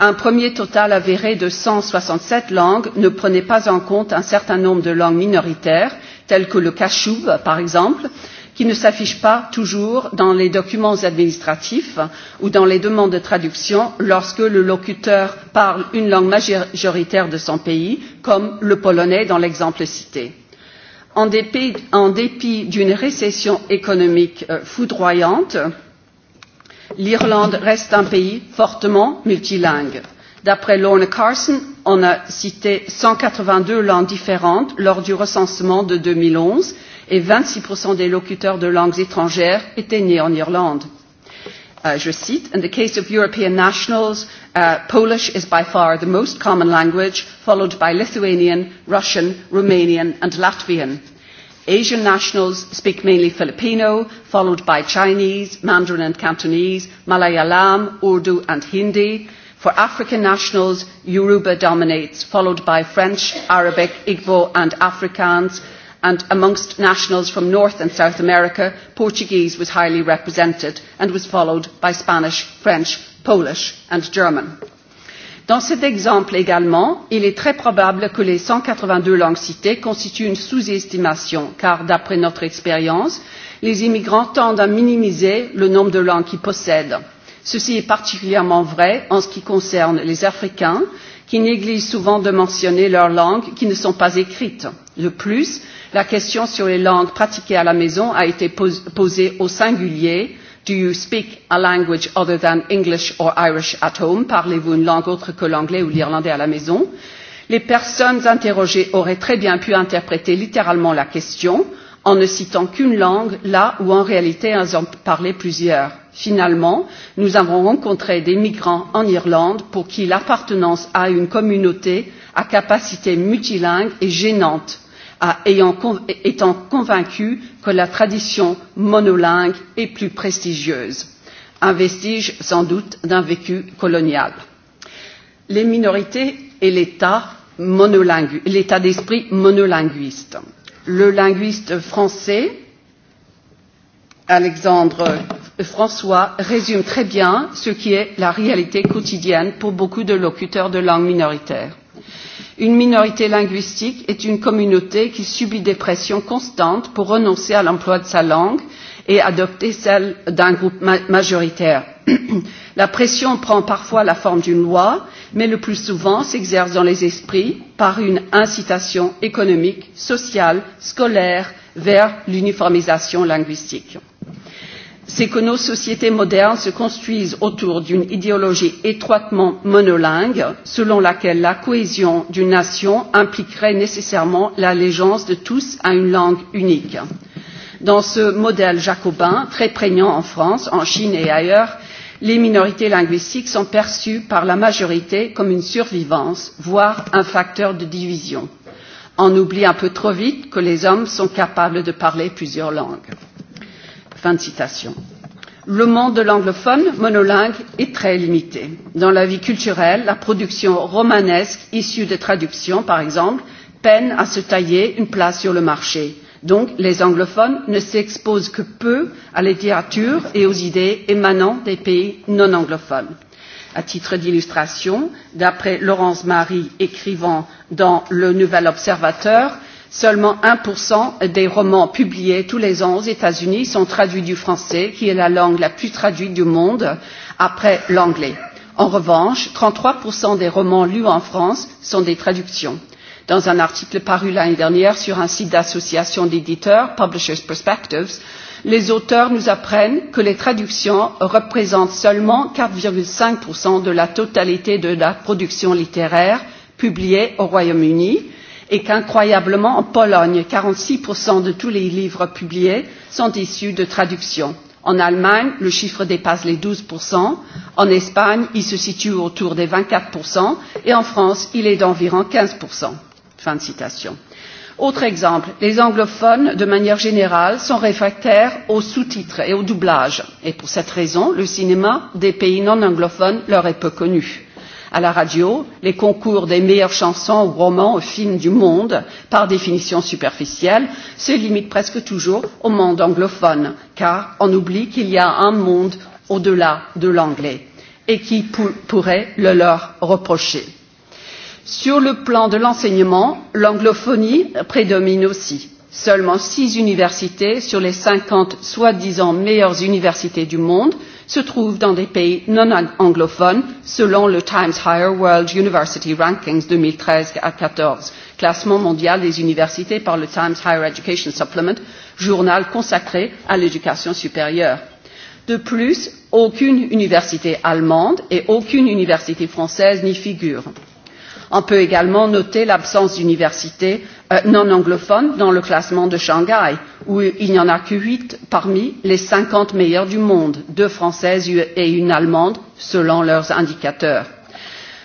un premier total avéré de cent soixante sept langues ne prenait pas en compte un certain nombre de langues minoritaires telles que le kashub par exemple qui ne s'affiche pas toujours dans les documents administratifs ou dans les demandes de traduction lorsque le locuteur parle une langue majoritaire de son pays comme le polonais dans l'exemple cité. en dépit, en dépit d'une récession économique euh, foudroyante l'irlande reste un pays fortement multilingue. d'après Lorna carson on a cité cent quatre vingt deux langues différentes lors du recensement de deux mille onze et vingt six des locuteurs de langues étrangères étaient nés en irlande. Euh, je cite in the case of european nationals uh, polish is by far the most common language followed by lithuanian russian romanian and latvian. Asian nationals speak mainly Filipino, followed by Chinese, Mandarin and Cantonese, Malayalam, Urdu and Hindi. For African nationals, Yoruba dominates, followed by French, Arabic, Igbo and Afrikaans. And amongst nationals from North and South America, Portuguese was highly represented and was followed by Spanish, French, Polish and German dans cet exemple également il est très probable que les cent quatre vingt deux langues citées constituent une sous estimation car d'après notre expérience les immigrants tendent à minimiser le nombre de langues qu'ils possèdent. ceci est particulièrement vrai en ce qui concerne les africains qui négligent souvent de mentionner leurs langues qui ne sont pas écrites. de plus la question sur les langues pratiquées à la maison a été posée au singulier do you speak a language other than English or Irish at home? Parlez-vous une langue autre que l'anglais ou l'irlandais à la maison? Les personnes interrogées auraient très bien pu interpréter littéralement la question en ne citant qu'une langue là où en réalité elles ont parlaient plusieurs. Finalement, nous avons rencontré des migrants en Irlande pour qui l'appartenance à une communauté à capacité multilingue est gênante ayant, étant convaincus que la tradition monolingue est plus prestigieuse un vestige sans doute d'un vécu colonial. les minorités et l'état d'esprit monolinguiste le linguiste français alexandre françois résume très bien ce qui est la réalité quotidienne pour beaucoup de locuteurs de langues minoritaires Une minorité linguistique est une communauté qui subit des pressions constantes pour renoncer à l'emploi de sa langue et adopter celle d'un groupe majoritaire. la pression prend parfois la forme d'une loi, mais le plus souvent s'exerce dans les esprits par une incitation économique, sociale, scolaire vers l'uniformisation linguistique c'est que nos sociétés modernes se construisent autour d'une idéologie étroitement monolingue selon laquelle la cohésion d'une nation impliquerait nécessairement l'allégeance de tous à une langue unique. dans ce modèle jacobin très prégnant en france en chine et ailleurs les minorités linguistiques sont perçues par la majorité comme une survivance voire un facteur de division. on oublie un peu trop vite que les hommes sont capables de parler plusieurs langues. Fin de citation. Le monde de l'anglophone monolingue est très limité. Dans la vie culturelle, la production romanesque issue de traductions, par exemple, peine à se tailler une place sur le marché. Donc, les anglophones ne s'exposent que peu à la littérature et aux idées émanant des pays non anglophones. À titre d'illustration, d'après Laurence Marie écrivant dans Le Nouvel Observateur, seulement un des romans publiés tous les ans aux états unis sont traduits du français qui est la langue la plus traduite du monde après l'anglais. en revanche trente trois des romans lus en france sont des traductions. dans un article paru l'année dernière sur un site d'association d'éditeurs publishers perspectives les auteurs nous apprennent que les traductions représentent seulement quatre cinq de la totalité de la production littéraire publiée au royaume uni et qu'incroyablement en Pologne, 46% de tous les livres publiés sont issus de traductions. En Allemagne, le chiffre dépasse les 12%, en Espagne, il se situe autour des 24% et en France, il est d'environ 15%. Fin de citation. Autre exemple, les anglophones, de manière générale, sont réfractaires aux sous-titres et au doublage. Et pour cette raison, le cinéma des pays non anglophones leur est peu connu à la radio les concours des meilleures chansons ou romans ou films du monde par définition superficielle, se limitent presque toujours au monde anglophone car on oublie qu'il y a un monde au delà de l'anglais et qui pourrait le leur reprocher? sur le plan de l'enseignement l'anglophonie prédomine aussi seulement six universités sur les cinquante soi disant meilleures universités du monde se trouvent dans des pays non anglophones selon le Times Higher World University Rankings 2013 à 14, classement mondial des universités par le Times Higher Education Supplement, journal consacré à l'éducation supérieure. De plus, aucune université allemande et aucune université française n'y figurent on peut également noter l'absence d'universités euh, non anglophones dans le classement de shanghai où il n'y en a que huit parmi les cinquante meilleures du monde deux françaises et une allemande selon leurs indicateurs.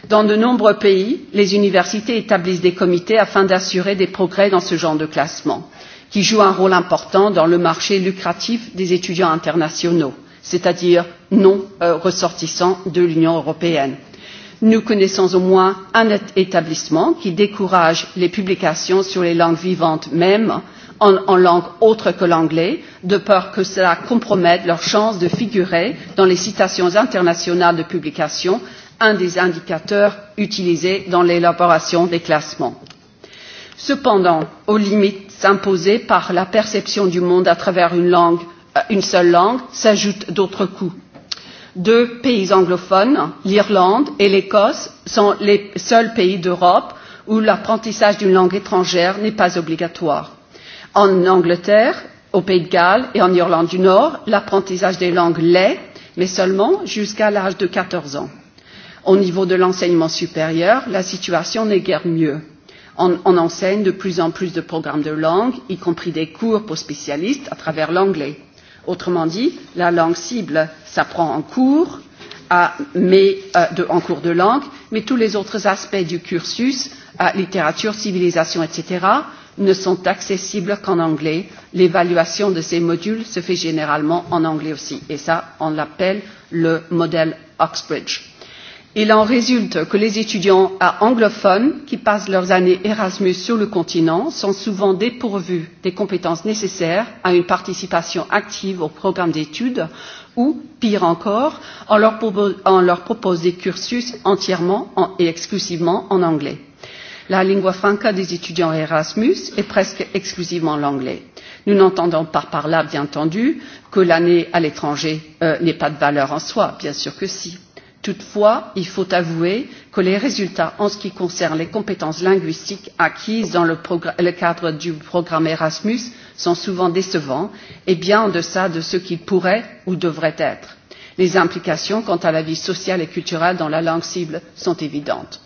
dans de nombreux pays les universités établissent des comités afin d'assurer des progrès dans ce genre de classement qui joue un rôle important dans le marché lucratif des étudiants internationaux c'est à dire non euh, ressortissants de l'union européenne nous connaissons au moins un établissement qui décourage les publications sur les langues vivantes même en, langue autre que l'anglais de peur que cela compromette leur chances de figurer dans les citations internationales de publication, un des indicateurs utilisés dans l'élaboration des classements. cependant aux limites imposées par la perception du monde à travers une, langue, euh, une seule langue s'ajoutent d'autres coûts deux pays anglophones, l'Irlande et l'Écosse, sont les seuls pays d'Europe où l'apprentissage d'une langue étrangère n'est pas obligatoire. En Angleterre, au Pays de Galles et en Irlande du Nord, l'apprentissage des langues l'est, mais seulement jusqu'à l'âge de 14 ans. Au niveau de l'enseignement supérieur, la situation n'est guère mieux. On, on enseigne de plus en plus de programmes de langue, y compris des cours pour spécialistes à travers l'anglais autrement dit la langue cible s'apprend en cours mais, euh, de, en cours de langue mais tous les autres aspects du cursus à, littérature civilisation etc. ne sont accessibles qu'en anglais. l'évaluation de ces modules se fait généralement en anglais aussi et ça on l'appelle le modèle oxbridge il en résulte que les étudiants anglophones qui passent leurs années erasmus sur le continent sont souvent dépourvus des compétences nécessaires à une participation active aux programmes d'études ou pire encore on leur, on leur propose des cursus entièrement et exclusivement en anglais. la lingua franca des étudiants erasmus est presque exclusivement l'anglais. nous n'entendons pas par là bien entendu que l'année à l'étranger euh, n'ait pas de valeur en soi bien sûr que si Toutefois, il faut avouer que les résultats en ce qui concerne les compétences linguistiques acquises dans le, cadre du programme Erasmus sont souvent décevants et bien en deçà de ce qu'ils pourraient ou devraient être. Les implications quant à la vie sociale et culturelle dans la langue cible sont évidentes.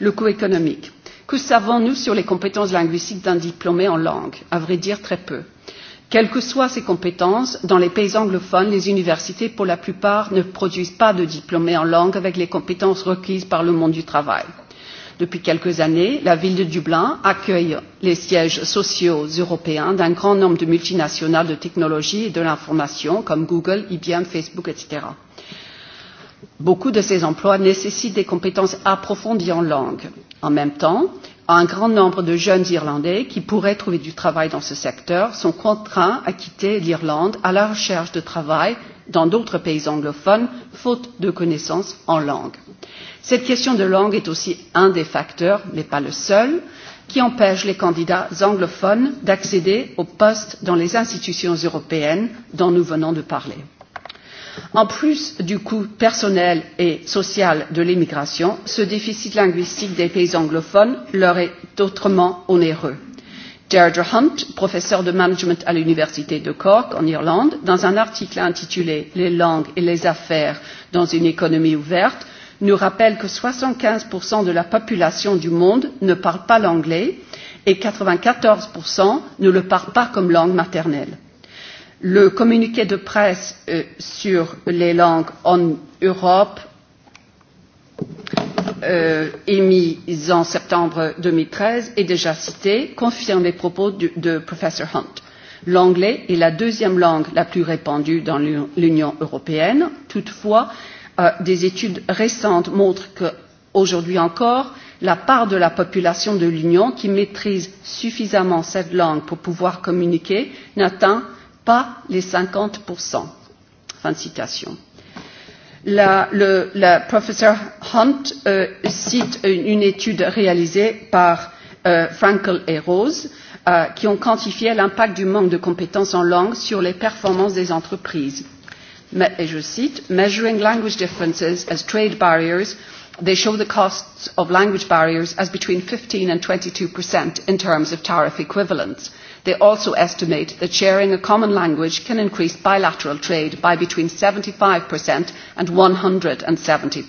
Le coût économique. Que savons-nous sur les compétences linguistiques d'un diplômé en langue À vrai dire, très peu Quelles que soient ses compétences, dans les pays anglophones, les universités, pour la plupart, ne produisent pas de diplômés en langue avec les compétences requises par le monde du travail. Depuis quelques années, la ville de Dublin accueille les sièges sociaux européens d'un grand nombre de multinationales de technologie et de l'information comme Google, IBM, Facebook, etc. Beaucoup de ces emplois nécessitent des compétences approfondies en langue. En même temps, un grand nombre de jeunes Irlandais qui pourraient trouver du travail dans ce secteur sont contraints à quitter l'Irlande à la recherche de travail dans d'autres pays anglophones, faute de connaissances en langue. Cette question de langue est aussi un des facteurs, mais pas le seul, qui empêche les candidats anglophones d'accéder aux postes dans les institutions européennes dont nous venons de parler en plus du coût personnel et social de l'immigration ce déficit linguistique des pays anglophones leur est autrement onéreux. Deirdre Hunt, professeur de management à l'université de Cork en Irlande, dans un article intitulé Les langues et les affaires dans une économie ouverte, nous rappelle que 75% de la population du monde ne parle pas l'anglais et 94% ne le parle pas comme langue maternelle le communiqué de presse euh, sur les langues en europe émis euh, en septembre deux mille treize est déjà cité confirme les propos du, de professeur hunt. l'anglais est la deuxième langue la plus répandue dans l'union européenne. toutefois euh, des études récentes montrent qu'aujourd'hui encore la part de la population de l'union qui maîtrise suffisamment cette langue pour pouvoir communiquer n'atteint pas les 50%. Fin de citation. La, le la professeur Hunt euh, cite une, une étude réalisée par euh, Frankel et Rose euh, qui ont quantifié l'impact du manque de compétences en langue sur les performances des entreprises. Mais, et je cite, Measuring language differences as trade barriers, they show the costs of language barriers as between 15 and 22 in terms of tariff equivalence they also estimate that sharing a common language can increase bilateral trade by between seventy five and 170%. seventy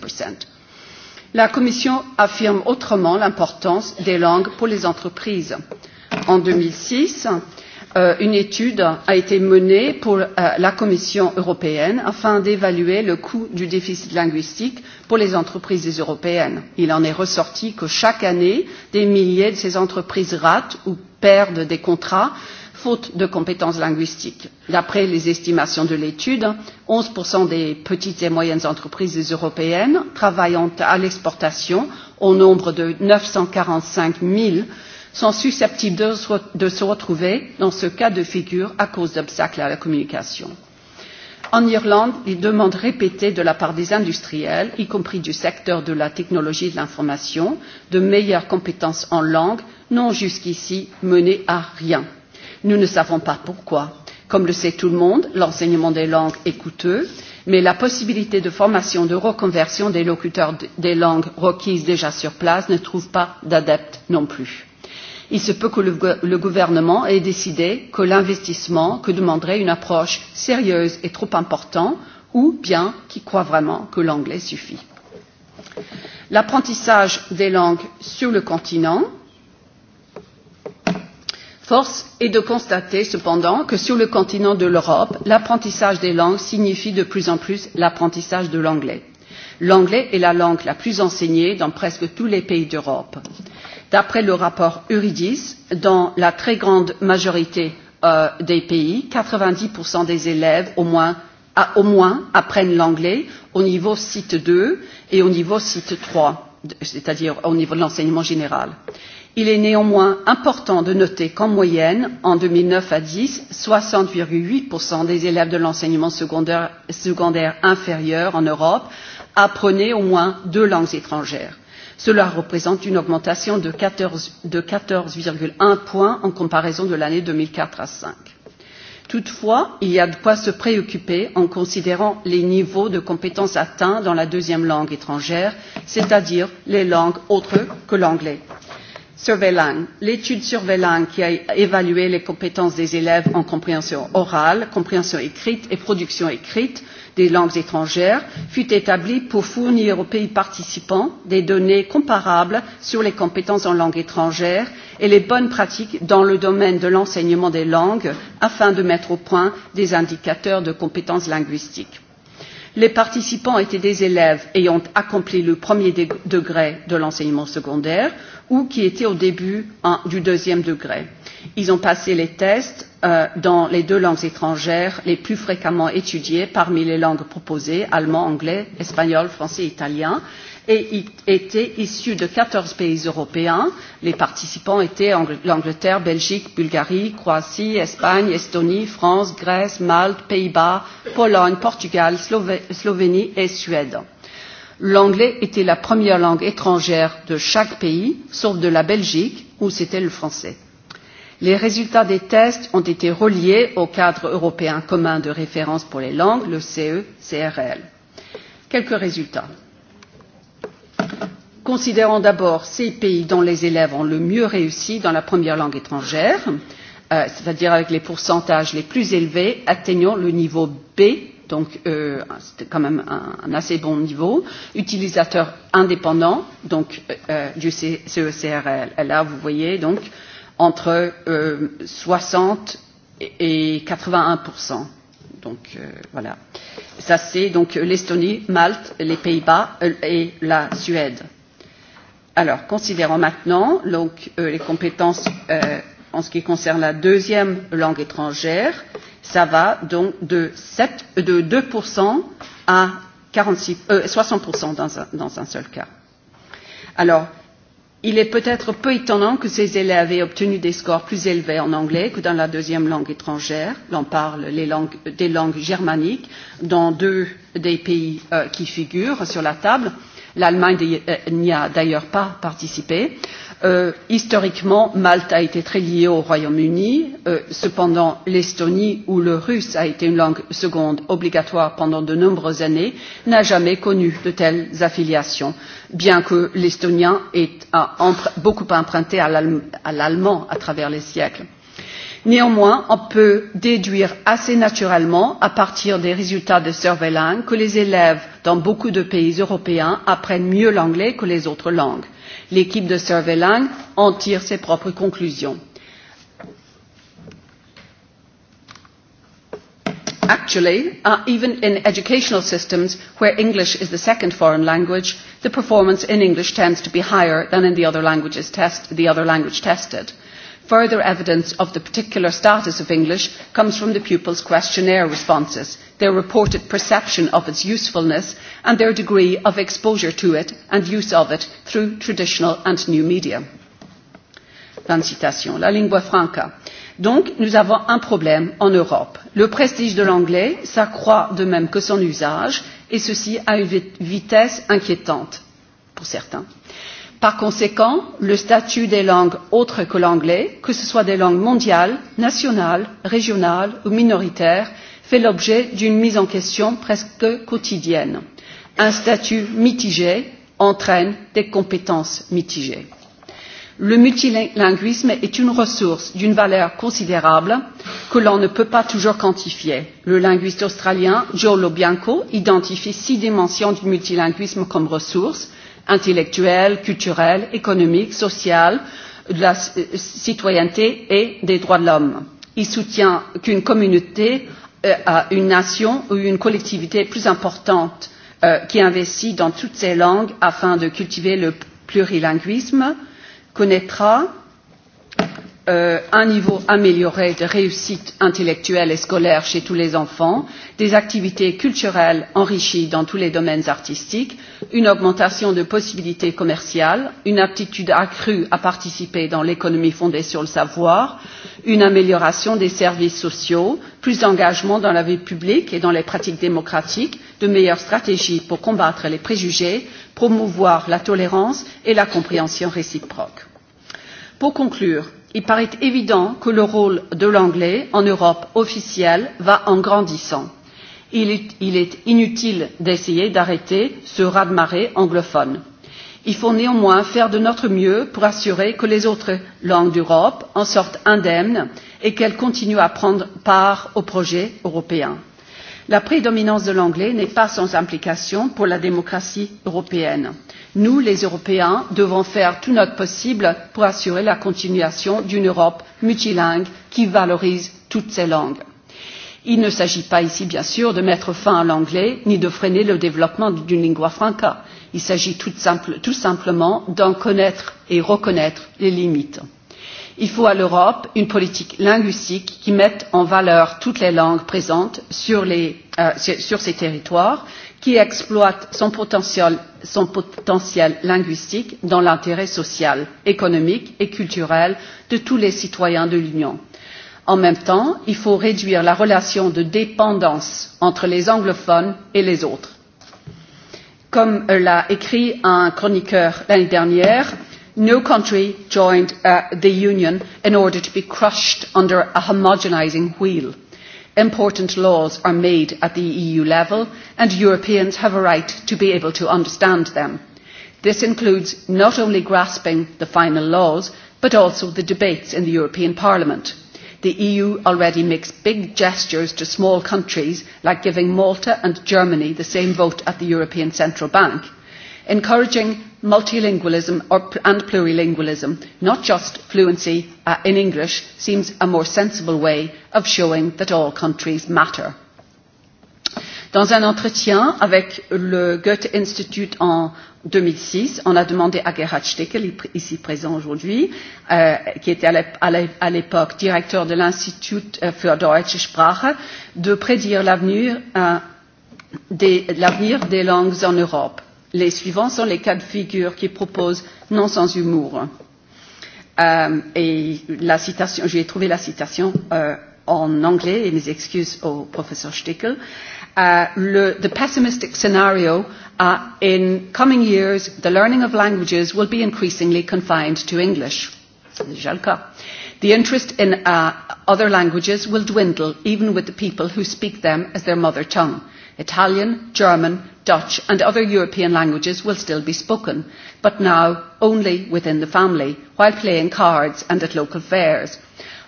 la commission affirme autrement l'importance des langues pour les entreprises. en deux mille six euh, une étude a été menée pour euh, la commission européenne afin d'évaluer le coût du déficit linguistique pour les entreprises européennes. il en est ressorti que chaque année des milliers de ces entreprises ratent ou perdent des contrats faute de compétences linguistiques. D'après les estimations de l'étude, 11% des petites et moyennes entreprises européennes travaillant à l'exportation, au nombre de 945 000, sont susceptibles de, de se retrouver dans ce cas de figure à cause d'obstacles à la communication. En Irlande, les demandes répétées de la part des industriels, y compris du secteur de la technologie et de l'information, de meilleures compétences en langue n'ont jusqu'ici mené à rien. nous ne savons pas pourquoi. comme le sait tout le monde l'enseignement des langues est coûteux mais la possibilité de formation de reconversion des locuteurs des langues requises déjà sur place ne trouve pas d'adeptes non plus. il se peut que le, le gouvernement ait décidé que l'investissement que demanderait une approche sérieuse est trop important ou bien qu'il croit vraiment que l'anglais suffit. l'apprentissage des langues sur le continent Force est de constater cependant que sur le continent de l'Europe, l'apprentissage des langues signifie de plus en plus l'apprentissage de l'anglais. L'anglais est la langue la plus enseignée dans presque tous les pays d'Europe. D'après le rapport Euridis, dans la très grande majorité euh, des pays, 90% des élèves au moins, au moins apprennent l'anglais au niveau site 2 et au niveau site 3, c'est-à-dire au niveau de l'enseignement général il est néanmoins important de noter qu'en moyenne en deux mille neuf à deux mille dix soixante huit des élèves de l'enseignement secondaire, inférieur en europe apprenaient au moins deux langues étrangères. cela représente une augmentation de quatorze un points en comparaison de l'année. deux mille quatre à. cinq toutefois il y a de quoi se préoccuper en considérant les niveaux de compétences atteints dans la deuxième langue étrangère c'est à dire les langues autres que l'anglais surveillance l'étude surveillance qui a évalué les compétences des élèves en compréhension orale, compréhension écrite et production écrite des langues étrangères fut établie pour fournir aux pays participants des données comparables sur les compétences en langue étrangère et les bonnes pratiques dans le domaine de l'enseignement des langues afin de mettre au point des indicateurs de compétences linguistiques. Les participants étaient des élèves ayant accompli le premier degré de l'enseignement secondaire ou qui étaient au début hein, du deuxième degré. Ils ont passé les tests euh, dans les deux langues étrangères les plus fréquemment étudiées parmi les langues proposées, allemand, anglais, espagnol, français, italien, et étaient issus de 14 pays européens. Les participants étaient l'Angleterre, Belgique, Bulgarie, Croatie, Espagne, Estonie, France, Grèce, Malte, Pays-Bas, Pologne, Portugal, Slové Slovénie et Suède l'anglais était la première langue étrangère de chaque pays sauf de la belgique où c'était le français. les résultats des tests ont été reliés au cadre européen commun de référence pour les langues le ce crl. quelques résultats considérons d'abord ces pays dont les élèves ont le mieux réussi dans la première langue étrangère euh, c'est à dire avec les pourcentages les plus élevés atteignant le niveau b donc euh, c'est quand même un, un assez bon niveau. Utilisateurs indépendants, donc euh, euh du CECRL. Là, vous voyez donc entre euh, 60 et 81 Donc euh, voilà. Ça c'est donc l'Estonie, Malte, les Pays-Bas euh, et la Suède. Alors, considérons maintenant donc, euh, les compétences euh, en ce qui concerne la deuxième langue étrangère. Euh, ça va donc de, 7, de 2% à 46, euh, 60% dans un, dans un seul cas. Alors, il est peut-être peu étonnant que ces élèves aient obtenu des scores plus élevés en anglais que dans la deuxième langue étrangère. L'on parle les langues, des langues germaniques dans deux des pays euh, qui figurent sur la table. L'Allemagne n'y a d'ailleurs pas participé. Euh, Euh, historiquement, Malte a été très liée au Royaume-Uni. Euh, cependant, l'Estonie, où le russe a été une langue seconde obligatoire pendant de nombreuses années, n'a jamais connu de telles affiliations, bien que l'estonien ait beaucoup emprunté à l'allemand à, travers les siècles. Néanmoins, on peut déduire assez naturellement, à partir des résultats de surveillance, que les élèves dans beaucoup de pays européens apprennent mieux l'anglais que les autres langues L'équipe de Surveillance en tire ses propres conclusions. Actually, uh, even in educational systems where English is the second foreign language, the performance in English tends to be higher than in the other, languages test, the other language tested. Further evidence of the particular status of English comes from the pupils' questionnaire responses their reported perception of its usefulness and their degree of exposure to it and use of it through traditional and new media. Fin de citation. La lingua franca. Donc, nous avons un problème en Europe. Le prestige de l'anglais s'accroît de même que son usage, et ceci à une vitesse inquiétante pour certains. Par conséquent, le statut des langues autres que l'anglais, que ce soit des langues mondiales, nationales, régionales ou minoritaires, fait l'objet d'une mise en question presque quotidienne. un statut mitigé entraîne des compétences mitigées. le multilinguisme est une ressource d'une valeur considérable que l'on ne peut pas toujours quantifier. le linguiste australien Joe Lobianco identifie six dimensions du multilinguisme comme ressources intellectuelle culturelle économique sociale de la euh, citoyenneté et des droits de l'homme. il soutient qu'une communauté Euh, à une nation ou une collectivité plus importante euh, qui investit dans toutes ces langues afin de cultiver le plurilinguisme connaîtra euh, un niveau amélioré de réussite intellectuelle et scolaire chez tous les enfants, des activités culturelles enrichies dans tous les domaines artistiques une augmentation des possibilités commerciales une aptitude accrue à participer dans l'économie fondée sur le savoir une amélioration des services sociaux plus d'engagement dans la vie publique et dans les pratiques démocratiques de meilleures stratégies pour combattre les préjugés promouvoir la tolérance et la compréhension réciproque. pour conclure il paraît évident que le rôle de l'anglais en europe officielle va en grandissant il est, inutile d'essayer d'arrêter ce raz de marée anglophone. il faut néanmoins faire de notre mieux pour assurer que les autres langues d'europe en sortent indemnes et qu'elles continuent à prendre part au projet européen. la prédominance de l'anglais n'est pas sans implication pour la démocratie européenne. nous les européens devons faire tout notre possible pour assurer la continuation d'une europe multilingue qui valorise toutes ces langues il ne s'agit pas ici bien sûr de mettre fin à l'anglais ni de freiner le développement d'une lingua franca il s'agit tout, simple, tout simplement d'en connaître et reconnaître les limites. il faut à l'europe une politique linguistique qui mette en valeur toutes les langues présentes sur, les, euh, sur ces territoires qui exploite son potentiel, son potentiel linguistique dans l'intérêt social économique et culturel de tous les citoyens de l'union en même temps il faut réduire la relation de dépendance entre les anglophones et les autres. comme l'a écrit un chroniqueur l'année dernière no country joined uh, the union in order to be crushed under a homogenising wheel. important laws are made at the eu level and europeans have a right to be able to understand them. this includes not only grasping the final laws but also the debates in the european parliament the eu already makes big gestures to small countries like giving malta and germany the same vote at the european central bank encouraging multilingualism and plurilingualism not just fluency uh, in english seems a more sensible way of showing that all countries matter. dans un entretien avec le goethe institut en deux mille six on a demandé à gerhard stecker ici présent aujourd'hui euh, qui était à l'époque directeur de l'institut euh, für deutsche sprache de prédire l'avenir euh, des, des langues en europe. les suivants sont les quatre figures qui qu'il propose non sans humour euh, et la citation j'ai trouvé la citation euh, en anglais et mes excuses au professeur Stickel. Euh, le, the pessimistic scenario Uh, in coming years the learning of languages will be increasingly confined to english the interest in uh, other languages will dwindle even with the people who speak them as their mother tongue italian german dutch and other european languages will still be spoken but now only within the family while playing cards and at local fairs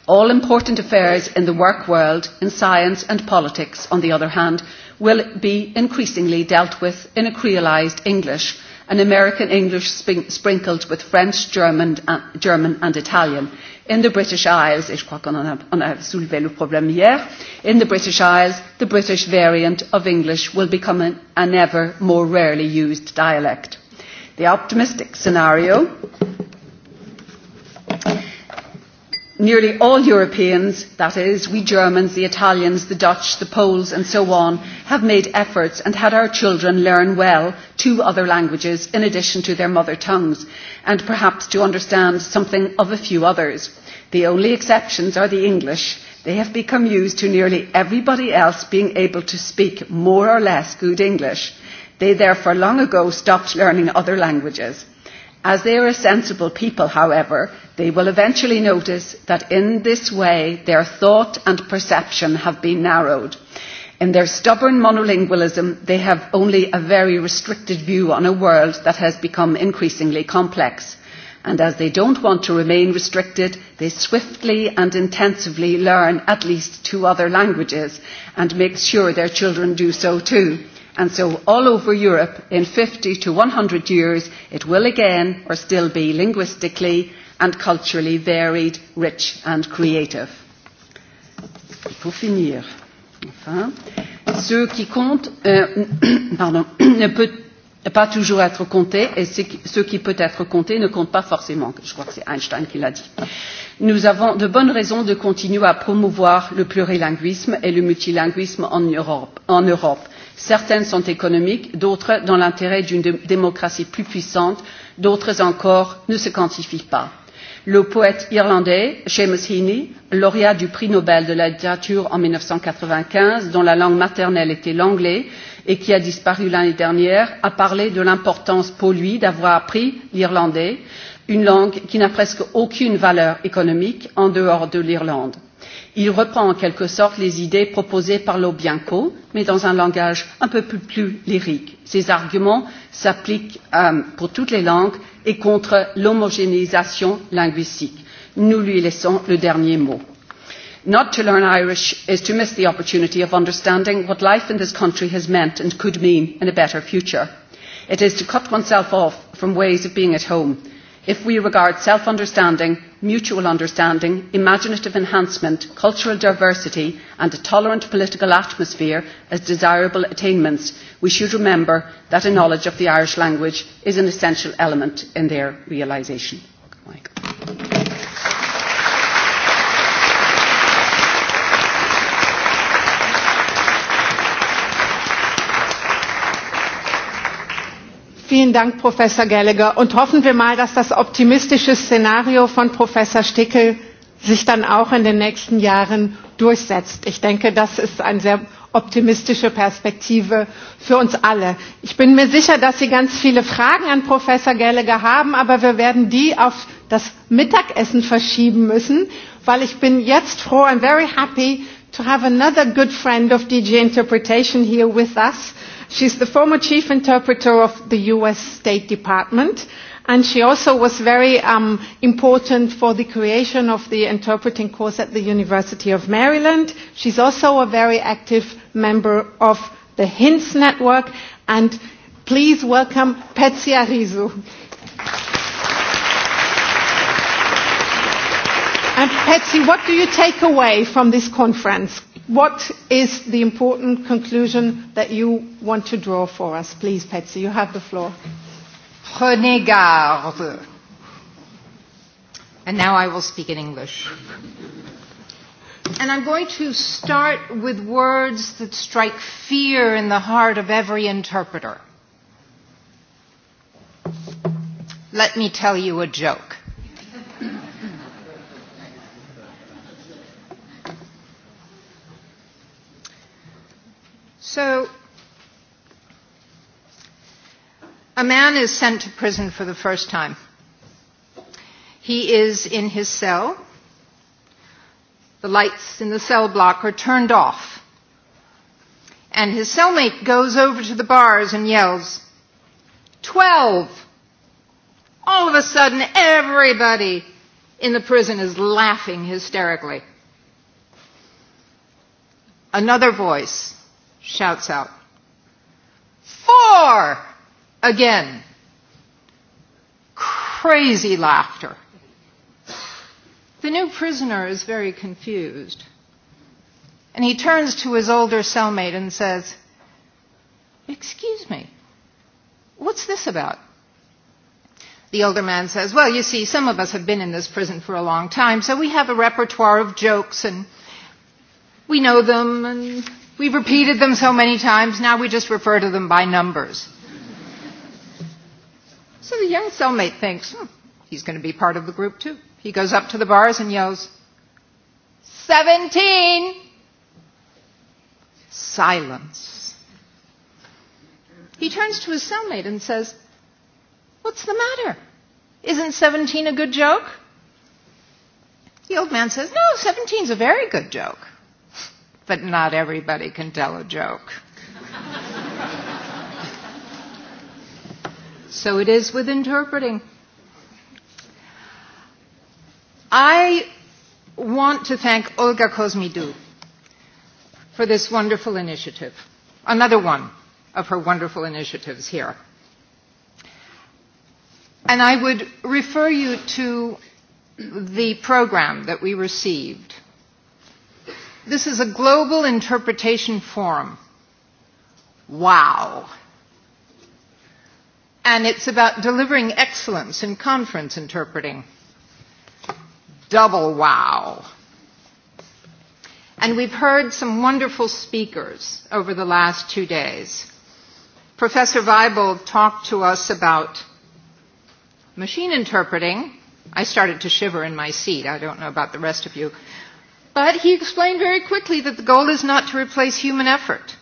all important affairs in the work world in science and politics on the other hand will be increasingly dealt with in a creolised English an American English sprinkled with French, German, uh, German and Italian. In the British Isles, qu'on on a soulevé le problème hier, in the British Isles, the British variant of English will become an ever more rarely used dialect. The optimistic scenario nearly all Europeans, that is, we Germans, the Italians, the Dutch, the Poles and so on, have made efforts and had our children learn well two other languages in addition to their mother tongues and perhaps to understand something of a few others. The only exceptions are the English. They have become used to nearly everybody else being able to speak more or less good English. They therefore long ago stopped learning other languages. As they are a sensible people, however, they will eventually notice that in this way their thought and perception have been narrowed. In their stubborn monolingualism, they have only a very restricted view on a world that has become increasingly complex. And as they don't want to remain restricted, they swiftly and intensively learn at least two other languages and make sure their children do so too. And so all over Europe, in 50 to 100 years, it will again or still be linguistically and culturally varied, rich and creative. pour finir, enfin, ce qui compte euh, pardon, ne peut pas toujours être compté et ce qui, ce qui peut être compté ne compte pas forcément. Je crois que c'est Einstein qui l'a dit. Nous avons de bonnes raisons de continuer à promouvoir le plurilinguisme et le multilinguisme en Europe. En Europe. Certaines sont économiques, d'autres dans l'intérêt d'une démocratie plus puissante, d'autres encore ne se quantifient pas le poète irlandais Seamus Heaney, lauréat du prix Nobel de la littérature en 1995, dont la langue maternelle était l'anglais et qui a disparu l'année dernière, a parlé de l'importance pour lui d'avoir appris l'irlandais, une langue qui n'a presque aucune valeur économique en dehors de l'Irlande il reprend en quelque sorte les idées proposées par lobianco mais dans un langage un peu plus, plus lyrique. ces arguments s'appliquent euh, pour toutes les langues et contre l'homogénéisation linguistique. nous lui laissons le dernier mot. not to learn irish is to miss the opportunity of understanding what life in this country has meant and could mean in a better future. it is to cut oneself off from ways of being at home if we regard self understanding mutual understanding imaginative enhancement cultural diversity and a tolerant political atmosphere as desirable attainments we should remember that a knowledge of the irish language is an essential element in their realisation. vielen dank professor gallagher und hoffen wir mal dass das optimistische szenario von professor stickel sich dann auch in den nächsten jahren durchsetzt. ich denke das ist eine sehr optimistische perspektive für uns alle. ich bin mir sicher dass sie ganz viele fragen an professor gallagher haben aber wir werden die auf das mittagessen verschieben müssen weil ich bin jetzt froh i'm very happy to have another good friend of dg interpretation here with us She's the former chief interpreter of the US State Department and she also was very um, important for the creation of the interpreting course at the University of Maryland. She's also a very active member of the HINTS network and please welcome Petsy Arizu. And Petsy, what do you take away from this conference? What is the important conclusion that you want to draw for us? Please, Petsy, you have the floor. Prenez garde. And now I will speak in English. And I'm going to start with words that strike fear in the heart of every interpreter. Let me tell you a joke. So, a man is sent to prison for the first time. He is in his cell. The lights in the cell block are turned off. And his cellmate goes over to the bars and yells, 12! All of a sudden, everybody in the prison is laughing hysterically. Another voice, shouts out. Four! Again. Crazy laughter. The new prisoner is very confused. And he turns to his older cellmate and says, Excuse me, what's this about? The older man says, Well, you see, some of us have been in this prison for a long time, so we have a repertoire of jokes and we know them and We've repeated them so many times, now we just refer to them by numbers. So the young cellmate thinks, hmm, he's going to be part of the group too. He goes up to the bars and yells, 17! Silence. He turns to his cellmate and says, What's the matter? Isn't 17 a good joke? The old man says, No, 17's a very good joke but not everybody can tell a joke. so it is with interpreting. I want to thank Olga Kozmidou for this wonderful initiative, another one of her wonderful initiatives here. And I would refer you to the program that we received This is a global interpretation forum. Wow. And it's about delivering excellence in conference interpreting. Double wow. And we've heard some wonderful speakers over the last two days. Professor Weibel talked to us about machine interpreting. I started to shiver in my seat. I don't know about the rest of you. But he explained very quickly that the goal is not to replace human effort.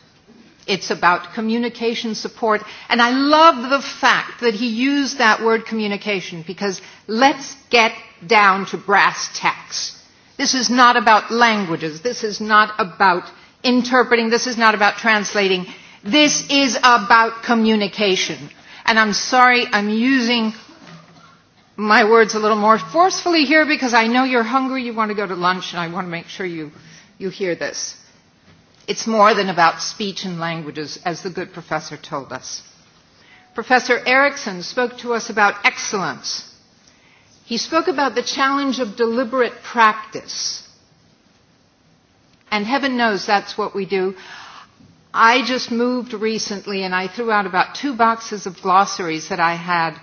It's about communication support. And I love the fact that he used that word communication because let's get down to brass tacks. This is not about languages. This is not about interpreting. This is not about translating. This is about communication. And I'm sorry I'm using my words a little more forcefully here because I know you're hungry, you want to go to lunch, and I want to make sure you, you hear this. It's more than about speech and languages, as the good professor told us. Professor Erickson spoke to us about excellence. He spoke about the challenge of deliberate practice. And heaven knows that's what we do. I just moved recently and I threw out about two boxes of glossaries that I had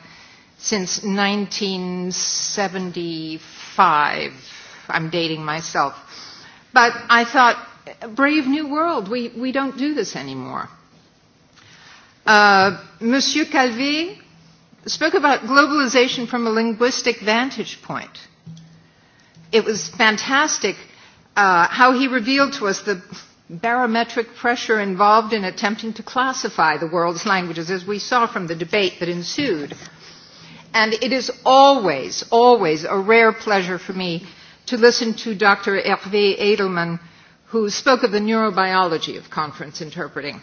since 1975. I'm dating myself. But I thought, brave new world, we, we don't do this anymore. Uh, Monsieur Calvi spoke about globalization from a linguistic vantage point. It was fantastic uh, how he revealed to us the barometric pressure involved in attempting to classify the world's languages, as we saw from the debate that ensued and it is always, always a rare pleasure for me to listen to Dr. Hervé Edelman, who spoke of the neurobiology of conference interpreting.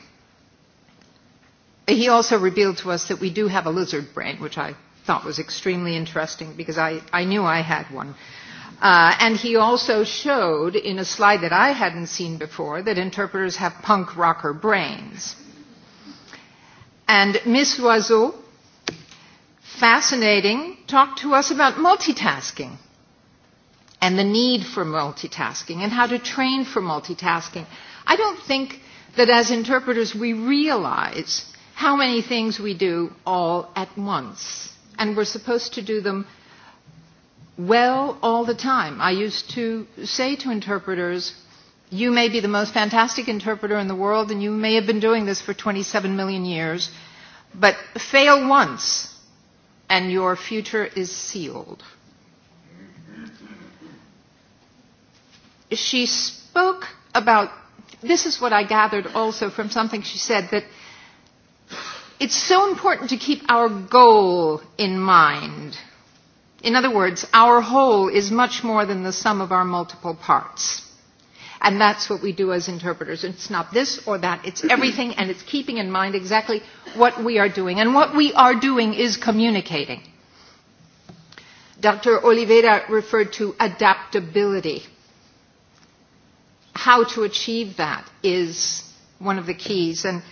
He also revealed to us that we do have a lizard brain, which I thought was extremely interesting because I, I knew I had one. Uh, and he also showed in a slide that I hadn't seen before that interpreters have punk rocker brains. And Miss Loiseau, fascinating, talk to us about multitasking and the need for multitasking and how to train for multitasking. I don't think that as interpreters we realize how many things we do all at once. And we're supposed to do them well all the time. I used to say to interpreters, you may be the most fantastic interpreter in the world and you may have been doing this for 27 million years, but fail once and your future is sealed. She spoke about, this is what I gathered also from something she said, that it's so important to keep our goal in mind. In other words, our whole is much more than the sum of our multiple parts. And that's what we do as interpreters. It's not this or that. It's everything, and it's keeping in mind exactly what we are doing. And what we are doing is communicating. Dr. Oliveira referred to adaptability. How to achieve that is one of the keys. And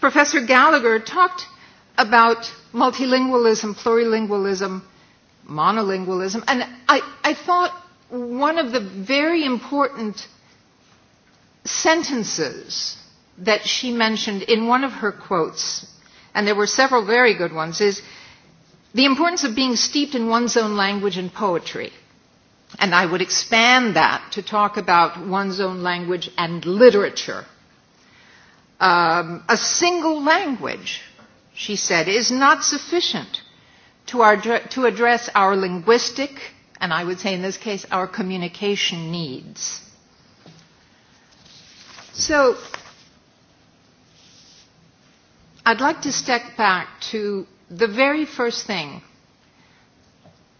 Professor Gallagher talked about multilingualism, plurilingualism, monolingualism. And I, I thought one of the very important sentences that she mentioned in one of her quotes, and there were several very good ones, is the importance of being steeped in one's own language and poetry. And I would expand that to talk about one's own language and literature. Um, a single language, she said, is not sufficient to, our, to address our linguistic, and I would say in this case, our communication needs. So I'd like to step back to the very first thing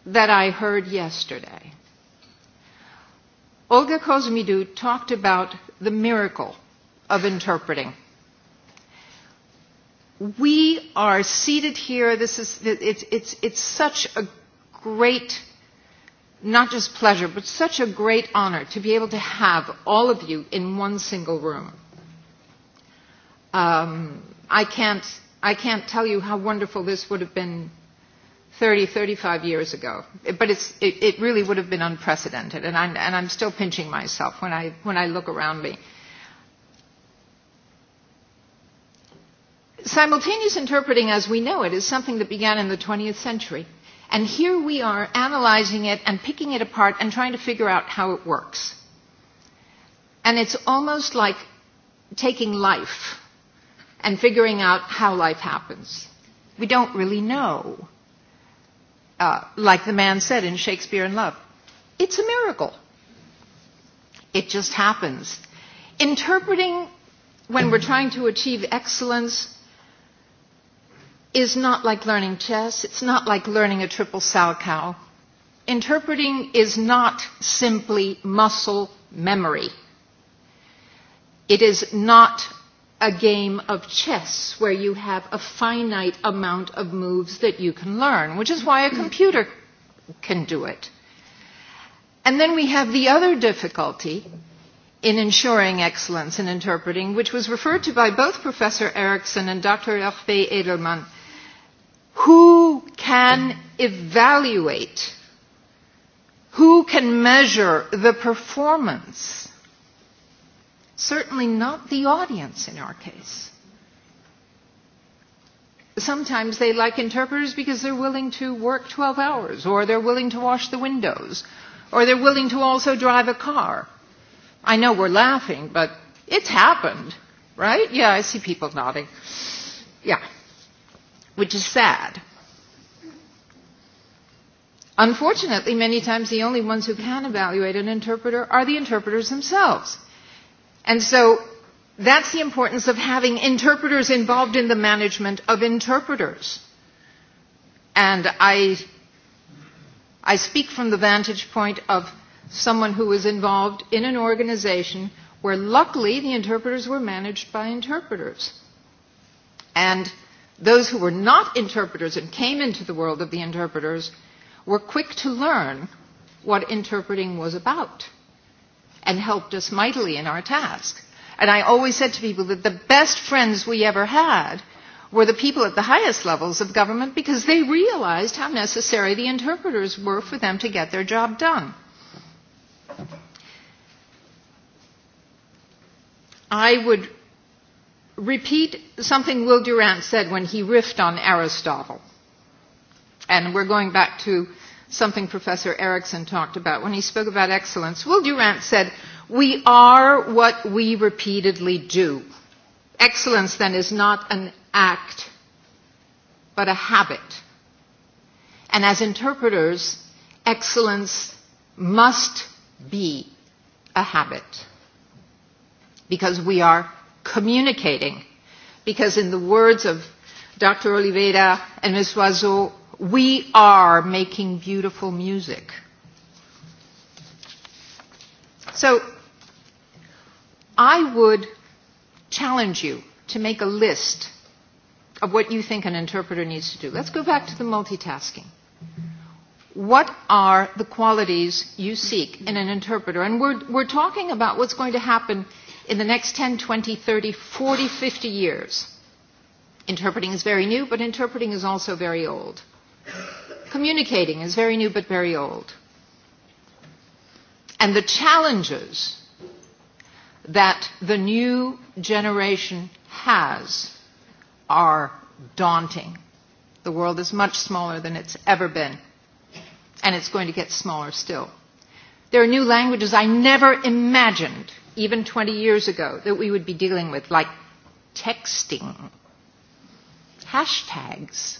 that I heard yesterday. Olga Kozmidou talked about the miracle of interpreting. We are seated here. This is, it's, it's, it's such a great not just pleasure, but such a great honor to be able to have all of you in one single room. Um, I, can't, I can't tell you how wonderful this would have been 30, 35 years ago, but it's, it, it really would have been unprecedented, and I'm, and I'm still pinching myself when I, when I look around me. Simultaneous interpreting as we know it is something that began in the 20th century – And here we are analyzing it and picking it apart and trying to figure out how it works. And it's almost like taking life and figuring out how life happens. We don't really know. Uh, like the man said in Shakespeare in Love, it's a miracle. It just happens. Interpreting when we're trying to achieve excellence is not like learning chess. It's not like learning a triple Sal cow. Interpreting is not simply muscle memory. It is not a game of chess where you have a finite amount of moves that you can learn, which is why a computer can do it. And then we have the other difficulty in ensuring excellence in interpreting, which was referred to by both Professor Erickson and Dr. Hervé Edelman who can evaluate who can measure the performance certainly not the audience in our case sometimes they like interpreters because they're willing to work 12 hours or they're willing to wash the windows or they're willing to also drive a car i know we're laughing but it's happened right yeah i see people nodding yeah which is sad. Unfortunately, many times the only ones who can evaluate an interpreter are the interpreters themselves. And so that's the importance of having interpreters involved in the management of interpreters. And I, I speak from the vantage point of someone who was involved in an organization where luckily the interpreters were managed by interpreters. And Those who were not interpreters and came into the world of the interpreters were quick to learn what interpreting was about and helped us mightily in our task. And I always said to people that the best friends we ever had were the people at the highest levels of government because they realized how necessary the interpreters were for them to get their job done. I would repeat something Will Durant said when he riffed on Aristotle. And we're going back to something Professor Erickson talked about when he spoke about excellence. Will Durant said, We are what we repeatedly do. Excellence then is not an act, but a habit. And as interpreters, excellence must be a habit because we are communicating. Because in the words of Dr. Oliveira and Ms. Oiseau, we are making beautiful music. So I would challenge you to make a list of what you think an interpreter needs to do. Let's go back to the multitasking. What are the qualities you seek in an interpreter? And we're, we're talking about what's going to happen in the next 10, 20, 30, 40, 50 years. Interpreting is very new, but interpreting is also very old. Communicating is very new, but very old. And the challenges that the new generation has are daunting. The world is much smaller than it's ever been, and it's going to get smaller still. There are new languages I never imagined even 20 years ago, that we would be dealing with, like texting, hashtags.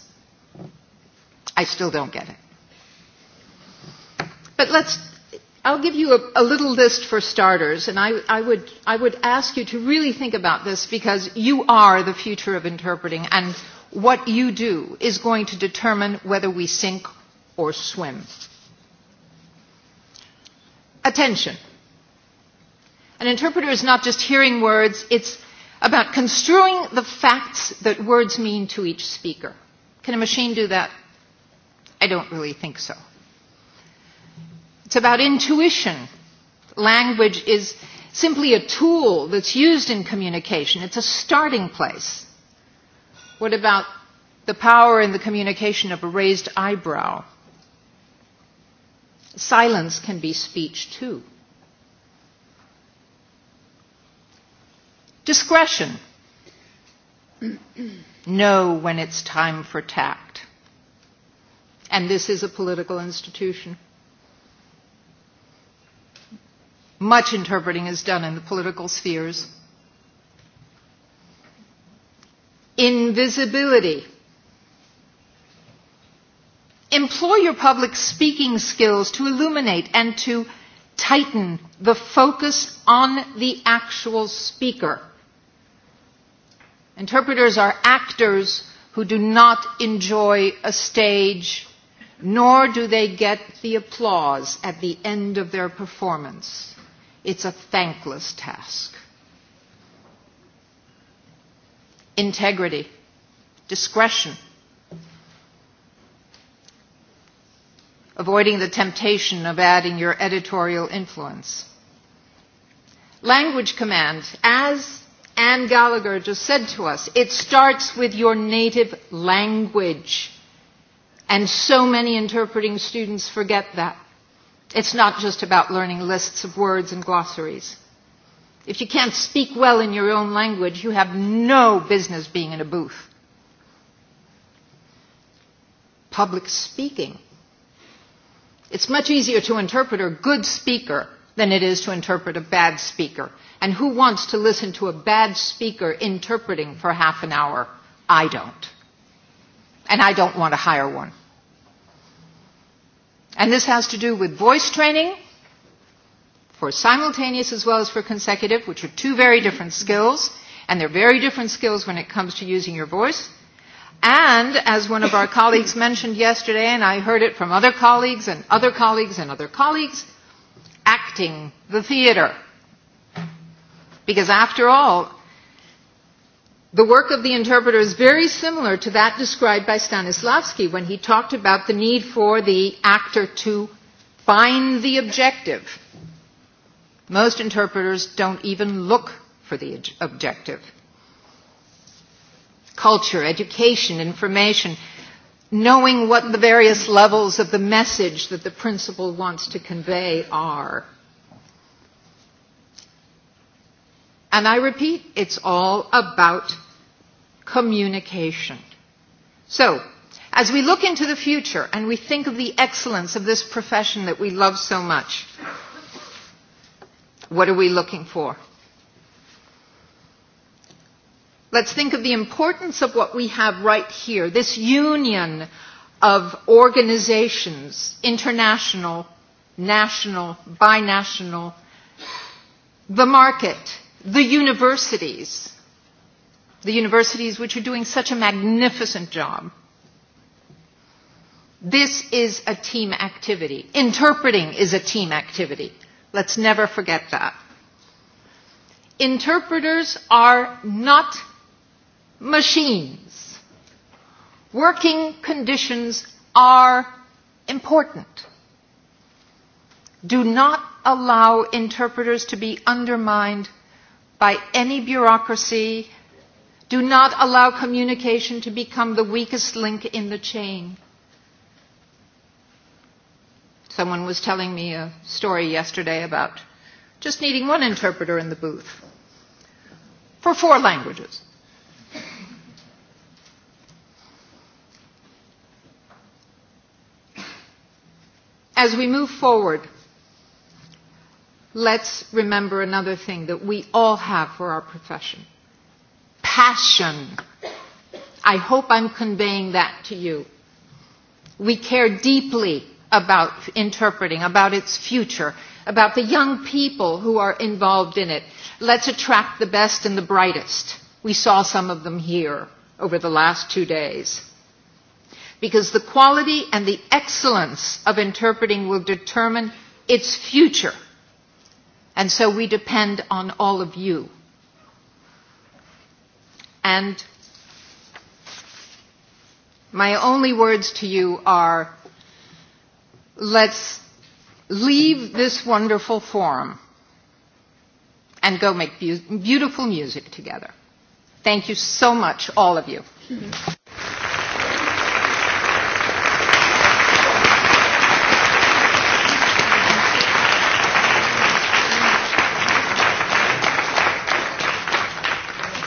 I still don't get it. But let's, I'll give you a, a little list for starters, and I, I, would, I would ask you to really think about this because you are the future of interpreting, and what you do is going to determine whether we sink or swim. Attention An interpreter is not just hearing words, it's about construing the facts that words mean to each speaker. Can a machine do that? I don't really think so. It's about intuition. Language is simply a tool that's used in communication. It's a starting place. What about the power in the communication of a raised eyebrow? Silence can be speech too. Discretion. know when it's time for tact. And this is a political institution. Much interpreting is done in the political spheres. Invisibility. Employ your public speaking skills to illuminate and to tighten the focus on the actual speaker. Interpreters are actors who do not enjoy a stage, nor do they get the applause at the end of their performance. It's a thankless task. Integrity, discretion, avoiding the temptation of adding your editorial influence. Language command, as Anne Gallagher just said to us, it starts with your native language. And so many interpreting students forget that. It's not just about learning lists of words and glossaries. If you can't speak well in your own language, you have no business being in a booth. Public speaking. It's much easier to interpret a good speaker than it is to interpret a bad speaker. And who wants to listen to a bad speaker interpreting for half an hour? I don't. And I don't want to hire one. And this has to do with voice training for simultaneous as well as for consecutive, which are two very different skills. And they're very different skills when it comes to using your voice. And as one of our colleagues mentioned yesterday, and I heard it from other colleagues and other colleagues and other colleagues, acting, the theatre. Because after all, the work of the interpreter is very similar to that described by Stanislavski when he talked about the need for the actor to find the objective. Most interpreters don't even look for the objective. Culture, education, information, knowing what the various levels of the message that the principal wants to convey are. And I repeat, it's all about communication. So, as we look into the future and we think of the excellence of this profession that we love so much, what are we looking for? Let's think of the importance of what we have right here, this union of organizations, international, national, binational, the market, the universities, the universities which are doing such a magnificent job. This is a team activity. Interpreting is a team activity. Let's never forget that. Interpreters are not machines. Working conditions are important. Do not allow interpreters to be undermined by any bureaucracy. Do not allow communication to become the weakest link in the chain. Someone was telling me a story yesterday about just needing one interpreter in the booth for four languages. as we move forward let's remember another thing that we all have for our profession passion i hope i'm conveying that to you we care deeply about interpreting about its future about the young people who are involved in it let's attract the best and the brightest we saw some of them here over the last two days because the quality and the excellence of interpreting will determine its future. And so we depend on all of you. And my only words to you are, let's leave this wonderful forum and go make be beautiful music together. Thank you so much, all of you.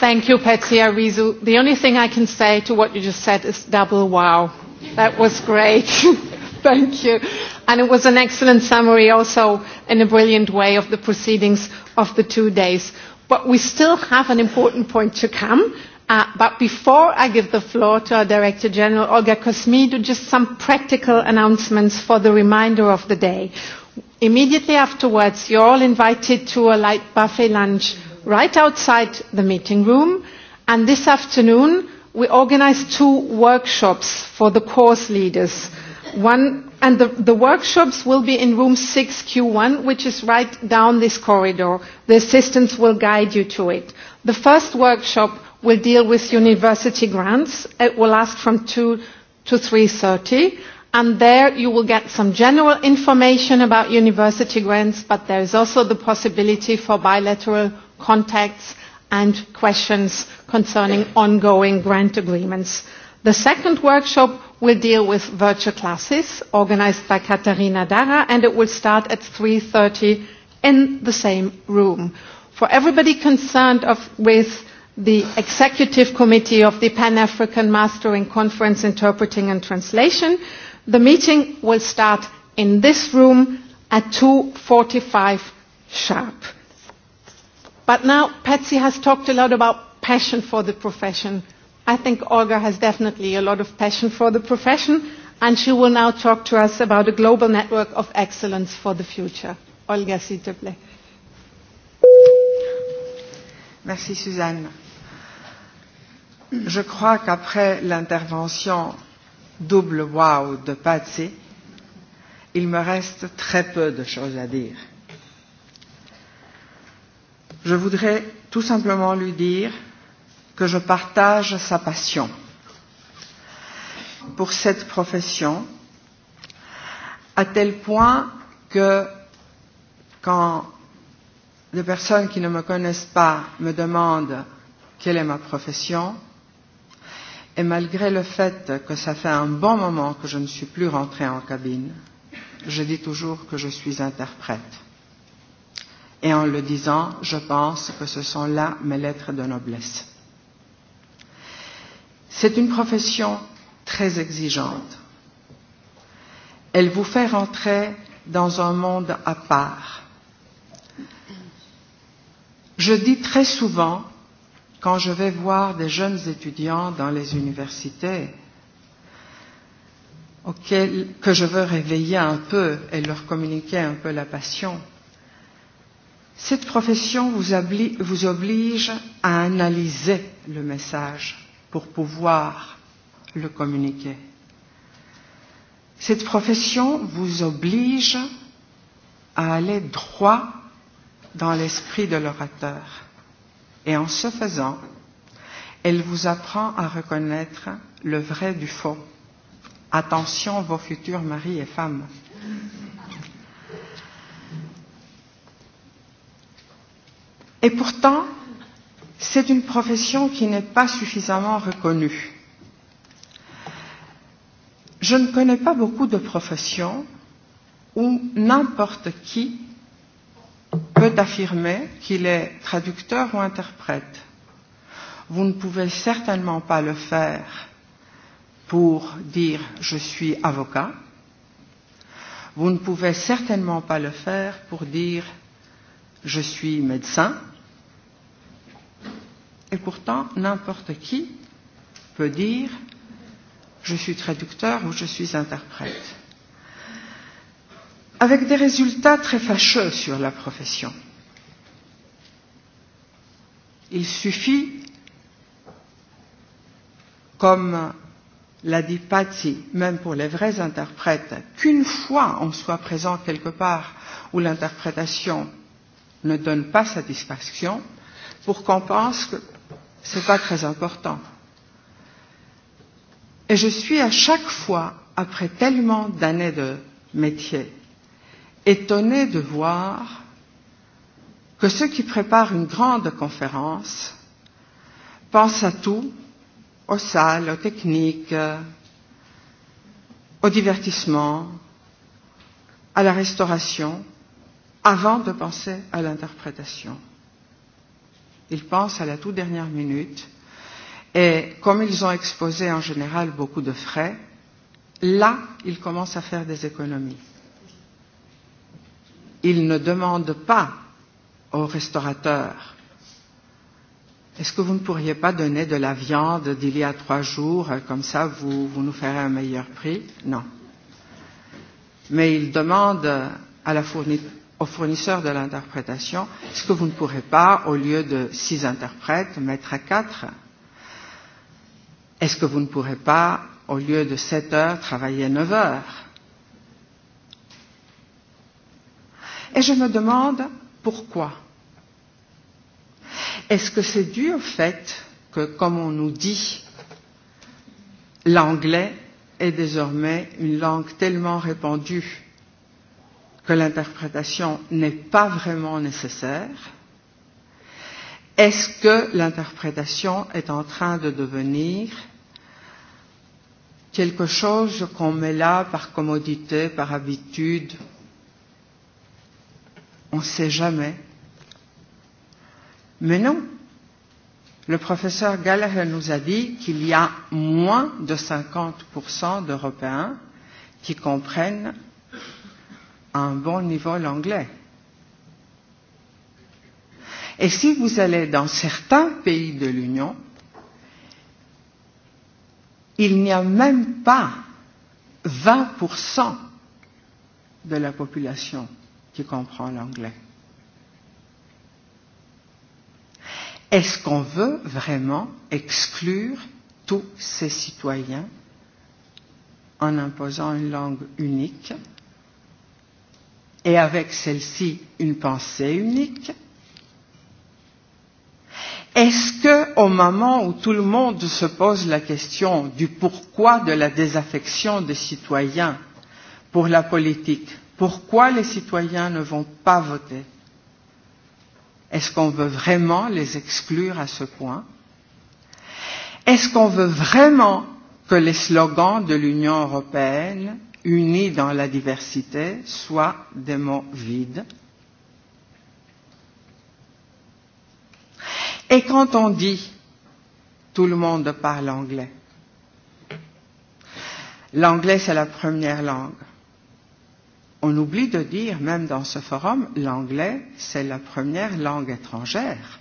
Thank you, Patsy Arizu. The only thing I can say to what you just said is double wow. That was great. Thank you. And it was an excellent summary also in a brilliant way of the proceedings of the two days. But we still have an important point to come. Uh, but before I give the floor to our Director General, Olga Kosmidu, just some practical announcements for the remainder of the day. Immediately afterwards, you're all invited to a light buffet lunch right outside the meeting room and this afternoon we organized two workshops for the course leaders one and the, the workshops will be in room 6q1 which is right down this corridor the assistants will guide you to it the first workshop will deal with university grants it will last from 2 to 3:30 and there you will get some general information about university grants but there is also the possibility for bilateral contacts and questions concerning ongoing grant agreements. The second workshop will deal with virtual classes organized by Katarina Dara and it will start at 3.30 in the same room. For everybody concerned of, with the Executive Committee of the Pan-African Mastering Conference Interpreting and Translation, the meeting will start in this room at 2.45 sharp. But now Patsy has talked a lot about passion for the profession. I think Olga has definitely a lot of passion for the profession, and she will now talk to us about a global network of excellence for the future. Olga, s'il te plaît. Merci, Suzanne. Je crois qu'après l'intervention double wow de Patsy, il me reste très peu de choses à dire je voudrais tout simplement lui dire que je partage sa passion pour cette profession, à tel point que quand des personnes qui ne me connaissent pas me demandent quelle est ma profession, et malgré le fait que ça fait un bon moment que je ne suis plus rentrée en cabine, je dis toujours que je suis interprète. Et en le disant, je pense que ce sont là mes lettres de noblesse. C'est une profession très exigeante. Elle vous fait rentrer dans un monde à part. Je dis très souvent, quand je vais voir des jeunes étudiants dans les universités, auxquels, que je veux réveiller un peu et leur communiquer un peu la passion, Cette profession vous oblige, vous oblige à analyser le message pour pouvoir le communiquer. Cette profession vous oblige à aller droit dans l'esprit de l'orateur. Et en ce faisant, elle vous apprend à reconnaître le vrai du faux. Attention vos futurs maris et femmes. Et pourtant, c'est une profession qui n'est pas suffisamment reconnue. Je ne connais pas beaucoup de professions où n'importe qui peut affirmer qu'il est traducteur ou interprète. Vous ne pouvez certainement pas le faire pour dire je suis avocat. Vous ne pouvez certainement pas le faire pour dire je suis médecin. Et pourtant, n'importe qui peut dire je suis traducteur ou je suis interprète. Avec des résultats très fâcheux sur la profession. Il suffit, comme l'a dit Patsy, même pour les vrais interprètes, qu'une fois on soit présent quelque part où l'interprétation ne donne pas satisfaction, pour qu'on pense ce n'est pas très important. Et je suis à chaque fois, après tellement d'années de métier, étonnée de voir que ceux qui préparent une grande conférence pensent à tout, aux salles, aux techniques, au divertissement, à la restauration, avant de penser à l'interprétation. Ils pensent à la toute dernière minute. Et comme ils ont exposé en général beaucoup de frais, là, ils commencent à faire des économies. Ils ne demandent pas aux restaurateurs Est-ce que vous ne pourriez pas donner de la viande d'il y a trois jours, comme ça vous, vous nous ferez un meilleur prix Non. Mais ils demandent à la fourniture aux fournisseurs de l'interprétation, ce que vous ne pourrez pas, au lieu de six interprètes, mettre à quatre Est-ce que vous ne pourrez pas, au lieu de sept heures, travailler neuf heures Et je me demande pourquoi. Est-ce que c'est dû au fait que, comme on nous dit, l'anglais est désormais une langue tellement répandue que l'interprétation n'est pas vraiment nécessaire Est-ce que l'interprétation est en train de devenir quelque chose qu'on met là par commodité, par habitude On ne sait jamais. Mais non. Le professeur Gallagher nous a dit qu'il y a moins de 50% d'Européens qui comprennent un bon niveau l'anglais. Et si vous allez dans certains pays de l'Union, il n'y a même pas 20% de la population qui comprend l'anglais. Est-ce qu'on veut vraiment exclure tous ces citoyens en imposant une langue unique et avec celle-ci une pensée unique Est-ce que, au moment où tout le monde se pose la question du pourquoi de la désaffection des citoyens pour la politique, pourquoi les citoyens ne vont pas voter Est-ce qu'on veut vraiment les exclure à ce point Est-ce qu'on veut vraiment que les slogans de l'Union européenne unis dans la diversité, soit des mots vides. Et quand on dit tout le monde parle anglais, l'anglais c'est la première langue. On oublie de dire, même dans ce forum, l'anglais c'est la première langue étrangère.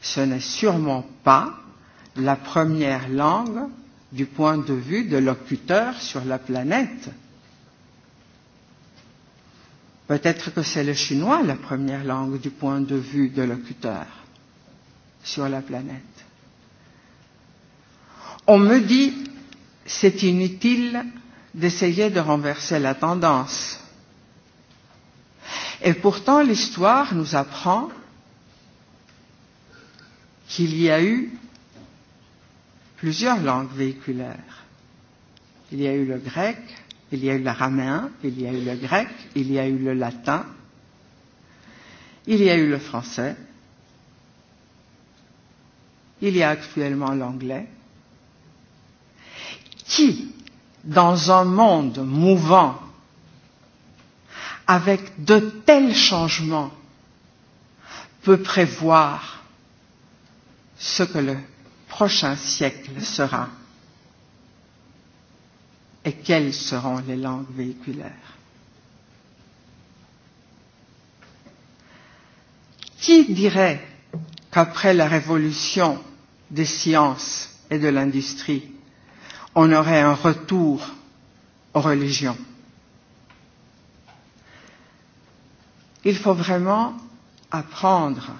Ce n'est sûrement pas la première langue du point de vue de locuteur sur la planète. Peut-être que c'est le chinois la première langue du point de vue de locuteur sur la planète. On me dit, c'est inutile d'essayer de renverser la tendance. Et pourtant, l'histoire nous apprend qu'il y a eu plusieurs langues véhiculaires. Il y a eu le grec, il y a eu l'araméen, il y a eu le grec, il y a eu le latin, il y a eu le français, il y a actuellement l'anglais. Qui, dans un monde mouvant, avec de tels changements, peut prévoir ce que le prochain siècle sera et quelles seront les langues véhiculaires. Qui dirait qu'après la révolution des sciences et de l'industrie, on aurait un retour aux religions Il faut vraiment apprendre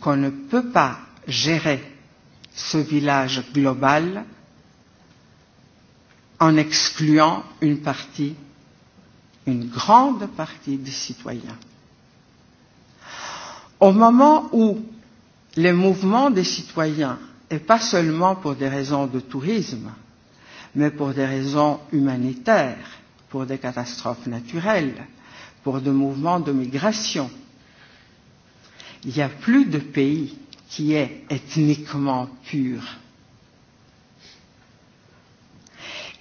qu'on ne peut pas gérer ce village global en excluant une partie, une grande partie des citoyens. Au moment où les mouvements des citoyens, et pas seulement pour des raisons de tourisme, mais pour des raisons humanitaires, pour des catastrophes naturelles, pour des mouvements de migration, il n'y a plus de pays qui est ethniquement pure.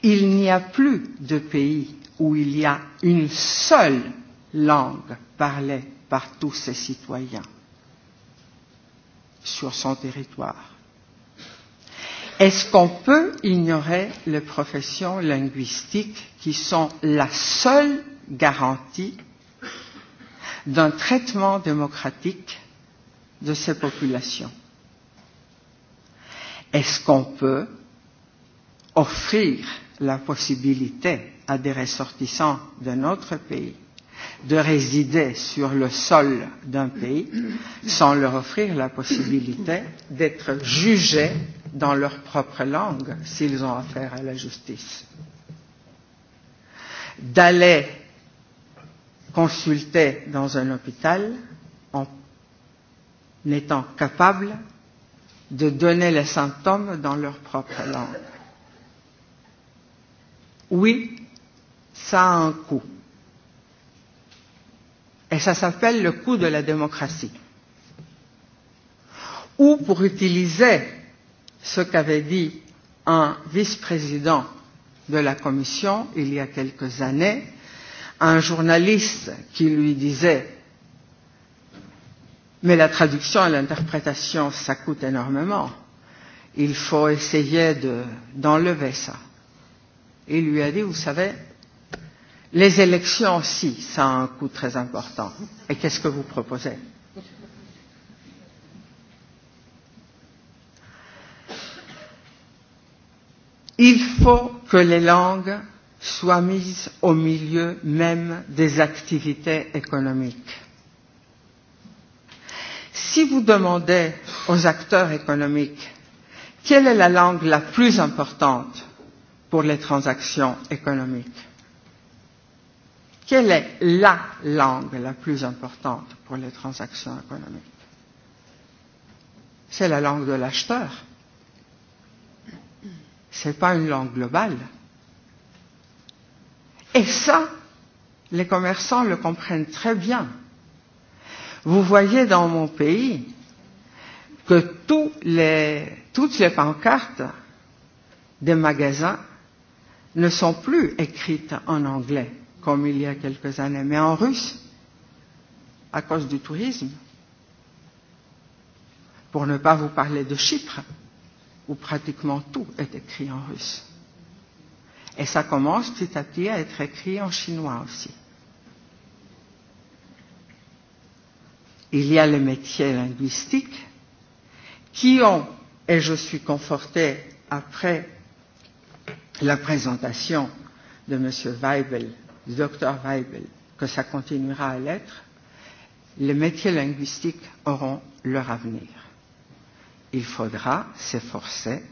Il n'y a plus de pays où il y a une seule langue parlée par tous ses citoyens sur son territoire. Est-ce qu'on peut ignorer les professions linguistiques qui sont la seule garantie d'un traitement démocratique de ces populations. Est-ce qu'on peut offrir la possibilité à des ressortissants d'un autre pays de résider sur le sol d'un pays sans leur offrir la possibilité d'être jugés dans leur propre langue s'ils ont affaire à la justice. D'aller consulter dans un hôpital n'étant capables de donner les symptômes dans leur propre langue. Oui, ça a un coût. Et ça s'appelle le coût de la démocratie. Ou pour utiliser ce qu'avait dit un vice-président de la Commission il y a quelques années, un journaliste qui lui disait Mais la traduction et l'interprétation, ça coûte énormément. Il faut essayer d'enlever de, ça. Il lui a dit, vous savez, les élections aussi, ça a un coût très important. Et qu'est-ce que vous proposez Il faut que les langues soient mises au milieu même des activités économiques si vous demandez aux acteurs économiques quelle est la langue la plus importante pour les transactions économiques quelle est la langue la plus importante pour les transactions économiques c'est la langue de l'acheteur n'est pas une langue globale et ça les commerçants le comprennent très bien Vous voyez dans mon pays que tous les, toutes les pancartes des magasins ne sont plus écrites en anglais comme il y a quelques années, mais en russe, à cause du tourisme. Pour ne pas vous parler de Chypre, où pratiquement tout est écrit en russe. Et ça commence petit à petit à être écrit en chinois aussi. il y a les métiers linguistiques qui ont, et je suis confortée après la présentation de M. Weibel, du docteur Weibel, que ça continuera à l'être, les métiers linguistiques auront leur avenir. Il faudra s'efforcer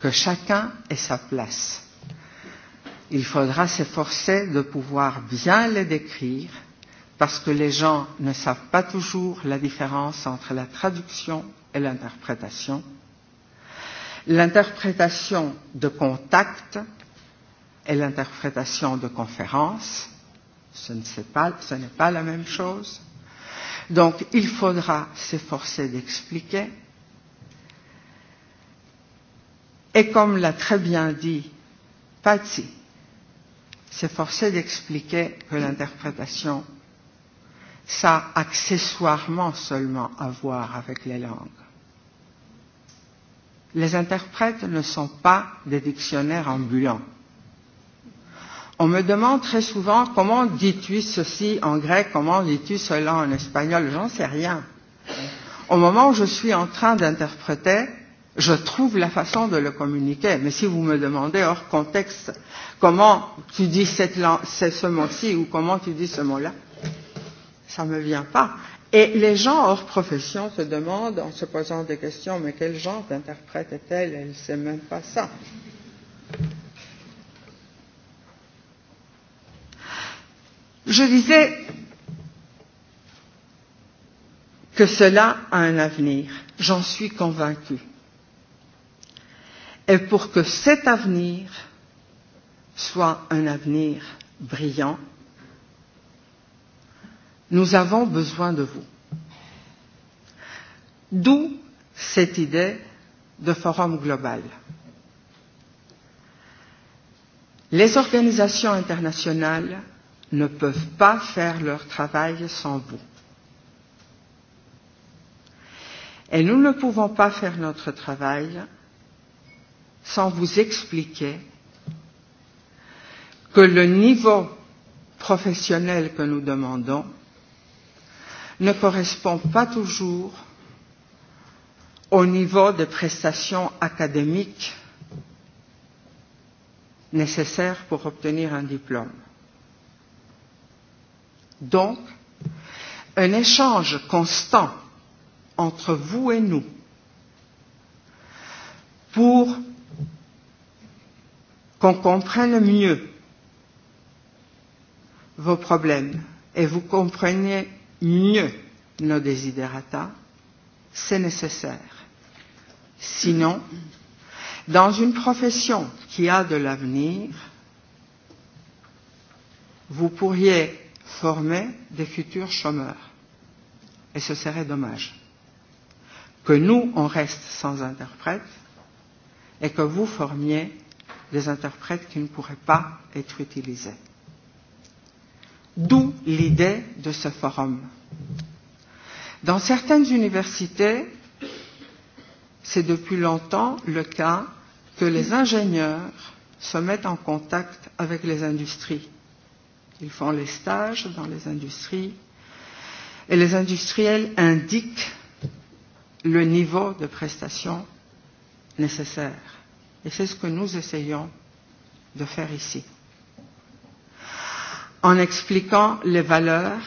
que chacun ait sa place. Il faudra s'efforcer de pouvoir bien les décrire parce que les gens ne savent pas toujours la différence entre la traduction et l'interprétation. L'interprétation de contact et l'interprétation de conférence, ce n'est pas, ce pas la même chose. Donc il faudra s'efforcer d'expliquer. Et comme l'a très bien dit Patsy, s'efforcer d'expliquer que l'interprétation ça a accessoirement seulement à voir avec les langues. Les interprètes ne sont pas des dictionnaires ambulants. On me demande très souvent comment dis-tu ceci en grec, comment dis-tu cela en espagnol, j'en sais rien. Au moment où je suis en train d'interpréter, je trouve la façon de le communiquer. Mais si vous me demandez hors contexte comment tu dis cette langue, ce mot-ci ou comment tu dis ce mot-là, ça ne me vient pas. Et les gens hors profession se demandent, en se posant des questions, mais quel genre d'interprète est-elle Elle ne sait même pas ça. Je disais que cela a un avenir. J'en suis convaincue. Et pour que cet avenir soit un avenir brillant, Nous avons besoin de vous. D'où cette idée de forum global. Les organisations internationales ne peuvent pas faire leur travail sans vous. Et nous ne pouvons pas faire notre travail sans vous expliquer que le niveau professionnel que nous demandons ne correspond pas toujours au niveau de prestations académiques nécessaires pour obtenir un diplôme. Donc, un échange constant entre vous et nous pour qu'on comprenne mieux vos problèmes et vous compreniez mieux nos desiderata, c'est nécessaire. Sinon, dans une profession qui a de l'avenir, vous pourriez former des futurs chômeurs. Et ce serait dommage que nous, on reste sans interprète et que vous formiez des interprètes qui ne pourraient pas être utilisés. D'où l'idée de ce forum. Dans certaines universités, c'est depuis longtemps le cas que les ingénieurs se mettent en contact avec les industries. Ils font les stages dans les industries et les industriels indiquent le niveau de prestation nécessaire. Et c'est ce que nous essayons de faire ici en expliquant les valeurs,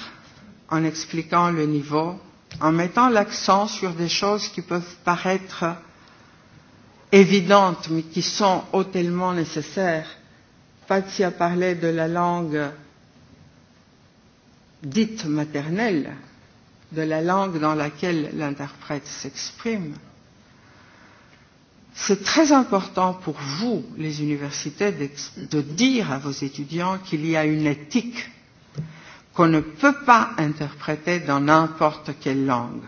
en expliquant le niveau, en mettant l'accent sur des choses qui peuvent paraître évidentes, mais qui sont hautement nécessaires. Patsy a parlé de la langue dite maternelle, de la langue dans laquelle l'interprète s'exprime. C'est très important pour vous, les universités, de dire à vos étudiants qu'il y a une éthique qu'on ne peut pas interpréter dans n'importe quelle langue.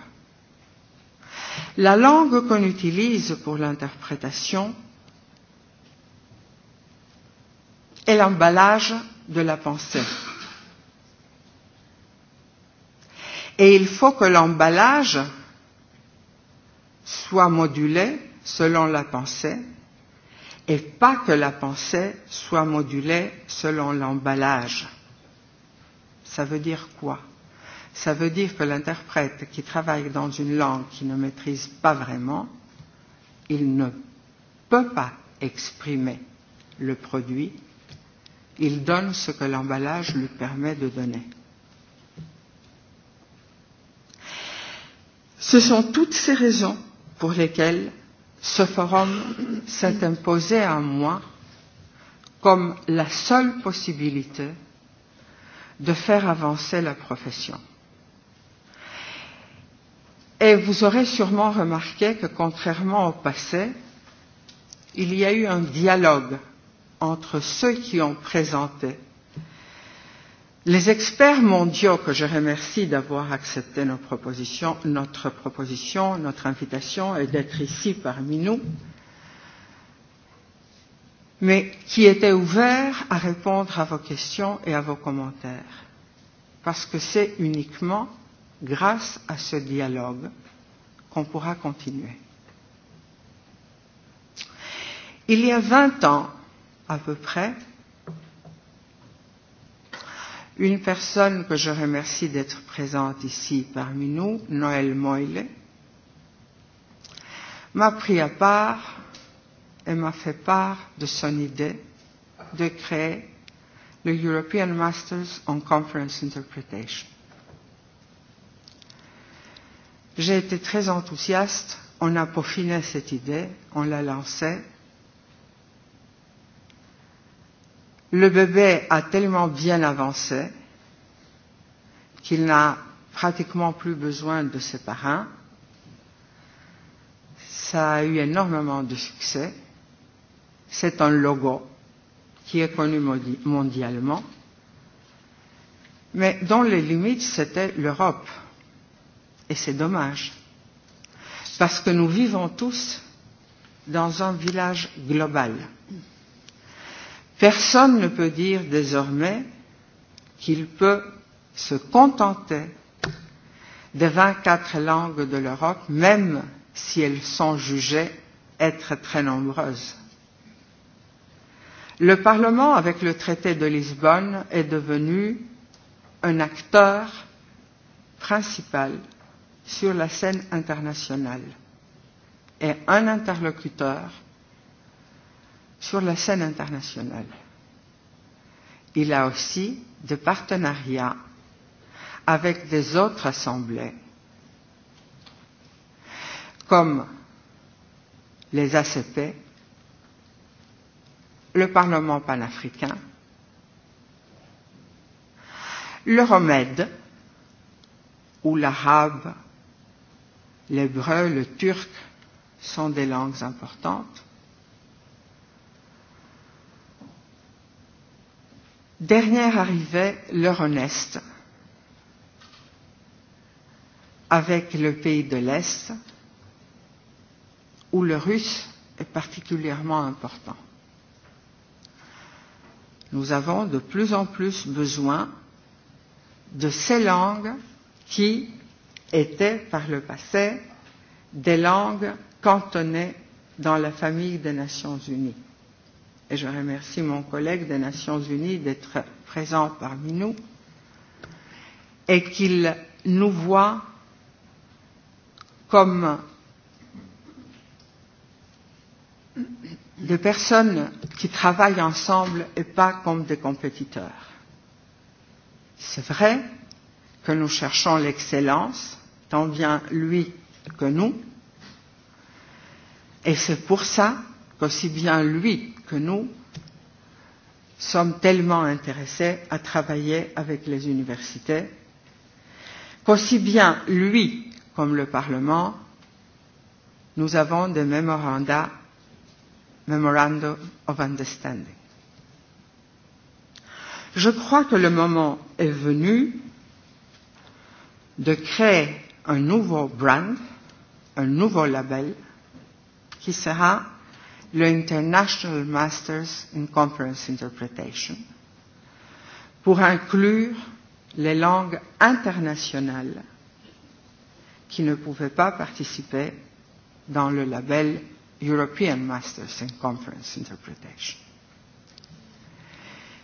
La langue qu'on utilise pour l'interprétation est l'emballage de la pensée. Et il faut que l'emballage soit modulé selon la pensée et pas que la pensée soit modulée selon l'emballage. Ça veut dire quoi Ça veut dire que l'interprète qui travaille dans une langue qu'il ne maîtrise pas vraiment, il ne peut pas exprimer le produit, il donne ce que l'emballage lui permet de donner. Ce sont toutes ces raisons pour lesquelles ce forum s'est imposé à moi comme la seule possibilité de faire avancer la profession. Et vous aurez sûrement remarqué que contrairement au passé, il y a eu un dialogue entre ceux qui ont présenté Les experts mondiaux que je remercie d'avoir accepté nos propositions, notre proposition, notre invitation et d'être ici parmi nous, mais qui étaient ouverts à répondre à vos questions et à vos commentaires. Parce que c'est uniquement grâce à ce dialogue qu'on pourra continuer. Il y a 20 ans à peu près, Une personne que je remercie d'être présente ici parmi nous, Noël Moyle, m'a pris à part et m'a fait part de son idée de créer le European Masters on Conference Interpretation. J'ai été très enthousiaste, on a peaufiné cette idée, on l'a lancée le bébé a tellement bien avancé qu'il n'a pratiquement plus besoin de ses parents. Ça a eu énormément de succès. C'est un logo qui est connu mondialement. Mais dans les limites, c'était l'Europe. Et c'est dommage. Parce que nous vivons tous dans un village global. Personne ne peut dire désormais qu'il peut se contenter des 24 langues de l'Europe, même si elles sont jugées être très nombreuses. Le Parlement, avec le traité de Lisbonne, est devenu un acteur principal sur la scène internationale et un interlocuteur sur la scène internationale. Il a aussi des partenariats avec des autres assemblées, comme les ACP, le Parlement panafricain, l'Euromed, où l'arabe, l'hébreu, le turc sont des langues importantes, Dernière arrivait l'Euronest, avec le pays de l'Est, où le russe est particulièrement important. Nous avons de plus en plus besoin de ces langues qui étaient par le passé des langues cantonnées dans la famille des Nations Unies et je remercie mon collègue des Nations Unies d'être présent parmi nous et qu'il nous voit comme des personnes qui travaillent ensemble et pas comme des compétiteurs. C'est vrai que nous cherchons l'excellence, tant bien lui que nous, et c'est pour ça qu'aussi bien lui que nous sommes tellement intéressés à travailler avec les universités qu'aussi bien lui comme le Parlement, nous avons des memoranda, memorandum of understanding. Je crois que le moment est venu de créer un nouveau brand, un nouveau label qui sera le International Masters in Conference Interpretation pour inclure les langues internationales qui ne pouvaient pas participer dans le label European Masters in Conference Interpretation.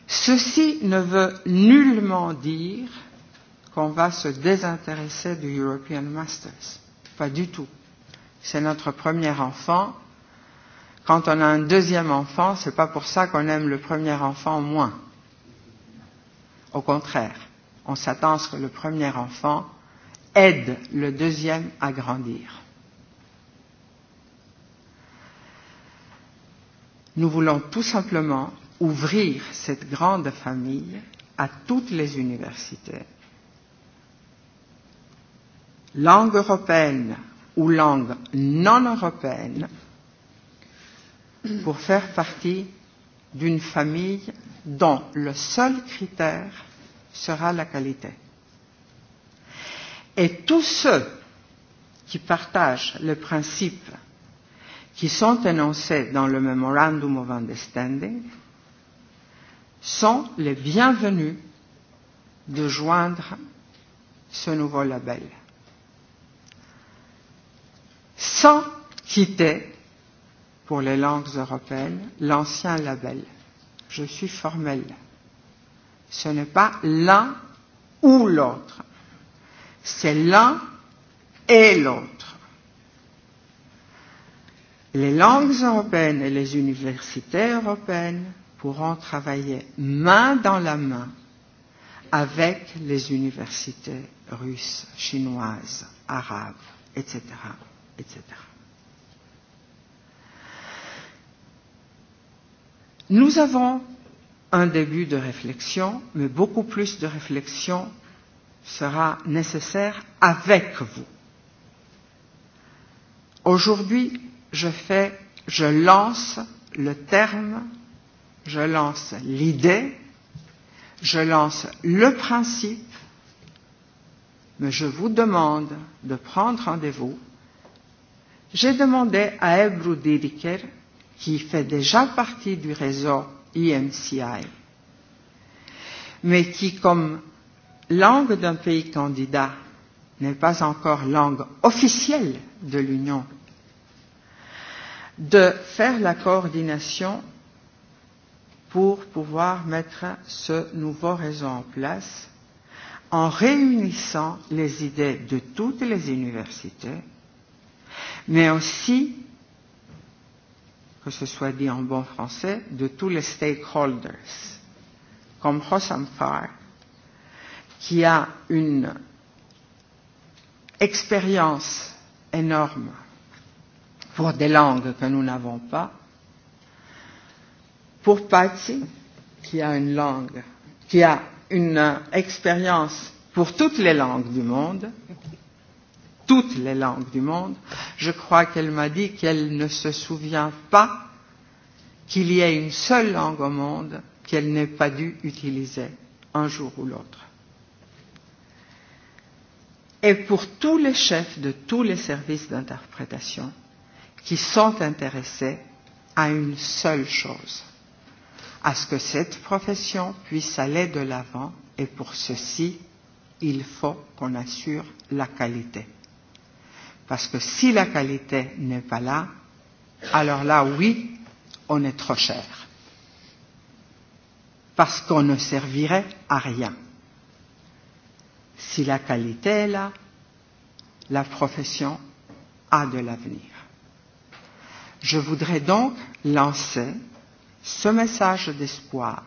Ceci ne veut nullement dire qu'on va se désintéresser du European Masters. Pas du tout. C'est notre premier enfant Quand on a un deuxième enfant, ce n'est pas pour ça qu'on aime le premier enfant moins. Au contraire, on s'attend à ce que le premier enfant aide le deuxième à grandir. Nous voulons tout simplement ouvrir cette grande famille à toutes les universités. Langue européenne ou langue non européenne, pour faire partie d'une famille dont le seul critère sera la qualité. Et tous ceux qui partagent le principe qui sont énoncés dans le Memorandum of Understanding sont les bienvenus de joindre ce nouveau label. Sans quitter pour les langues européennes l'ancien label. Je suis formel. Ce n'est pas l'un ou l'autre. C'est l'un et l'autre. Les langues européennes et les universités européennes pourront travailler main dans la main avec les universités russes, chinoises, arabes, etc. etc. Nous avons un début de réflexion, mais beaucoup plus de réflexion sera nécessaire avec vous. Aujourd'hui, je fais, je lance le terme, je lance l'idée, je lance le principe, mais je vous demande de prendre rendez-vous. J'ai demandé à Ebru Diriker qui fait déjà partie du réseau EMCI, mais qui, comme langue d'un pays candidat, n'est pas encore langue officielle de l'Union, de faire la coordination pour pouvoir mettre ce nouveau réseau en place en réunissant les idées de toutes les universités, mais aussi que ce soit dit en bon français, de tous les stakeholders, comme Hossam Farr, qui a une expérience énorme pour des langues que nous n'avons pas, pour Patsy, qui a une langue, qui a une expérience pour toutes les langues du monde, toutes les langues du monde, je crois qu'elle m'a dit qu'elle ne se souvient pas qu'il y ait une seule langue au monde qu'elle n'ait pas dû utiliser un jour ou l'autre. Et pour tous les chefs de tous les services d'interprétation qui sont intéressés à une seule chose, à ce que cette profession puisse aller de l'avant et pour ceci, il faut qu'on assure la qualité. Parce que si la qualité n'est pas là, alors là, oui, on est trop cher. Parce qu'on ne servirait à rien. Si la qualité est là, la profession a de l'avenir. Je voudrais donc lancer ce message d'espoir,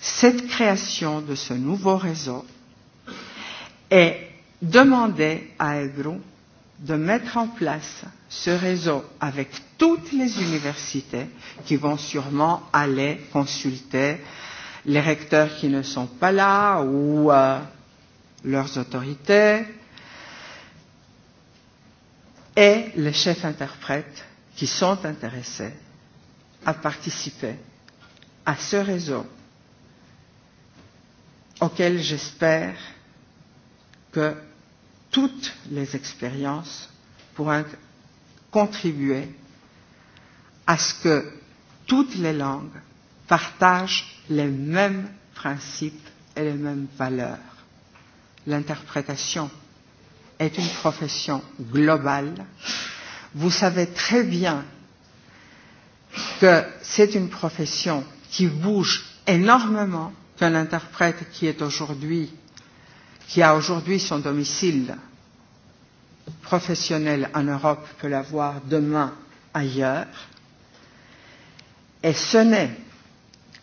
cette création de ce nouveau réseau est demandait à EGRO de mettre en place ce réseau avec toutes les universités qui vont sûrement aller consulter les recteurs qui ne sont pas là ou euh, leurs autorités et les chefs interprètes qui sont intéressés à participer à ce réseau auquel j'espère que toutes les expériences pour contribuer à ce que toutes les langues partagent les mêmes principes et les mêmes valeurs. L'interprétation est une profession globale. Vous savez très bien que c'est une profession qui bouge énormément, qu'un interprète qui est aujourd'hui qui a aujourd'hui son domicile professionnel en Europe peut l'avoir demain ailleurs. Et ce n'est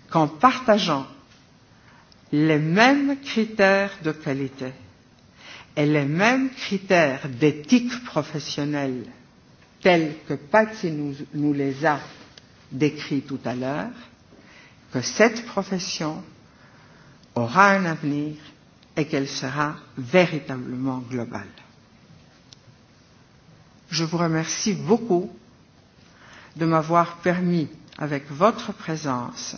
qu'en partageant les mêmes critères de qualité et les mêmes critères d'éthique professionnelle tels que Patsy nous, nous les a décrits tout à l'heure, que cette profession aura un avenir et qu'elle sera véritablement globale. Je vous remercie beaucoup de m'avoir permis, avec votre présence,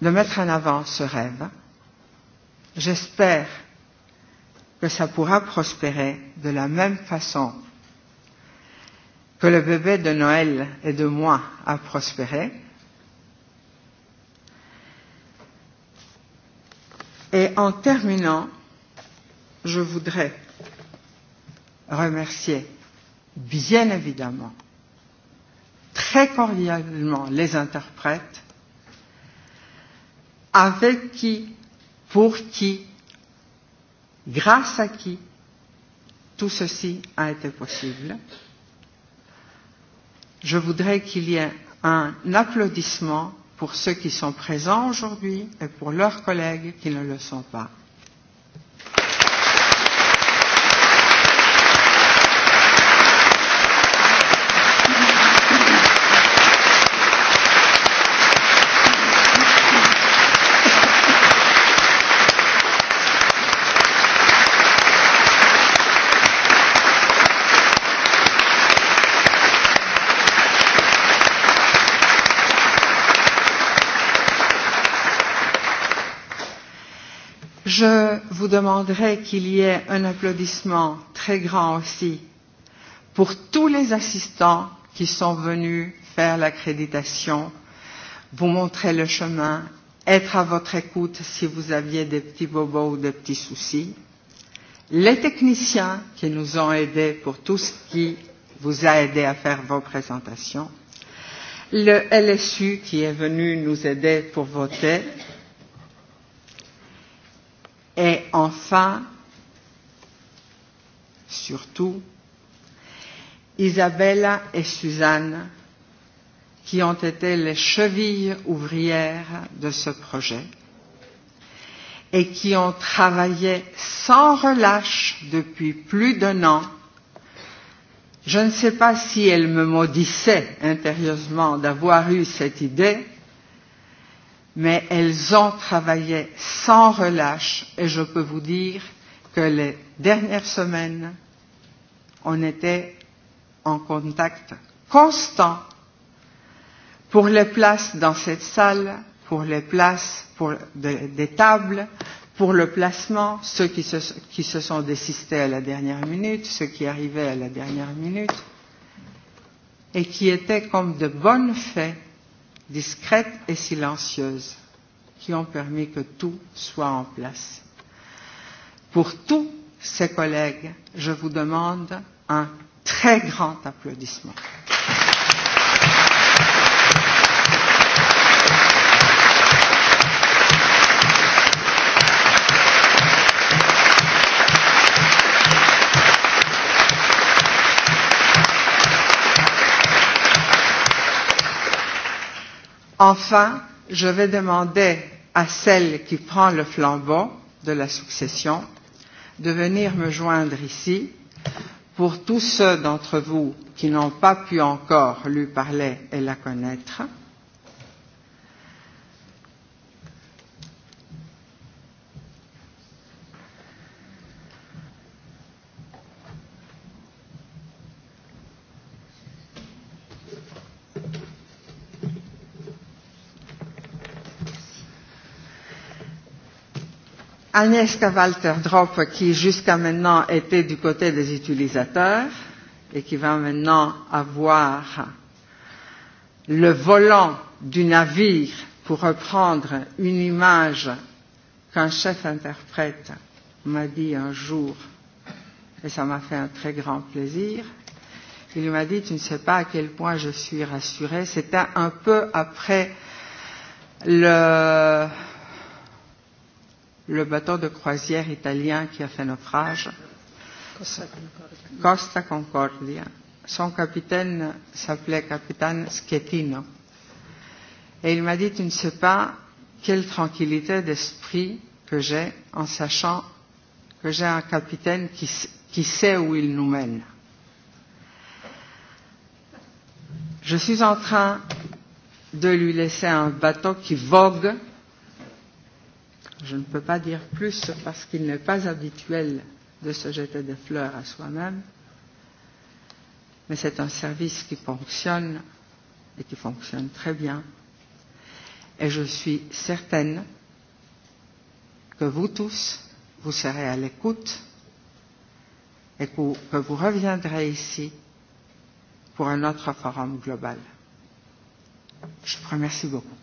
de mettre en avant ce rêve. J'espère que ça pourra prospérer de la même façon que le bébé de Noël et de moi a prospéré en terminant, je voudrais remercier bien évidemment très cordialement les interprètes avec qui, pour qui, grâce à qui tout ceci a été possible. Je voudrais qu'il y ait un applaudissement pour ceux qui sont présents aujourd'hui et pour leurs collègues qui ne le sont pas. vous demanderai qu'il y ait un applaudissement très grand aussi pour tous les assistants qui sont venus faire l'accréditation, vous montrer le chemin, être à votre écoute si vous aviez des petits bobos ou des petits soucis, les techniciens qui nous ont aidés pour tout ce qui vous a aidé à faire vos présentations, le LSU qui est venu nous aider pour voter, et enfin, surtout, Isabella et Suzanne, qui ont été les chevilles ouvrières de ce projet et qui ont travaillé sans relâche depuis plus d'un an. Je ne sais pas si elles me maudissaient intérieurement d'avoir eu cette idée, mais elles ont travaillé sans relâche et je peux vous dire que les dernières semaines, on était en contact constant pour les places dans cette salle, pour les places pour de, des tables, pour le placement, ceux qui se, qui se sont désistés à la dernière minute, ceux qui arrivaient à la dernière minute, et qui étaient comme de bonnes fées discrètes et silencieuses, qui ont permis que tout soit en place. Pour tous ces collègues, je vous demande un très grand applaudissement. Enfin, je vais demander à celle qui prend le flambeau de la succession de venir me joindre ici pour tous ceux d'entre vous qui n'ont pas pu encore lui parler et la connaître Agnès Cavalter drop qui jusqu'à maintenant était du côté des utilisateurs et qui va maintenant avoir le volant du navire, pour reprendre une image qu'un chef interprète m'a dit un jour, et ça m'a fait un très grand plaisir, il m'a dit, tu ne sais pas à quel point je suis rassurée. C'était un peu après le le bateau de croisière italien qui a fait naufrage, Costa Concordia. Son capitaine s'appelait capitaine Schettino. Et il m'a dit, tu ne sais pas quelle tranquillité d'esprit que j'ai en sachant que j'ai un capitaine qui, qui sait où il nous mène. Je suis en train de lui laisser un bateau qui vogue je ne peux pas dire plus parce qu'il n'est pas habituel de se jeter des fleurs à soi-même, mais c'est un service qui fonctionne et qui fonctionne très bien. Et je suis certaine que vous tous, vous serez à l'écoute et que, que vous reviendrez ici pour un autre forum global. Je vous remercie beaucoup.